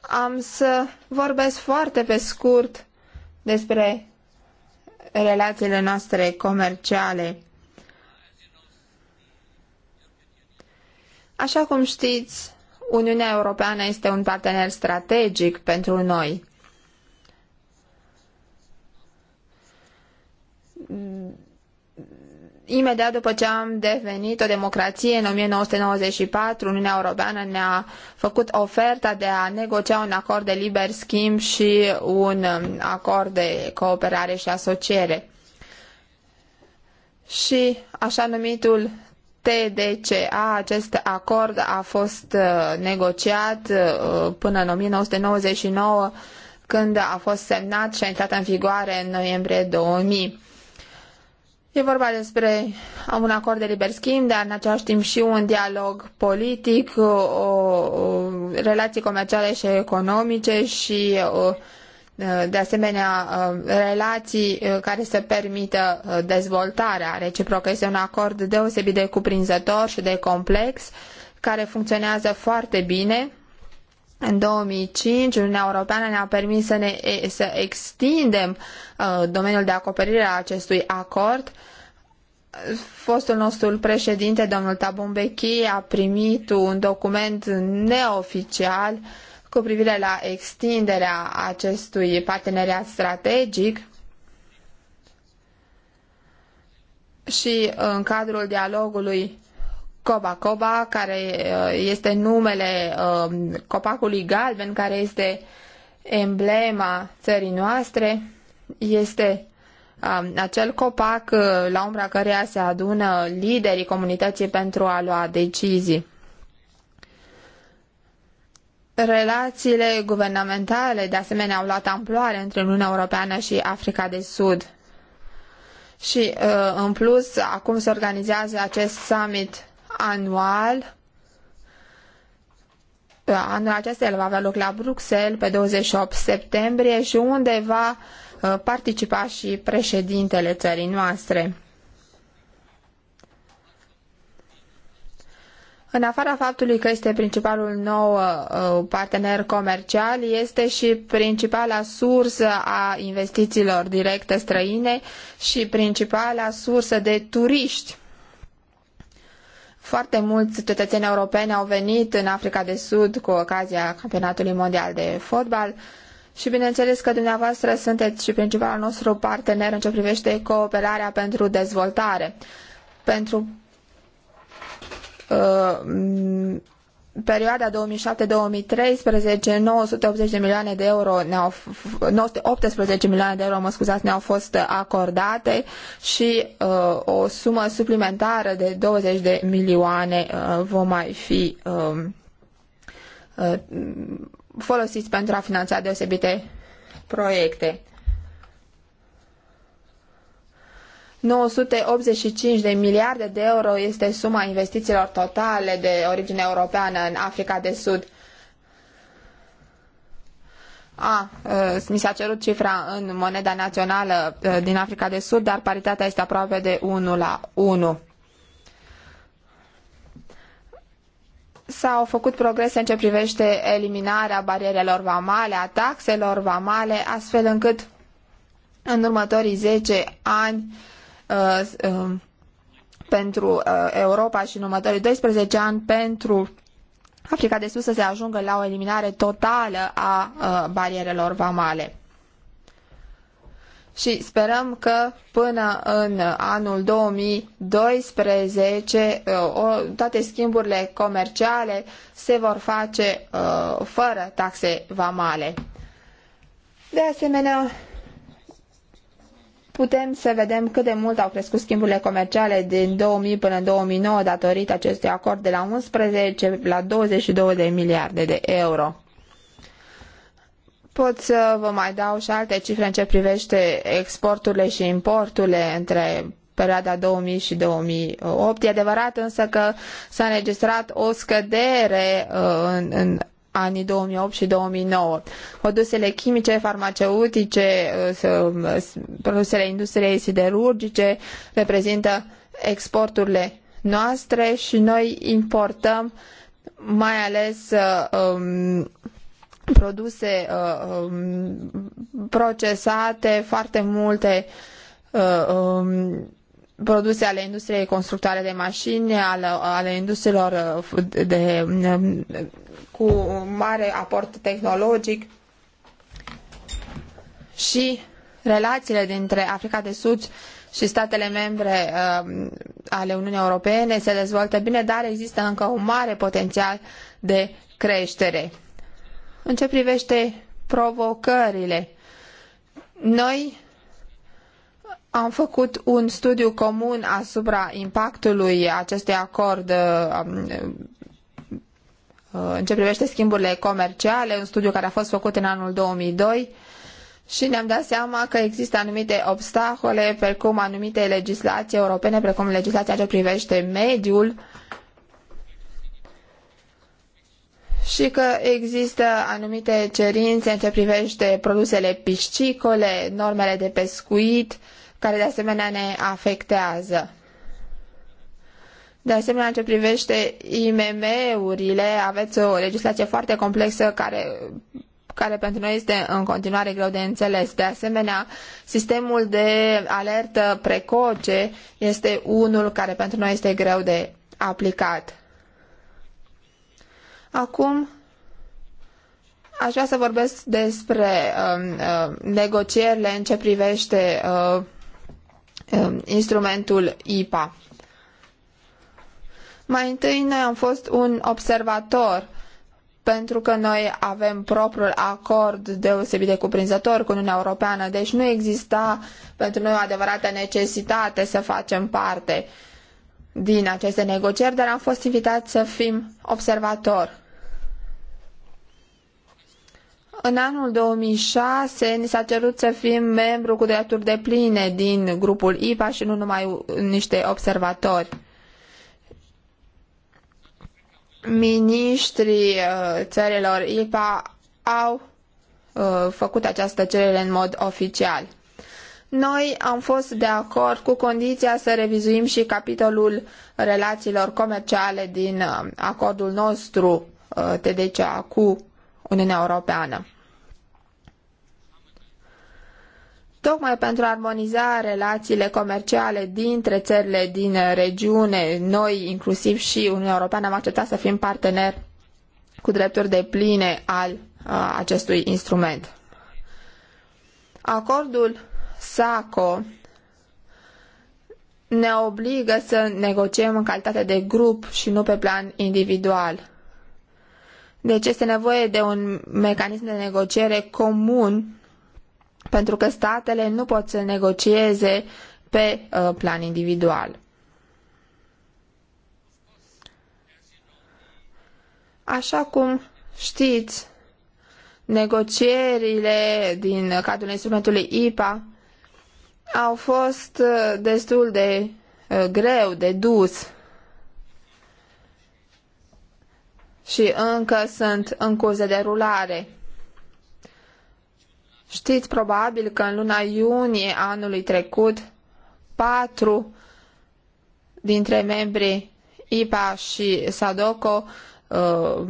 Am să vorbesc foarte pe scurt despre relațiile noastre comerciale Așa cum știți, Uniunea Europeană este un partener strategic pentru noi. Imediat după ce am devenit o democrație în 1994, Uniunea Europeană ne-a făcut oferta de a negocia un acord de liber schimb și un um, acord de cooperare și asociere. Și așa numitul TDCA, acest acord a fost uh, negociat uh, până în 1999 când a fost semnat și a intrat în vigoare în noiembrie 2000. E vorba despre un acord de liber schimb, dar în același timp și un dialog politic, o, o, relații comerciale și economice și o, uh, de asemenea uh, relații uh, care să permită uh, dezvoltarea reciprocă. Este un acord deosebit de cuprinzător și de complex care funcționează foarte bine. În 2005, Uniunea Europeană ne-a permis să, ne, să extindem domeniul de acoperire a acestui acord fostul nostru președinte, domnul Tabumbechi, a primit un document neoficial cu privire la extinderea acestui parteneriat strategic și în cadrul dialogului Coba Coba, care uh, este numele uh, copacului galben, care este emblema țării noastre, este um, acel copac uh, la umbra căreia se adună liderii comunității pentru a lua decizii. Relațiile guvernamentale, de asemenea, au luat amploare între Uniunea Europeană și Africa de Sud. Și, uh, în plus, acum se organizează acest summit anual. Uh, anul acesta el va avea loc la Bruxelles pe 28 septembrie și unde va uh, participa și președintele țării noastre. în afara faptului că este principalul nou uh, partener comercial, este și principala sursă a investițiilor directe străine și principala sursă de turiști. Foarte mulți cetățeni europeni au venit în Africa de Sud cu ocazia Campionatului Mondial de Fotbal și bineînțeles că dumneavoastră sunteți și principalul nostru partener în ce privește cooperarea pentru dezvoltare. Pentru Uh, perioada 2007-2013, 980 de milioane de euro, ne-au, 918 milioane de euro, mă scuzați, ne-au fost acordate și uh, o sumă suplimentară de 20 de milioane uh, vor mai fi uh, uh, folosiți pentru a finanța deosebite proiecte. 985 de miliarde de euro este suma investițiilor totale de origine europeană în Africa de Sud. A, ă, mi s-a cerut cifra în moneda națională ă, din Africa de Sud, dar paritatea este aproape de 1 la 1. S-au făcut progrese în ce privește eliminarea barierelor vamale, a taxelor vamale, astfel încât în următorii zece ani Uh, um, pentru uh, Europa și în următorii 12 ani pentru Africa de Sus să se ajungă la o eliminare totală a uh, barierelor vamale. Și sperăm că până în anul 2012 toate schimburile comerciale se vor face fără taxe vamale. De asemenea, putem să vedem cât de mult au crescut schimburile comerciale din 2000 până în 2009 datorită acestui acord de la 11 la 22 de miliarde de euro. Pot să vă mai dau și alte cifre în ce privește exporturile și importurile între perioada 2000 și 2008. E adevărat însă că s-a înregistrat o scădere uh, în, în anii 2008 și 2009. Produsele chimice, farmaceutice, uh, uh, produsele industriei siderurgice reprezintă exporturile noastre și noi importăm mai ales uh, um, produse um, procesate, foarte multe um, produse ale industriei constructoare de mașini, ale, ale industriilor uh, de, de, um, cu mare aport tehnologic și relațiile dintre Africa de Sud și statele membre uh, ale Uniunii Europene se dezvoltă bine, dar există încă un mare potențial de creștere. În ce privește provocările, noi am făcut un studiu comun asupra impactului acestui acord um, uh, în ce privește schimburile comerciale, un studiu care a fost făcut în anul 2002 și ne-am dat seama că există anumite obstacole, precum anumite legislații europene, precum legislația ce privește mediul și că există anumite cerințe în ce privește produsele piscicole, normele de pescuit, uh, care de asemenea ne afectează. De asemenea, în ce privește IMM-urile, aveți o legislație foarte complexă care care pentru noi este în continuare greu de înțeles. De asemenea, sistemul de alertă precoce este unul care pentru noi este greu de aplicat. Acum aș vrea să vorbesc despre uh, uh, negocierile în ce privește uh, Um, instrumentul IPA. Mai întâi noi am fost un observator pentru că noi avem propriul acord deosebit de cuprinzător cu Uniunea Europeană, deci nu exista pentru noi o adevărată necesitate să facem parte din aceste negocieri, dar am fost invitați să fim observatori. În anul 2006 ni s-a cerut să fim membru cu drepturi de pline din grupul IPA și nu numai niște observatori. Ministrii uh, țărilor IPA au uh, făcut această cerere în mod oficial. Noi am fost de acord cu condiția să revizuim și capitolul relațiilor comerciale din uh, acordul nostru TDCA cu Uniunea Europeană. tocmai pentru a armoniza relațiile comerciale dintre țările din regiune, noi inclusiv și Uniunea Europeană am acceptat să fim parteneri cu drepturi de pline al a, uh, acestui instrument. Acordul SACO ne obligă să negociem în calitate de grup și nu pe plan individual. Deci este nevoie de un mecanism de negociere comun pentru că statele nu pot să negocieze pe uh, plan individual. Așa cum știți, negocierile din cadrul instrumentului IPA au fost uh, destul de uh, greu de dus și încă sunt în curs de derulare. Știți probabil că în luna iunie anului trecut, patru dintre membrii IPA și Sadoko, uh,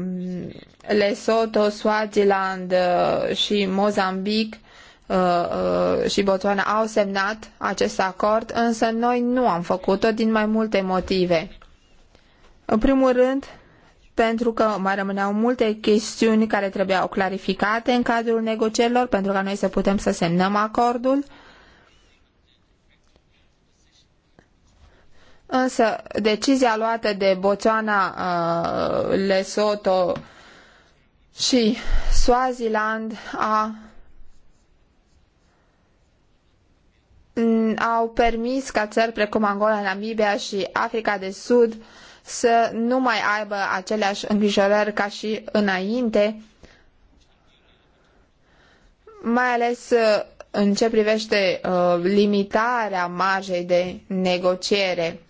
Lesotho, Swaziland uh, și Mozambic uh, și Botswana au semnat acest acord, însă noi nu am făcut-o din mai multe motive. În primul rând, pentru că mai rămâneau multe chestiuni care trebuiau clarificate în cadrul negocierilor pentru ca noi să putem să semnăm acordul. Însă decizia luată de Botswana, uh, Lesotho și Swaziland a au permis ca țări precum Angola, Namibia și Africa de Sud să nu mai aibă aceleași îngrijorări ca și înainte, mai ales uh, în ce privește uh, limitarea marjei de negociere.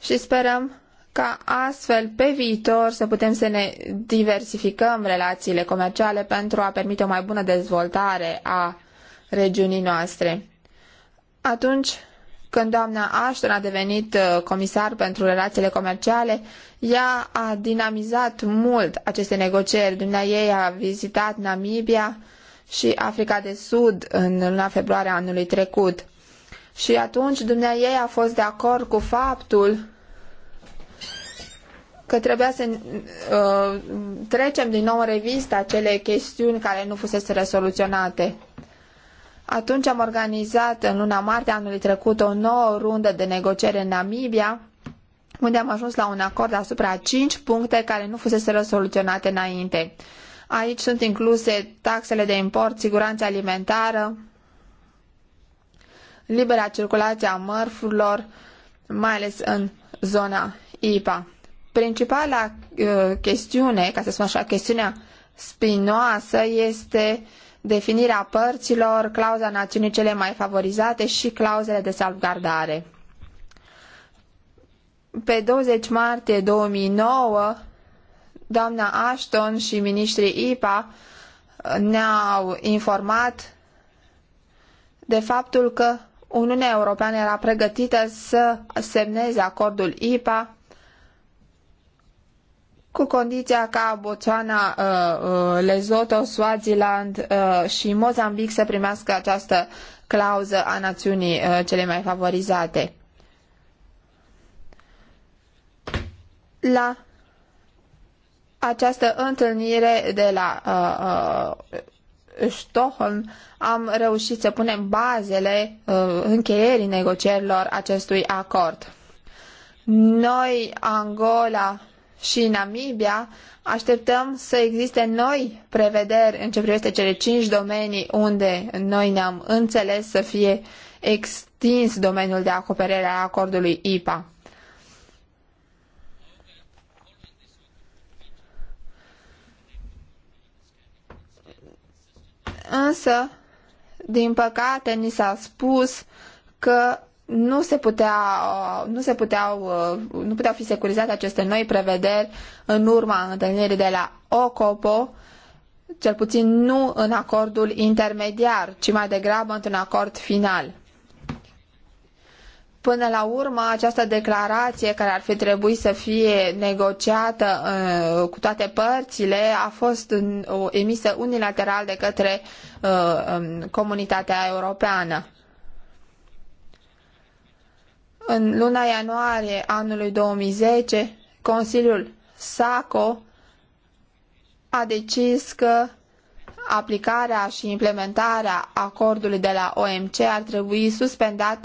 Și sperăm ca astfel pe viitor să putem să ne diversificăm relațiile comerciale pentru a permite o mai bună dezvoltare a regiunii noastre. Atunci când doamna Ashton a devenit uh, comisar pentru relațiile comerciale, ea a dinamizat mult aceste negocieri. Dumnea ei a vizitat Namibia și Africa de Sud în luna februarie anului trecut. Și atunci dumnea ei a fost de acord cu faptul că trebuia să uh, trecem din nou în revistă acele chestiuni care nu fusese soluționate. Atunci am organizat în luna martie anului trecut o nouă rundă de negociere în Namibia, unde am ajuns la un acord asupra cinci puncte care nu fusese soluționate înainte. Aici sunt incluse taxele de import, siguranța alimentară, libera circulație a mărfurilor, mai ales în zona IPA. Principala uh, chestiune, ca să spun așa, chestiunea spinoasă este uh, definirea părților, clauza națiunii cele mai favorizate și clauzele de salvgardare. Pe 20 martie 2009, doamna Ashton și ministrii IPA ne-au informat de faptul că Uniunea Europeană era pregătită să semneze acordul IPA cu condiția ca Botswana, uh, uh, Lesotho, Swaziland uh, și Mozambic să primească această clauză a națiunii cele mai favorizate. La această întâlnire de la uh, Stockholm am reușit să punem bazele uh, încheierii negocierilor acestui acord. Noi, Angola, și Namibia, așteptăm să existe noi prevederi în ce privește cele cinci domenii unde noi ne-am înțeles să fie extins domeniul de acoperire al acordului IPA. Însă, din păcate, ni s-a spus că nu se, putea, uh, nu se puteau, uh, nu puteau fi securizate aceste noi prevederi în urma întâlnirii de la OCOPO, cel puțin nu în acordul intermediar, ci mai degrabă într-un acord final. Până la urmă, această declarație care ar fi trebuit să fie negociată uh, cu toate părțile a fost uh, emisă unilateral de către uh, um, comunitatea europeană. În luna ianuarie anului 2010, Consiliul SACO a decis că aplicarea și implementarea acordului de la OMC ar trebui suspendat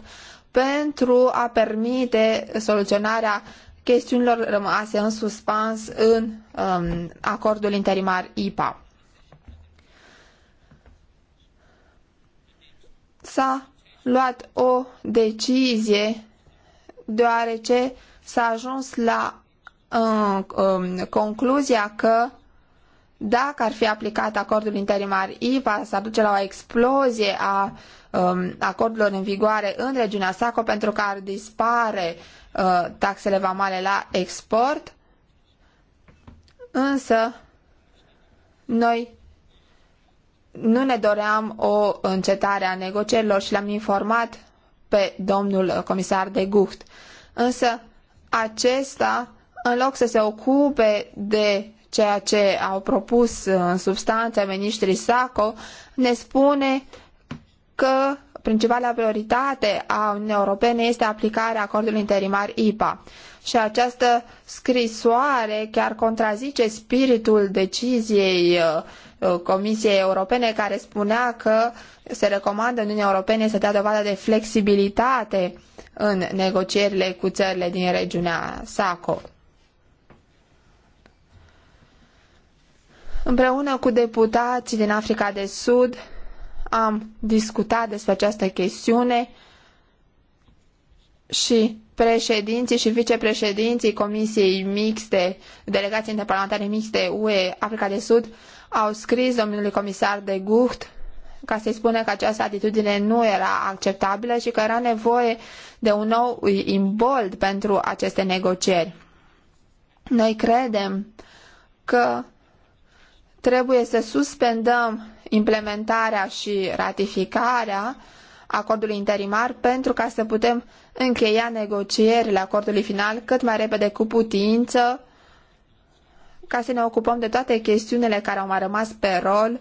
pentru a permite soluționarea chestiunilor rămase în suspans în um, acordul interimar IPA. S-a luat o decizie deoarece s-a ajuns la uh, uh, concluzia că dacă ar fi aplicat acordul interimar IVA, s-ar duce la o explozie a um, acordurilor în vigoare în regiunea SACO pentru că ar dispare uh, taxele vamale la export. Însă, noi nu ne doream o încetare a negocierilor și l-am informat pe domnul comisar de Gucht. Însă acesta, în loc să se ocupe de ceea ce au propus uh, în substanță ministrii Sacco, ne spune că principala prioritate a Uniunii Europene este aplicarea acordului interimar IPA. Și această scrisoare chiar contrazice spiritul deciziei uh, Uh, Comisiei Europene care spunea că se recomandă Uniunii Europene să dea dovadă de flexibilitate în negocierile cu țările din regiunea SACO. Împreună cu deputații din Africa de Sud am discutat despre această chestiune și președinții și vicepreședinții Comisiei Mixte, Delegației Interparlamentare Mixte UE Africa de Sud au scris domnului comisar de Gucht ca să-i spună că această atitudine nu era acceptabilă și că era nevoie de un nou imbold pentru aceste negocieri. Noi credem că trebuie să suspendăm implementarea și ratificarea acordului interimar pentru ca să putem încheia negocierile acordului final cât mai repede cu putință ca să ne ocupăm de toate chestiunile care au mai rămas pe rol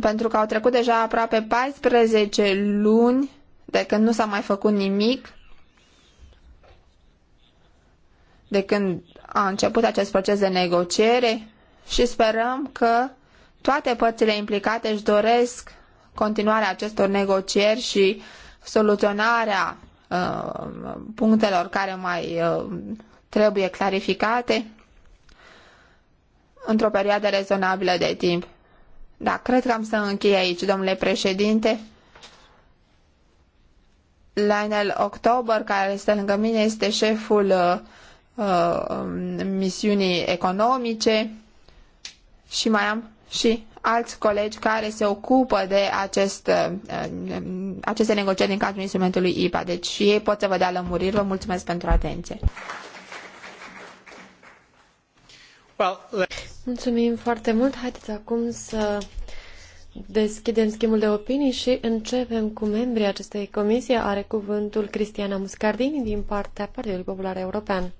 pentru că au trecut deja aproape 14 luni de când nu s-a mai făcut nimic, de când a început acest proces de negociere și sperăm că toate părțile implicate își doresc continuarea acestor negocieri și soluționarea Uh, punctelor care mai uh, trebuie clarificate într-o perioadă rezonabilă de timp. Da, cred că am să închei aici, domnule președinte. Lionel October, care este lângă mine, este șeful uh, uh, um, misiunii economice și mai am și alți colegi care se ocupă de acest, uh, uh, aceste negocieri din cadrul instrumentului IPA. Deci și ei pot să vă dea lămuriri. Vă mulțumesc pentru atenție. Mulțumim foarte mult. Haideți acum să deschidem schimbul de opinii și începem cu membrii acestei comisii. Are cuvântul Cristiana Muscardini din partea Partidului Popular European.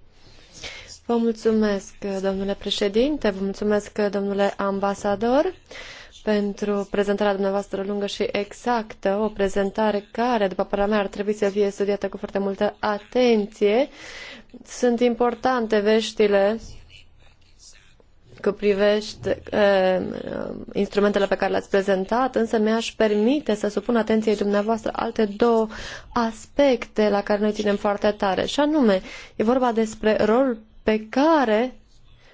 Vă mulțumesc, domnule președinte, vă mulțumesc, domnule ambasador, pentru prezentarea dumneavoastră lungă și exactă, o prezentare care, după părerea mea, ar trebui să fie studiată cu foarte multă atenție. Sunt importante veștile cu privește uh, instrumentele pe care le-ați prezentat, însă mi-aș permite să supun atenției dumneavoastră alte două aspecte la care noi ținem foarte tare, și anume, e vorba despre rolul pe care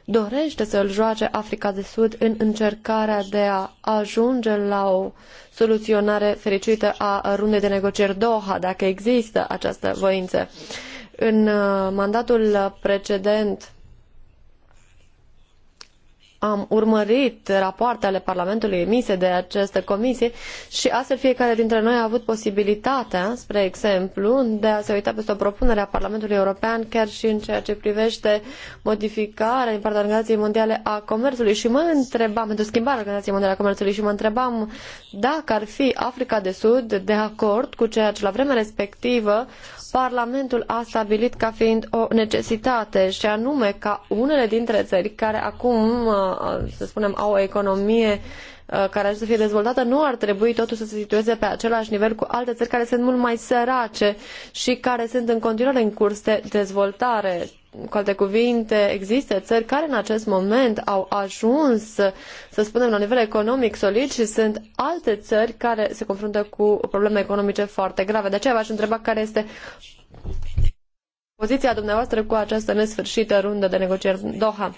dorește să l joace Africa de Sud în încercarea de a ajunge la o soluționare fericită a rundei de negocieri Doha, dacă există această voință. În uh, mandatul precedent am urmărit rapoartele Parlamentului emise de această comisie și astfel fiecare dintre noi a avut posibilitatea, spre exemplu, de a se uita peste o propunere a Parlamentului European, chiar și în ceea ce privește modificarea din partea Organizației Mondiale a Comerțului și mă întrebam, pentru schimbarea Organizației Mondiale a Comerțului și mă întrebam dacă ar fi Africa de Sud de acord cu ceea ce la vremea respectivă Parlamentul a stabilit ca fiind o necesitate și anume ca unele dintre țări care acum, uh, să spunem, au o economie uh, care ar să fie dezvoltată nu ar trebui totuși să se situeze pe același nivel cu alte țări care sunt mult mai sărace și care sunt în continuare în curs de dezvoltare. Cu alte cuvinte, există țări care în acest moment au ajuns, să spunem, la nivel economic solid și sunt alte țări care se confruntă cu probleme economice foarte grave. De aceea v-aș întreba care este poziția dumneavoastră cu această nesfârșită rundă de negocieri Doha.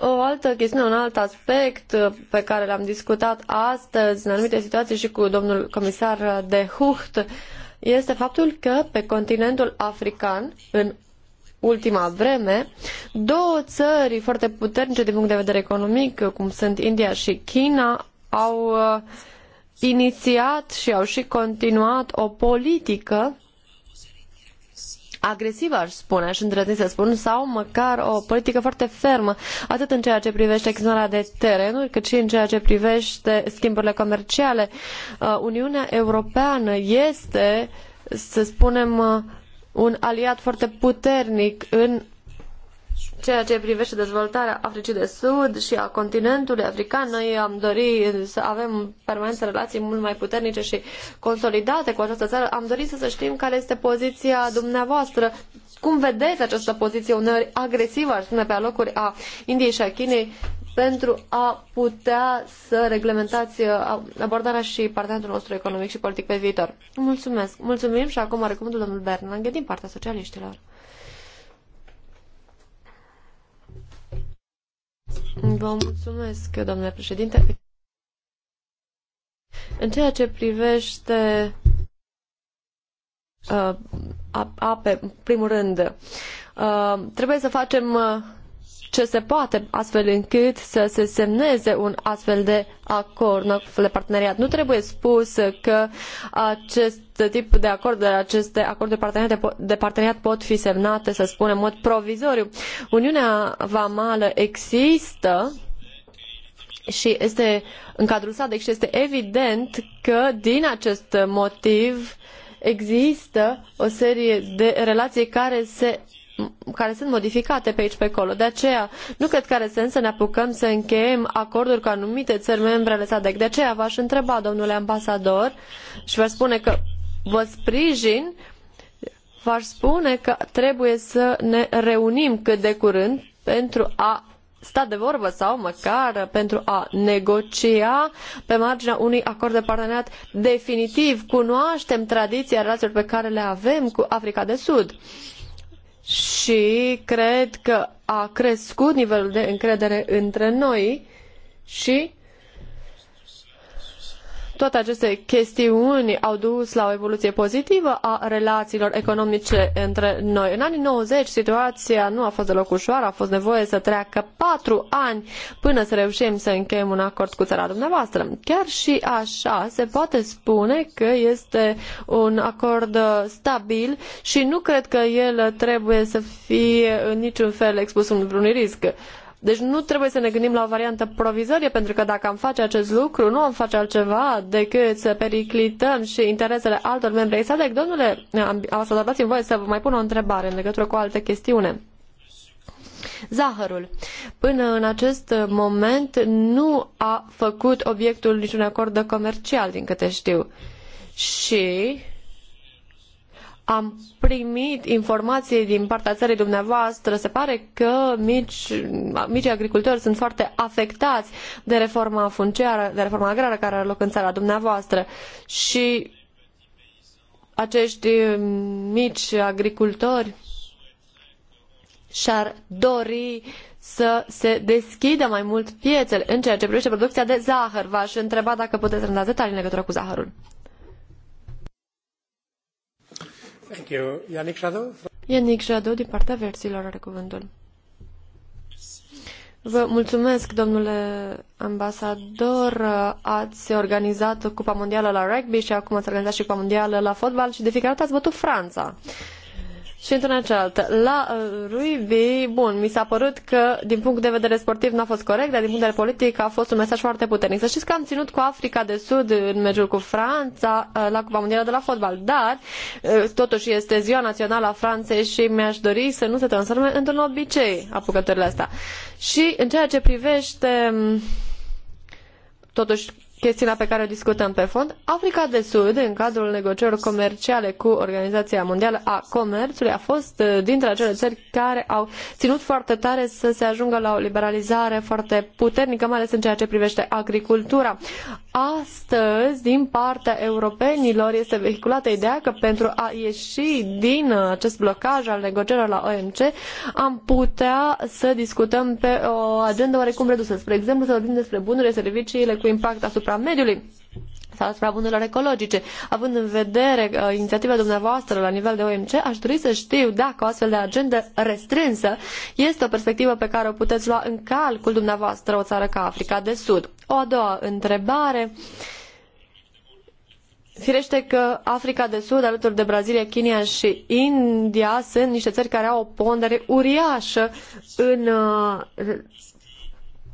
O altă chestiune, un alt aspect pe care l-am discutat astăzi în anumite situații și cu domnul comisar de Hucht este faptul că pe continentul african, în ultima vreme, două țări foarte puternice din punct de vedere economic, cum sunt India și China, au uh, inițiat și au și continuat o politică agresivă, aș spune, aș îndrăzni să spun, sau măcar o politică foarte fermă, atât în ceea ce privește achiziționarea de terenuri, cât și în ceea ce privește schimburile comerciale. Uh, Uniunea Europeană este, să spunem, uh, un aliat foarte puternic în ceea ce privește dezvoltarea Africii de Sud și a continentului african. Noi am dorit să avem permanent relații mult mai puternice și consolidate cu această țară. Am dorit să știm care este poziția dumneavoastră cum vedeți această poziție uneori agresivă, aș spune, pe alocuri a Indiei și a Chinei pentru a putea să reglementați uh, abordarea și partenerul nostru economic și politic pe viitor. Mulțumesc! Mulțumim și acum are cuvântul domnul Bernanghe din partea socialiștilor. Vă mulțumesc, domnule președinte. În ceea ce privește uh, ape, în primul rând, uh, trebuie să facem uh, ce se poate astfel încât să se semneze un astfel de acord, de parteneriat. Nu trebuie spus că acest tip de acord, de aceste acorduri de parteneriat, de parteneriat pot fi semnate, să spunem, în mod provizoriu. Uniunea Vamală există și este în cadrul SADC deci este evident că din acest motiv există o serie de relații care se care sunt modificate pe aici pe acolo. De aceea nu cred că are sens să ne apucăm să încheiem acorduri cu anumite țări membre ale SADC. De aceea v-aș întreba, domnule ambasador, și v-aș spune că vă sprijin, v-aș spune că trebuie să ne reunim cât de curând pentru a sta de vorbă sau măcar pentru a negocia pe marginea unui acord de parteneriat definitiv. Cunoaștem tradiția relațiilor pe care le avem cu Africa de Sud și cred că a crescut nivelul de încredere între noi și toate aceste chestiuni au dus la o evoluție pozitivă a relațiilor economice între noi. În anii 90 situația nu a fost deloc ușoară, a fost nevoie să treacă patru ani până să reușim să încheiem un acord cu țara dumneavoastră. Chiar și așa se poate spune că este un acord stabil și nu cred că el trebuie să fie în niciun fel expus unui risc. Deci nu trebuie să ne gândim la o variantă provizorie, pentru că dacă am face acest lucru, nu am face altceva decât să periclităm și interesele altor membri ai SADC. Domnule, să dați în voie să vă mai pun o întrebare în legătură cu o altă chestiune. Zahărul. Până în acest moment nu a făcut obiectul niciun acord comercial, din câte știu. Și am primit informații din partea țării dumneavoastră. Se pare că mici, micii agricultori sunt foarte afectați de reforma funciară, de reforma agrară care are loc în țara dumneavoastră și acești mm, mici agricultori și-ar dori să se deschidă mai mult piețele în ceea ce privește producția de zahăr. V-aș întreba dacă puteți să-mi dați detalii în legătură cu zahărul. Yannick Jadot? din partea are cuvântul. Vă mulțumesc, domnule ambasador. Ați organizat Cupa Mondială la rugby și acum ați organizat și Cupa Mondială la fotbal și de fiecare dată ați bătut Franța. Uh, și într-una cealaltă. La uh, Ruibi, bun, mi s-a părut că din punct de vedere sportiv n-a fost corect, dar din punct de vedere politic a fost un mesaj foarte puternic. Să știți că am ținut cu Africa de Sud în meciul cu Franța uh, la Cupa Mondială de la fotbal, dar uh, totuși este ziua națională a Franței și mi-aș dori să nu se transforme într-un obicei apucătorile astea. Și în ceea ce privește mm, totuși chestiunea pe care o discutăm pe fond, Africa de Sud, în cadrul negocierilor comerciale cu Organizația Mondială a Comerțului, a fost uh, dintre acele țări care au ținut foarte tare să se ajungă la o liberalizare foarte puternică, mai ales în ceea ce privește agricultura. Astăzi, din partea europenilor, este vehiculată ideea că pentru a ieși din acest blocaj al negocierilor la OMC, am putea să discutăm pe o agendă oarecum redusă. Spre exemplu, să vorbim despre bunurile, serviciile cu impact asupra asupra mediului sau asupra bunurilor ecologice. Având în vedere uh, inițiativa dumneavoastră la nivel de OMC, aș dori să știu dacă o astfel de agendă restrânsă este o perspectivă pe care o puteți lua în calcul dumneavoastră o țară ca Africa de Sud. O a doua întrebare. Firește că Africa de Sud, alături de Brazilia, Kenya și India, sunt niște țări care au o pondere uriașă în uh,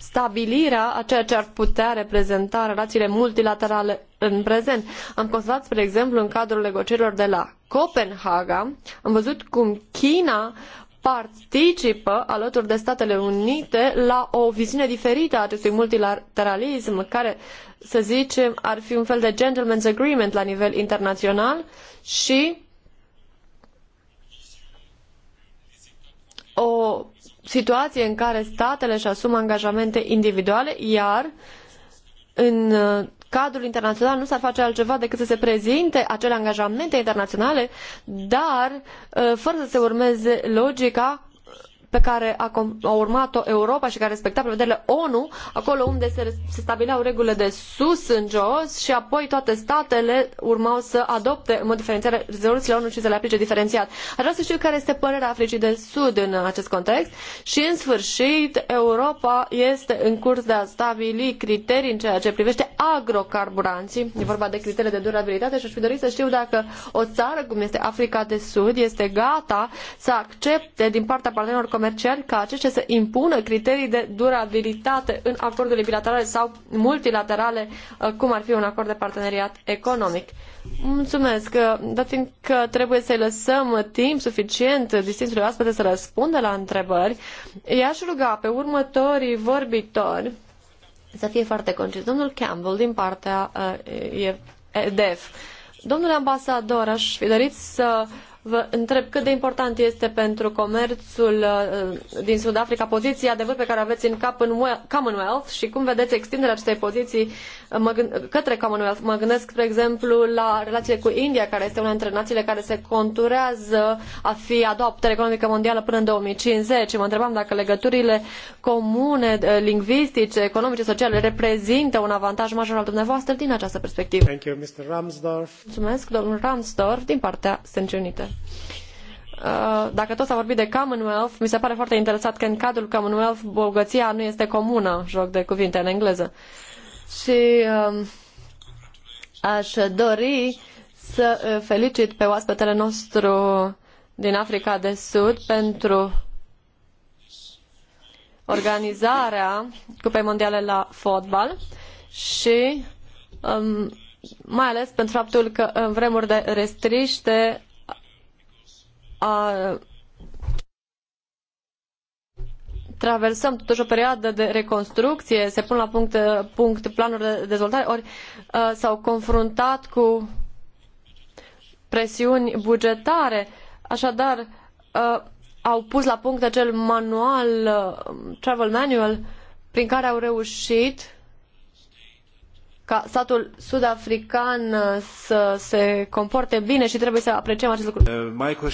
stabilirea a ceea ce ar putea reprezenta relațiile multilaterale în prezent. Am constatat, spre exemplu, în cadrul negocierilor de la Copenhaga, am văzut cum China participă alături de Statele Unite la o viziune diferită a acestui multilateralism, care, să zicem, ar fi un fel de gentleman's agreement la nivel internațional și o situație în care statele își asumă angajamente individuale, iar în uh, cadrul internațional nu s-ar face altceva decât să se prezinte acele angajamente internaționale, dar uh, fără să se urmeze logica pe care a, urmat-o Europa și care respecta prevederile ONU, acolo unde se, se stabileau regulile de sus în jos și apoi toate statele urmau să adopte în mod diferențiat rezoluțiile ONU și să le aplice diferențiat. Aș vrea să știu care este părerea Africii de Sud în acest context și, în sfârșit, Europa este în curs de a stabili criterii în ceea ce privește agrocarburanții. E vorba de criterii de durabilitate și aș fi dorit să știu dacă o țară, cum este Africa de Sud, este gata să accepte din partea partenerilor comerciali comerciali ca aceștia să impună criterii de durabilitate în acordurile bilaterale sau multilaterale, uh, cum ar fi un acord de parteneriat economic. Mulțumesc, uh, dar fiindcă trebuie să-i lăsăm timp suficient distinsului oaspete să răspundă la întrebări, i-aș ruga pe următorii vorbitori să fie foarte concis. Domnul Campbell, din partea uh, EDF. Domnule ambasador, aș fi dorit să uh, Vă întreb cât de important este pentru comerțul uh, din Sud Africa poziția vârf pe care aveți în cap în Commonwealth și cum vedeți extinderea acestei poziții uh, către Commonwealth. Mă gândesc, spre exemplu, la relațiile cu India, care este una dintre națiile care se conturează a fi a doua putere economică mondială până în 2050. Mă întrebam dacă legăturile comune, uh, lingvistice, economice, sociale reprezintă un avantaj major al dumneavoastră din această perspectivă. Mulțumesc, domnul Ramsdorf, din partea Stâncii Unite. Uh, dacă tot s-a vorbit de Commonwealth, mi se pare foarte interesat că în cadrul Commonwealth bogăția nu este comună, joc de cuvinte în engleză. Și uh, aș dori să felicit pe oaspetele nostru din Africa de Sud pentru organizarea Cupei Mondiale la fotbal și um, mai ales pentru faptul că în vremuri de restriște a traversăm totuși o perioadă de reconstrucție, se pun la punct, punct planuri de dezvoltare, ori s-au confruntat cu presiuni bugetare, așadar au pus la punct acel manual, travel manual, prin care au reușit ca statul sud-african uh, să se comporte bine și trebuie să apreciem acest lucru.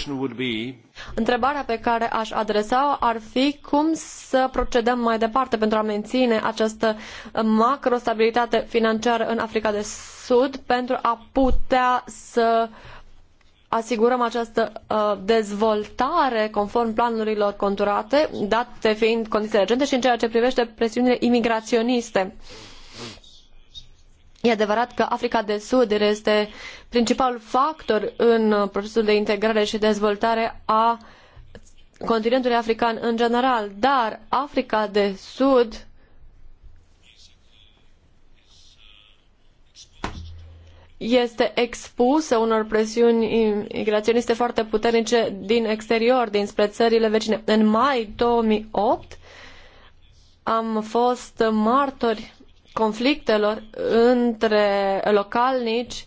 Uh, be... Întrebarea pe care aș adresa-o ar fi cum să procedăm mai departe pentru a menține această macrostabilitate financiară în Africa de Sud pentru a putea să asigurăm această uh, dezvoltare conform planurilor conturate, date fiind condițiile recente și în ceea ce privește presiunile imigraționiste. Uh, E adevărat că Africa de Sud este principalul factor în procesul de integrare și dezvoltare a continentului african în general, dar Africa de Sud este expusă unor presiuni imigraționiste foarte puternice din exterior, dinspre țările vecine. În mai 2008 am fost martori conflictelor între localnici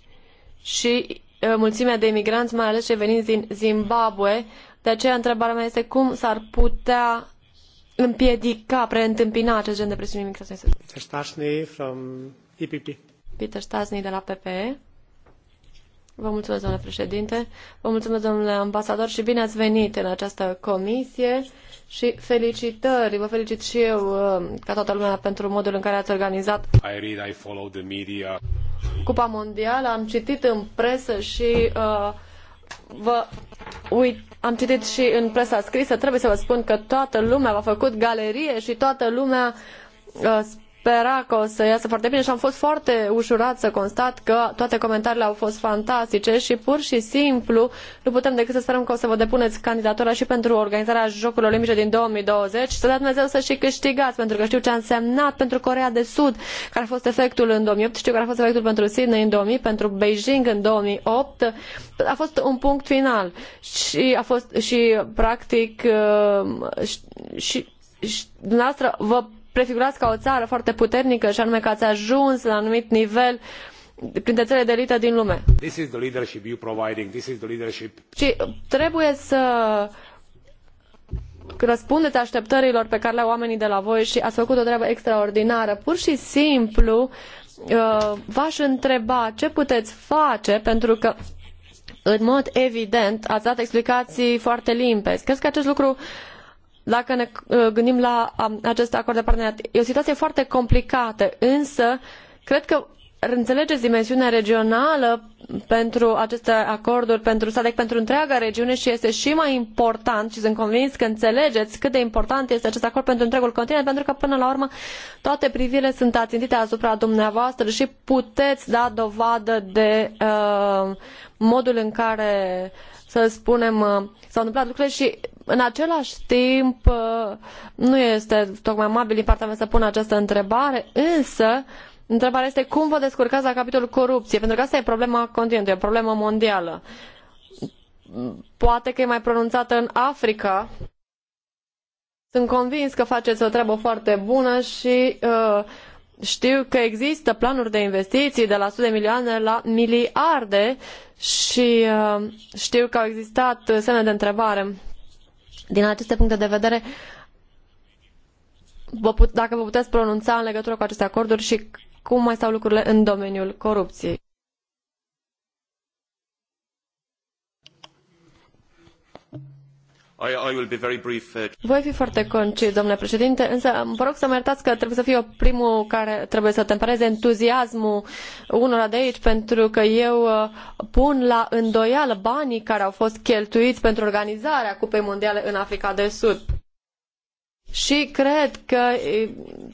și mulțimea de imigranți, mai ales cei veniți din Zimbabwe. De aceea, întrebarea mea este cum s-ar putea împiedica, preîntâmpina acest gen de presiuni migraționiste. Peter Stasny from EPP. Peter Stasny de la PPE. Vă mulțumesc, domnule președinte. Vă mulțumesc, domnule ambasador, și bine ați venit în această comisie și felicitări. Vă felicit și eu, uh, ca toată lumea, pentru modul în care ați organizat I read, I follow the media. Cupa Mondială. Am citit în presă și uh, vă uit, am citit și în presa scrisă. Trebuie să vă spun că toată lumea v-a făcut galerie și toată lumea uh, spera că o să iasă foarte bine și am fost foarte ușurat să constat că toate comentariile au fost fantastice și pur și simplu nu putem decât să sperăm că o să vă depuneți candidatura și pentru organizarea Jocurilor Olimpice din 2020 și să dea Dumnezeu să și câștigați, pentru că știu ce a însemnat pentru Corea de Sud, care a fost efectul în 2008, știu care a fost efectul pentru Sydney în 2000, pentru Beijing în 2008. A fost un punct final și a fost și practic uh, și, și dumneavoastră vă prefigurați ca o țară foarte puternică și anume că ați ajuns la anumit nivel printre țările de elită din lume. Și trebuie să răspundeți așteptărilor pe care le au oamenii de la voi și ați făcut o treabă extraordinară. Pur și simplu uh, v-aș întreba ce puteți face pentru că în mod evident ați dat explicații foarte limpezi. Cred că acest lucru uh, dacă ne uh, gândim la um, acest acord de parteneriat. E o situație foarte complicată, însă cred că înțelegeți dimensiunea regională pentru aceste acorduri, pentru SADC, pentru întreaga regiune și este și mai important și sunt convins că înțelegeți cât de important este acest acord pentru întregul continent, pentru că până la urmă toate privirile sunt ațintite asupra dumneavoastră și puteți da dovadă de uh, modul în care să spunem, uh, s-au întâmplat lucrurile și în același timp, uh, nu este tocmai amabil din partea mea să pun această întrebare, însă întrebarea este cum vă descurcați la capitolul corupție, pentru că asta e problema continentului, e o problemă mondială. Poate că e mai pronunțată în Africa, sunt convins că faceți o treabă foarte bună și uh, știu că există planuri de investiții de la sute de milioane la miliarde și uh, știu că au existat semne de întrebare din aceste puncte de vedere, vă put, dacă vă puteți pronunța în legătură cu aceste acorduri și cum mai stau lucrurile în domeniul corupției. Uh, Voi fi foarte concis, domnule președinte, însă vă rog să mă iertați că trebuie să fiu eu primul care trebuie să tempereze entuziasmul unora de aici, pentru că eu uh, pun la îndoială banii care au fost cheltuiți pentru organizarea Cupei Mondiale în Africa de Sud. Și cred că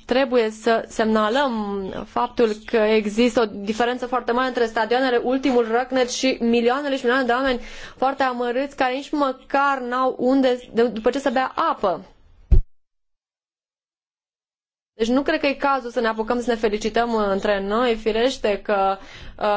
trebuie să semnalăm faptul că există o diferență foarte mare între stadioanele Ultimul Răcnet și milioanele și milioane de oameni foarte amărâți care nici măcar n-au unde, după ce să bea apă. Deci nu cred că e cazul să ne apucăm să ne felicităm între noi, firește că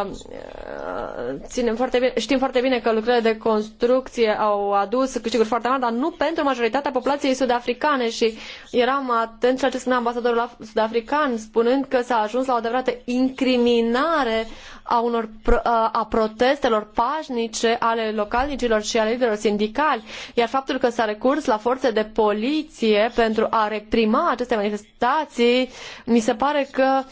um, uh, ținem foarte bine, știm foarte bine că lucrările de construcție au adus câștiguri foarte mari, dar nu pentru majoritatea populației sud-africane și eram atent la ce spunea ambasadorul sud-african, spunând că s-a ajuns la o adevărată incriminare a, unor, uh, a protestelor pașnice ale localnicilor și ale liderilor sindicali, iar faptul că s-a recurs la forțe de poliție pentru a reprima aceste manifestații declarații, mi se pare că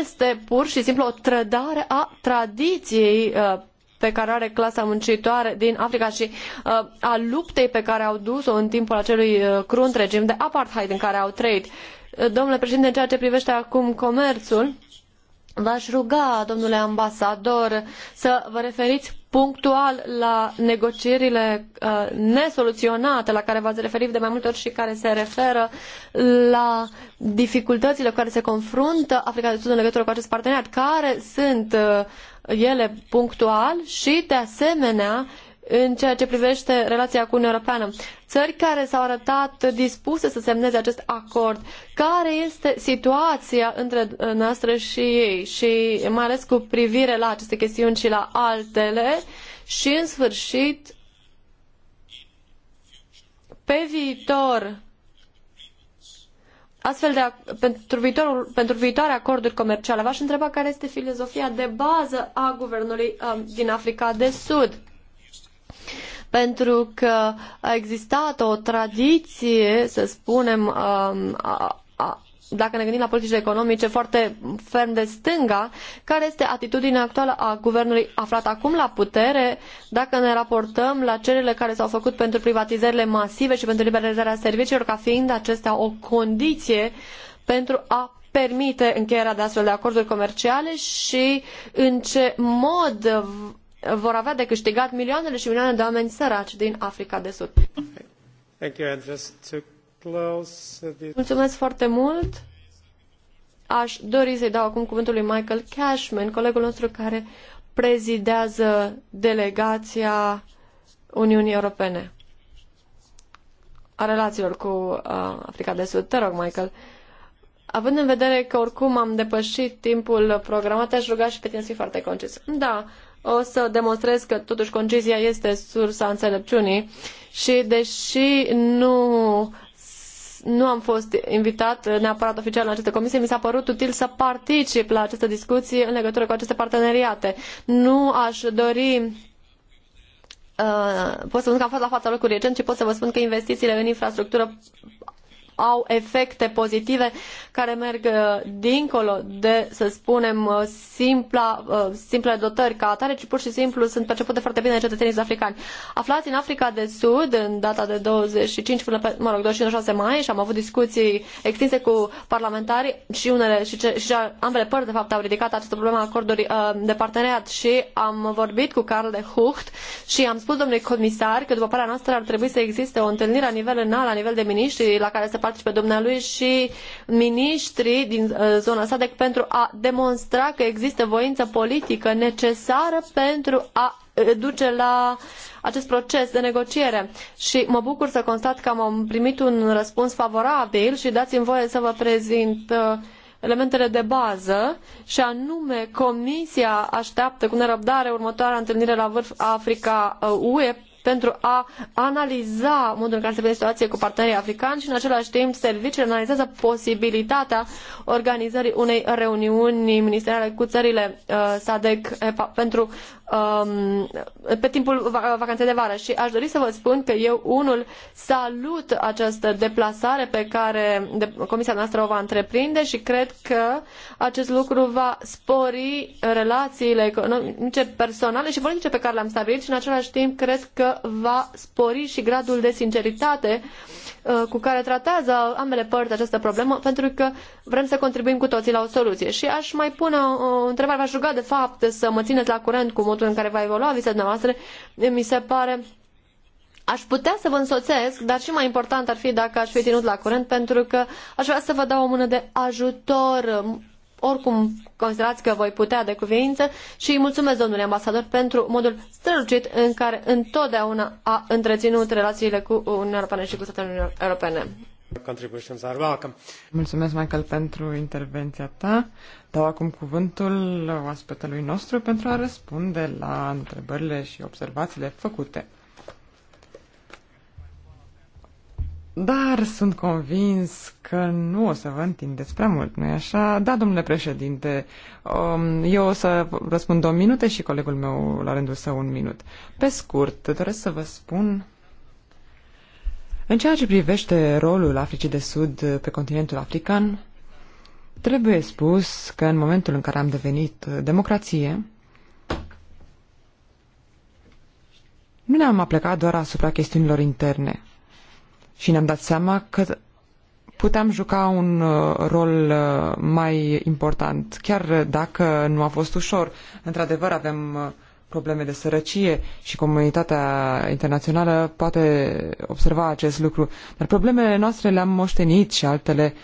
este pur și simplu o trădare a tradiției uh, pe care are clasa muncitoare din Africa și uh, a luptei pe care au dus-o în timpul acelui uh, crunt regim de apartheid în care au trăit. Domnule președinte, în ceea ce privește acum comerțul, v-aș ruga, domnule ambasador, să vă referiți punctual la negocierile uh, nesoluționate la care v-ați referit de mai multe ori și care se referă la dificultățile cu care se confruntă Africa de Sud în legătură cu acest parteneriat, care sunt uh, ele punctual și, de asemenea, în ceea ce privește relația cu Uniunea Europeană. Țări care s-au arătat dispuse să semneze acest acord. Care este situația între noastră și ei și mai ales cu privire la aceste chestiuni și la altele și în sfârșit pe viitor astfel de, pentru, viitorul, pentru viitoare acorduri comerciale, v-aș întreba care este filozofia de bază a guvernului um, din Africa de Sud pentru că a existat o tradiție, să spunem, a, um, a, a, dacă ne gândim la politici economice, foarte ferm de stânga, care este atitudinea actuală a guvernului aflat acum la putere, dacă ne raportăm la cererile care s-au făcut pentru privatizările masive și pentru liberalizarea serviciilor, ca fiind acestea o condiție pentru a permite încheierea de astfel de acorduri comerciale și în ce mod vor avea de câștigat milioanele și milioane de oameni săraci din Africa de Sud. Mulțumesc foarte mult. Aș dori să-i dau acum cuvântul lui Michael Cashman, colegul nostru care prezidează delegația Uniunii Europene a relațiilor cu uh, Africa de Sud. Te rog, Michael. Având în vedere că oricum am depășit timpul programat, aș ruga și pe tine să fii foarte concis. Da, o să demonstrez că totuși concizia este sursa înțelepciunii și deși nu nu am fost invitat neapărat oficial în această comisie, mi s-a părut util să particip la această discuție în legătură cu aceste parteneriate. Nu aș dori Uh, pot să spun că am fost la fața locului recent și pot să vă spun că investițiile în infrastructură au efecte pozitive care merg uh, dincolo de, să spunem, uh, simpla, uh, simple dotări ca atare, ci pur și simplu sunt percepute foarte bine de cetățenii africani. Aflați în Africa de Sud, în data de 25 până pe, mă rog, 26 mai și am avut discuții extinse cu parlamentari și unele și, ce, și ambele părți, de fapt, au ridicat această problemă a acordului de parteneriat și am vorbit cu Carl de Hucht și am spus domnului comisar că, după părerea noastră, ar trebui să existe o întâlnire la nivel înalt, la nivel de miniștri, la care să participe dumnealui și miniștrii din uh, zona SADC pentru a demonstra că există voință politică necesară pentru a uh, duce la acest proces de negociere și mă bucur să constat că am primit un răspuns favorabil și dați-mi voie să vă prezint uh, elementele de bază și anume Comisia așteaptă cu nerăbdare următoarea întâlnire la vârf Africa UE pentru a analiza modul în care se vede situație cu partenerii africani și în același timp serviciile analizează posibilitatea organizării unei reuniuni ministeriale cu țările uh, SADC pentru Um, pe timpul vacanței de vară și aș dori să vă spun că eu unul salut această deplasare pe care comisia noastră o va întreprinde și cred că acest lucru va spori relațiile economice, personale și politice pe care le-am stabilit și în același timp cred că va spori și gradul de sinceritate Uh, cu care tratează ambele părți această problemă, pentru că vrem să contribuim cu toții la o soluție. Și aș mai pune o întrebare, v-aș ruga de fapt să mă țineți la curent cu modul în care va evolua visele noastră. Mi se pare Aș putea să vă însoțesc, dar și mai important ar fi dacă aș fi ținut la curent, pentru că aș vrea să vă dau o mână de ajutor oricum considerați că voi putea de cuvință și îi mulțumesc domnului ambasador pentru modul strălucit în care întotdeauna a întreținut relațiile cu Uniunea Europeană și cu statele europene. Mulțumesc, Michael, pentru intervenția ta. Dau acum cuvântul oaspetelui nostru pentru a răspunde la întrebările și observațiile făcute. Dar sunt convins că nu o să vă întindeți prea mult, nu-i așa? Da, domnule președinte, um, eu o să răspund două minute și colegul meu la rândul său un minut. Pe scurt, doresc să vă spun... În ceea ce privește rolul Africii de Sud pe continentul african, trebuie spus că în momentul în care am devenit democrație, nu ne-am aplecat doar asupra chestiunilor interne, și ne-am dat seama că puteam juca un uh, rol uh, mai important, chiar dacă nu a fost ușor. Într-adevăr, avem uh, probleme de sărăcie și comunitatea internațională poate observa acest lucru. Dar problemele noastre le-am moștenit și altele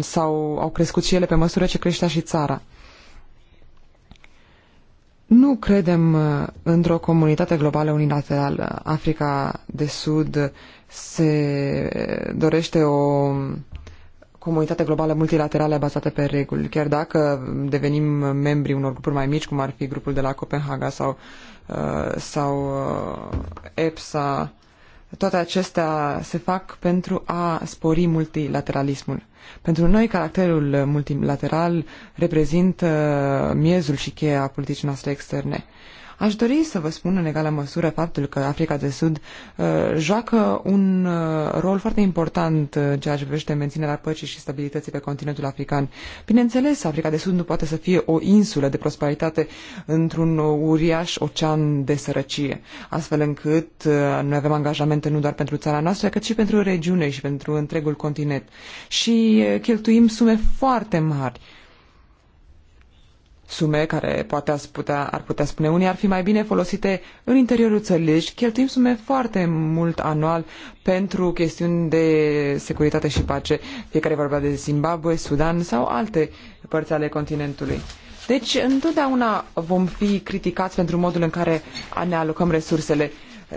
sau au crescut și ele pe măsură ce creștea și țara. Nu credem într-o comunitate globală unilaterală. Africa de Sud se dorește o comunitate globală multilaterală bazată pe reguli, chiar dacă devenim membri unor grupuri mai mici, cum ar fi grupul de la Copenhaga sau, uh, sau uh, EPSA, toate acestea se fac pentru a spori multilateralismul. Pentru noi, caracterul multilateral reprezintă miezul și cheia politicii noastre externe. Uh, Aș dori să vă spun în egală măsură faptul că Africa de Sud uh, joacă un uh, rol foarte important uh, în ceea ce privește menținerea păcii și stabilității pe continentul african. Bineînțeles, Africa de Sud nu poate să fie o insulă de prosperitate într-un uriaș ocean de sărăcie, astfel încât uh, noi avem angajamente nu doar pentru țara noastră, cât și pentru regiune și pentru întregul continent. Și uh, cheltuim sume foarte mari uh, sume care poate ați putea, ar putea spune unii ar fi mai bine folosite în interiorul țării. Deci cheltuim sume foarte mult anual pentru chestiuni de securitate și pace, fiecare vorbea de Zimbabwe, Sudan sau alte părți ale continentului. Deci întotdeauna vom fi criticați pentru modul în care ne alocăm resursele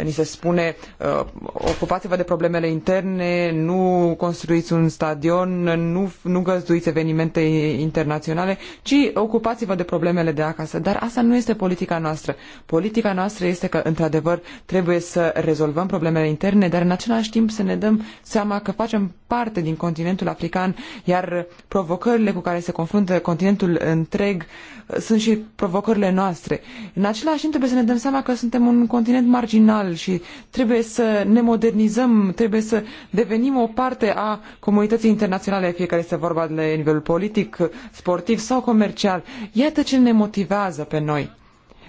ni se spune uh, ocupați-vă de problemele interne, nu construiți un stadion, nu, nu găzduiți evenimente internaționale, ci ocupați-vă de problemele de acasă. Dar asta nu este politica noastră. Politica noastră este că, într-adevăr, trebuie să rezolvăm problemele interne, dar în același timp să ne dăm seama că facem parte din continentul african, iar provocările cu care se confruntă continentul întreg uh, sunt și provocările noastre. În același timp trebuie să ne dăm seama că suntem un continent marginal global și trebuie să ne modernizăm, trebuie să devenim o parte a comunității internaționale, fie că este vorba de nivel politic, sportiv sau comercial. Iată ce ne motivează pe noi.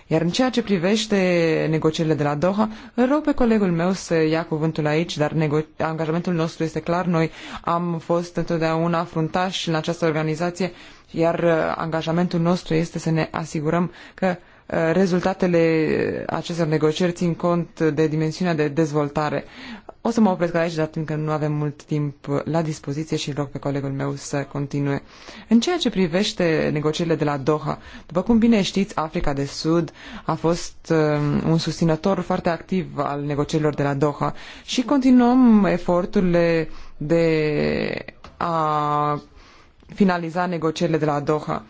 Iar în ceea ce privește negocierile de la Doha, îl rog pe colegul meu să ia cuvântul aici, dar angajamentul nostru este clar. Noi am fost întotdeauna fruntași în această organizație, iar uh, angajamentul nostru este să ne asigurăm că rezultatele acestor negocieri țin cont de dimensiunea de dezvoltare. O să mă opresc aici, dar fiindcă nu avem mult timp la dispoziție și rog pe colegul meu să continue. În ceea ce privește negocierile de la Doha, după cum bine știți, Africa de Sud a fost um, un susținător foarte activ al negocierilor de la Doha și continuăm eforturile de a finaliza negocierile de la Doha.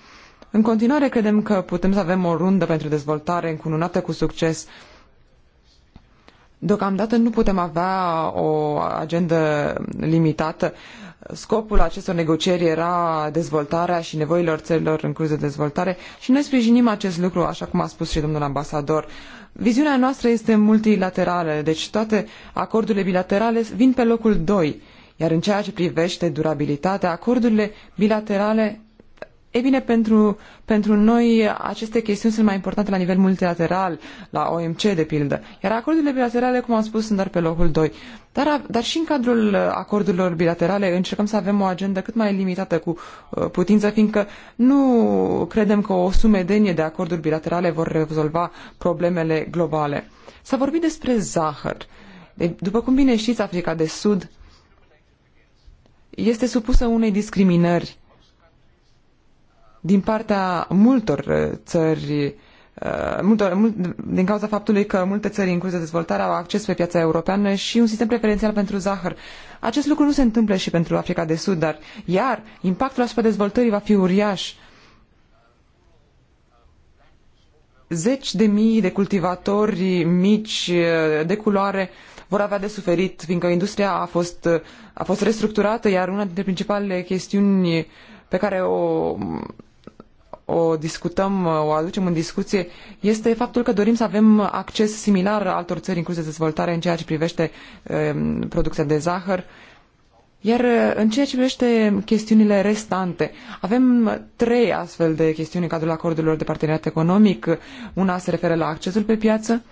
În continuare, credem că putem să avem o rundă pentru dezvoltare încununată cu succes. Deocamdată nu putem avea o agendă limitată. Scopul acestor negocieri era dezvoltarea și nevoilor țărilor în curs de dezvoltare și noi sprijinim acest lucru, așa cum a spus și domnul ambasador. Viziunea noastră este multilaterală, deci toate acordurile bilaterale vin pe locul doi, iar în ceea ce privește durabilitatea, acordurile bilaterale ei bine, pentru, pentru noi aceste chestiuni sunt mai importante la nivel multilateral, la OMC de pildă, iar acordurile bilaterale, cum am spus, sunt doar pe locul 2. Dar, dar și în cadrul acordurilor bilaterale încercăm să avem o agendă cât mai limitată cu uh, putință, fiindcă nu credem că o sumedenie de acorduri bilaterale vor rezolva problemele globale. S-a vorbit despre zahăr. De, după cum bine știți, Africa de Sud este supusă unei discriminări din partea multor uh, țări uh, Multor, mult, din cauza faptului că multe țări în curs de dezvoltare au acces pe piața europeană și un sistem preferențial pentru zahăr. Acest lucru nu se întâmplă și pentru Africa de Sud, dar iar impactul asupra dezvoltării va fi uriaș. Zeci de mii de cultivatori mici uh, de culoare vor avea de suferit, fiindcă industria a fost, a fost restructurată, iar una dintre principalele chestiuni pe care o o discutăm, o aducem în discuție, este faptul că dorim să avem acces similar altor țări în curs de dezvoltare în ceea ce privește ehm, producția de zahăr. Iar eh, în ceea ce privește chestiunile restante, avem trei astfel de chestiuni în cadrul acordurilor de parteneriat economic. Una se referă la accesul pe piață,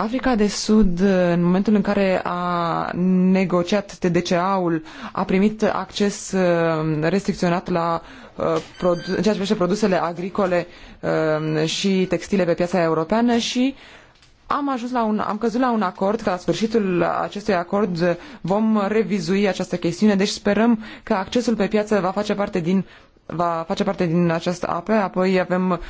Africa de Sud, în momentul în care a negociat TDCA-ul, a primit acces uh, restricționat la uh, în ceea ce privește produsele agricole uh, și textile pe piața europeană și am ajuns la un, am căzut la un acord, că la sfârșitul acestui acord vom revizui această chestiune, deci sperăm că accesul pe piață va face parte din va face parte din această apă, apoi avem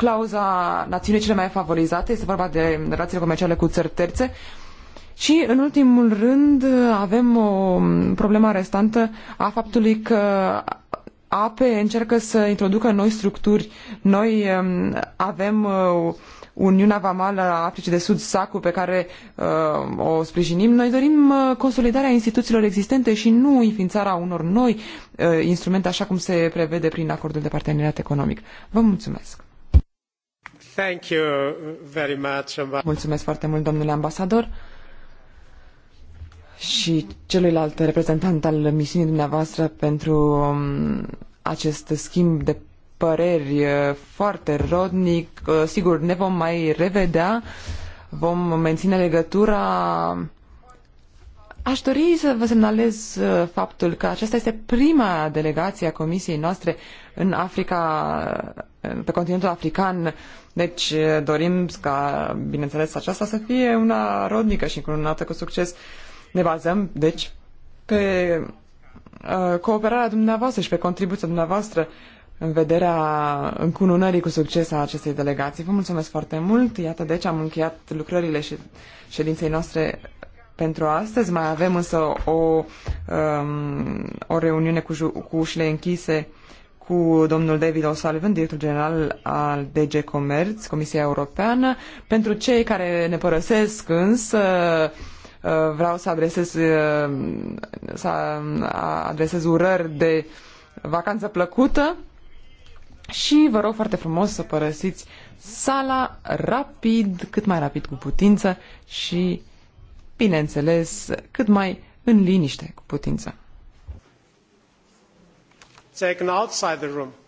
clauza națiunii cele mai favorizate, este vorba de relațiile comerciale cu țări terțe, și, în ultimul rând, avem o problemă restantă a faptului că APE încearcă să introducă noi structuri. Noi um, avem uh, Uniunea Vamală a Africii de Sud, SACU, pe care uh, o sprijinim. Noi dorim uh, consolidarea instituțiilor existente și nu înființarea unor noi uh, instrumente, așa cum se prevede prin acordul de parteneriat economic. Vă mulțumesc! Thank you very much. Mulțumesc foarte mult, domnule ambasador și celuilalt reprezentant al misiunii dumneavoastră pentru um, acest schimb de păreri uh, foarte rodnic. Uh, sigur, ne vom mai revedea, vom menține legătura. Aș dori să vă semnalez uh, faptul că aceasta este prima delegație a comisiei noastre în Africa, pe continentul african. Deci dorim ca, bineînțeles, aceasta să fie una rodnică și încununată cu succes. Ne bazăm, deci, pe cooperarea dumneavoastră și pe contribuția dumneavoastră în vederea încununării cu succes a acestei delegații. Vă mulțumesc foarte mult. Iată, deci am încheiat lucrările și ședinței noastre pentru astăzi. Mai avem însă o, um, o reuniune cu, cu ușile închise cu domnul David O'Sullivan, director general al DG Comerț, Comisia Europeană. Pentru cei care ne părăsesc însă, uh, vreau să adresez, uh, să adresez urări de vacanță plăcută și vă rog foarte frumos să părăsiți sala rapid, cât mai rapid cu putință și, bineînțeles, cât mai în liniște cu putință taken outside the room.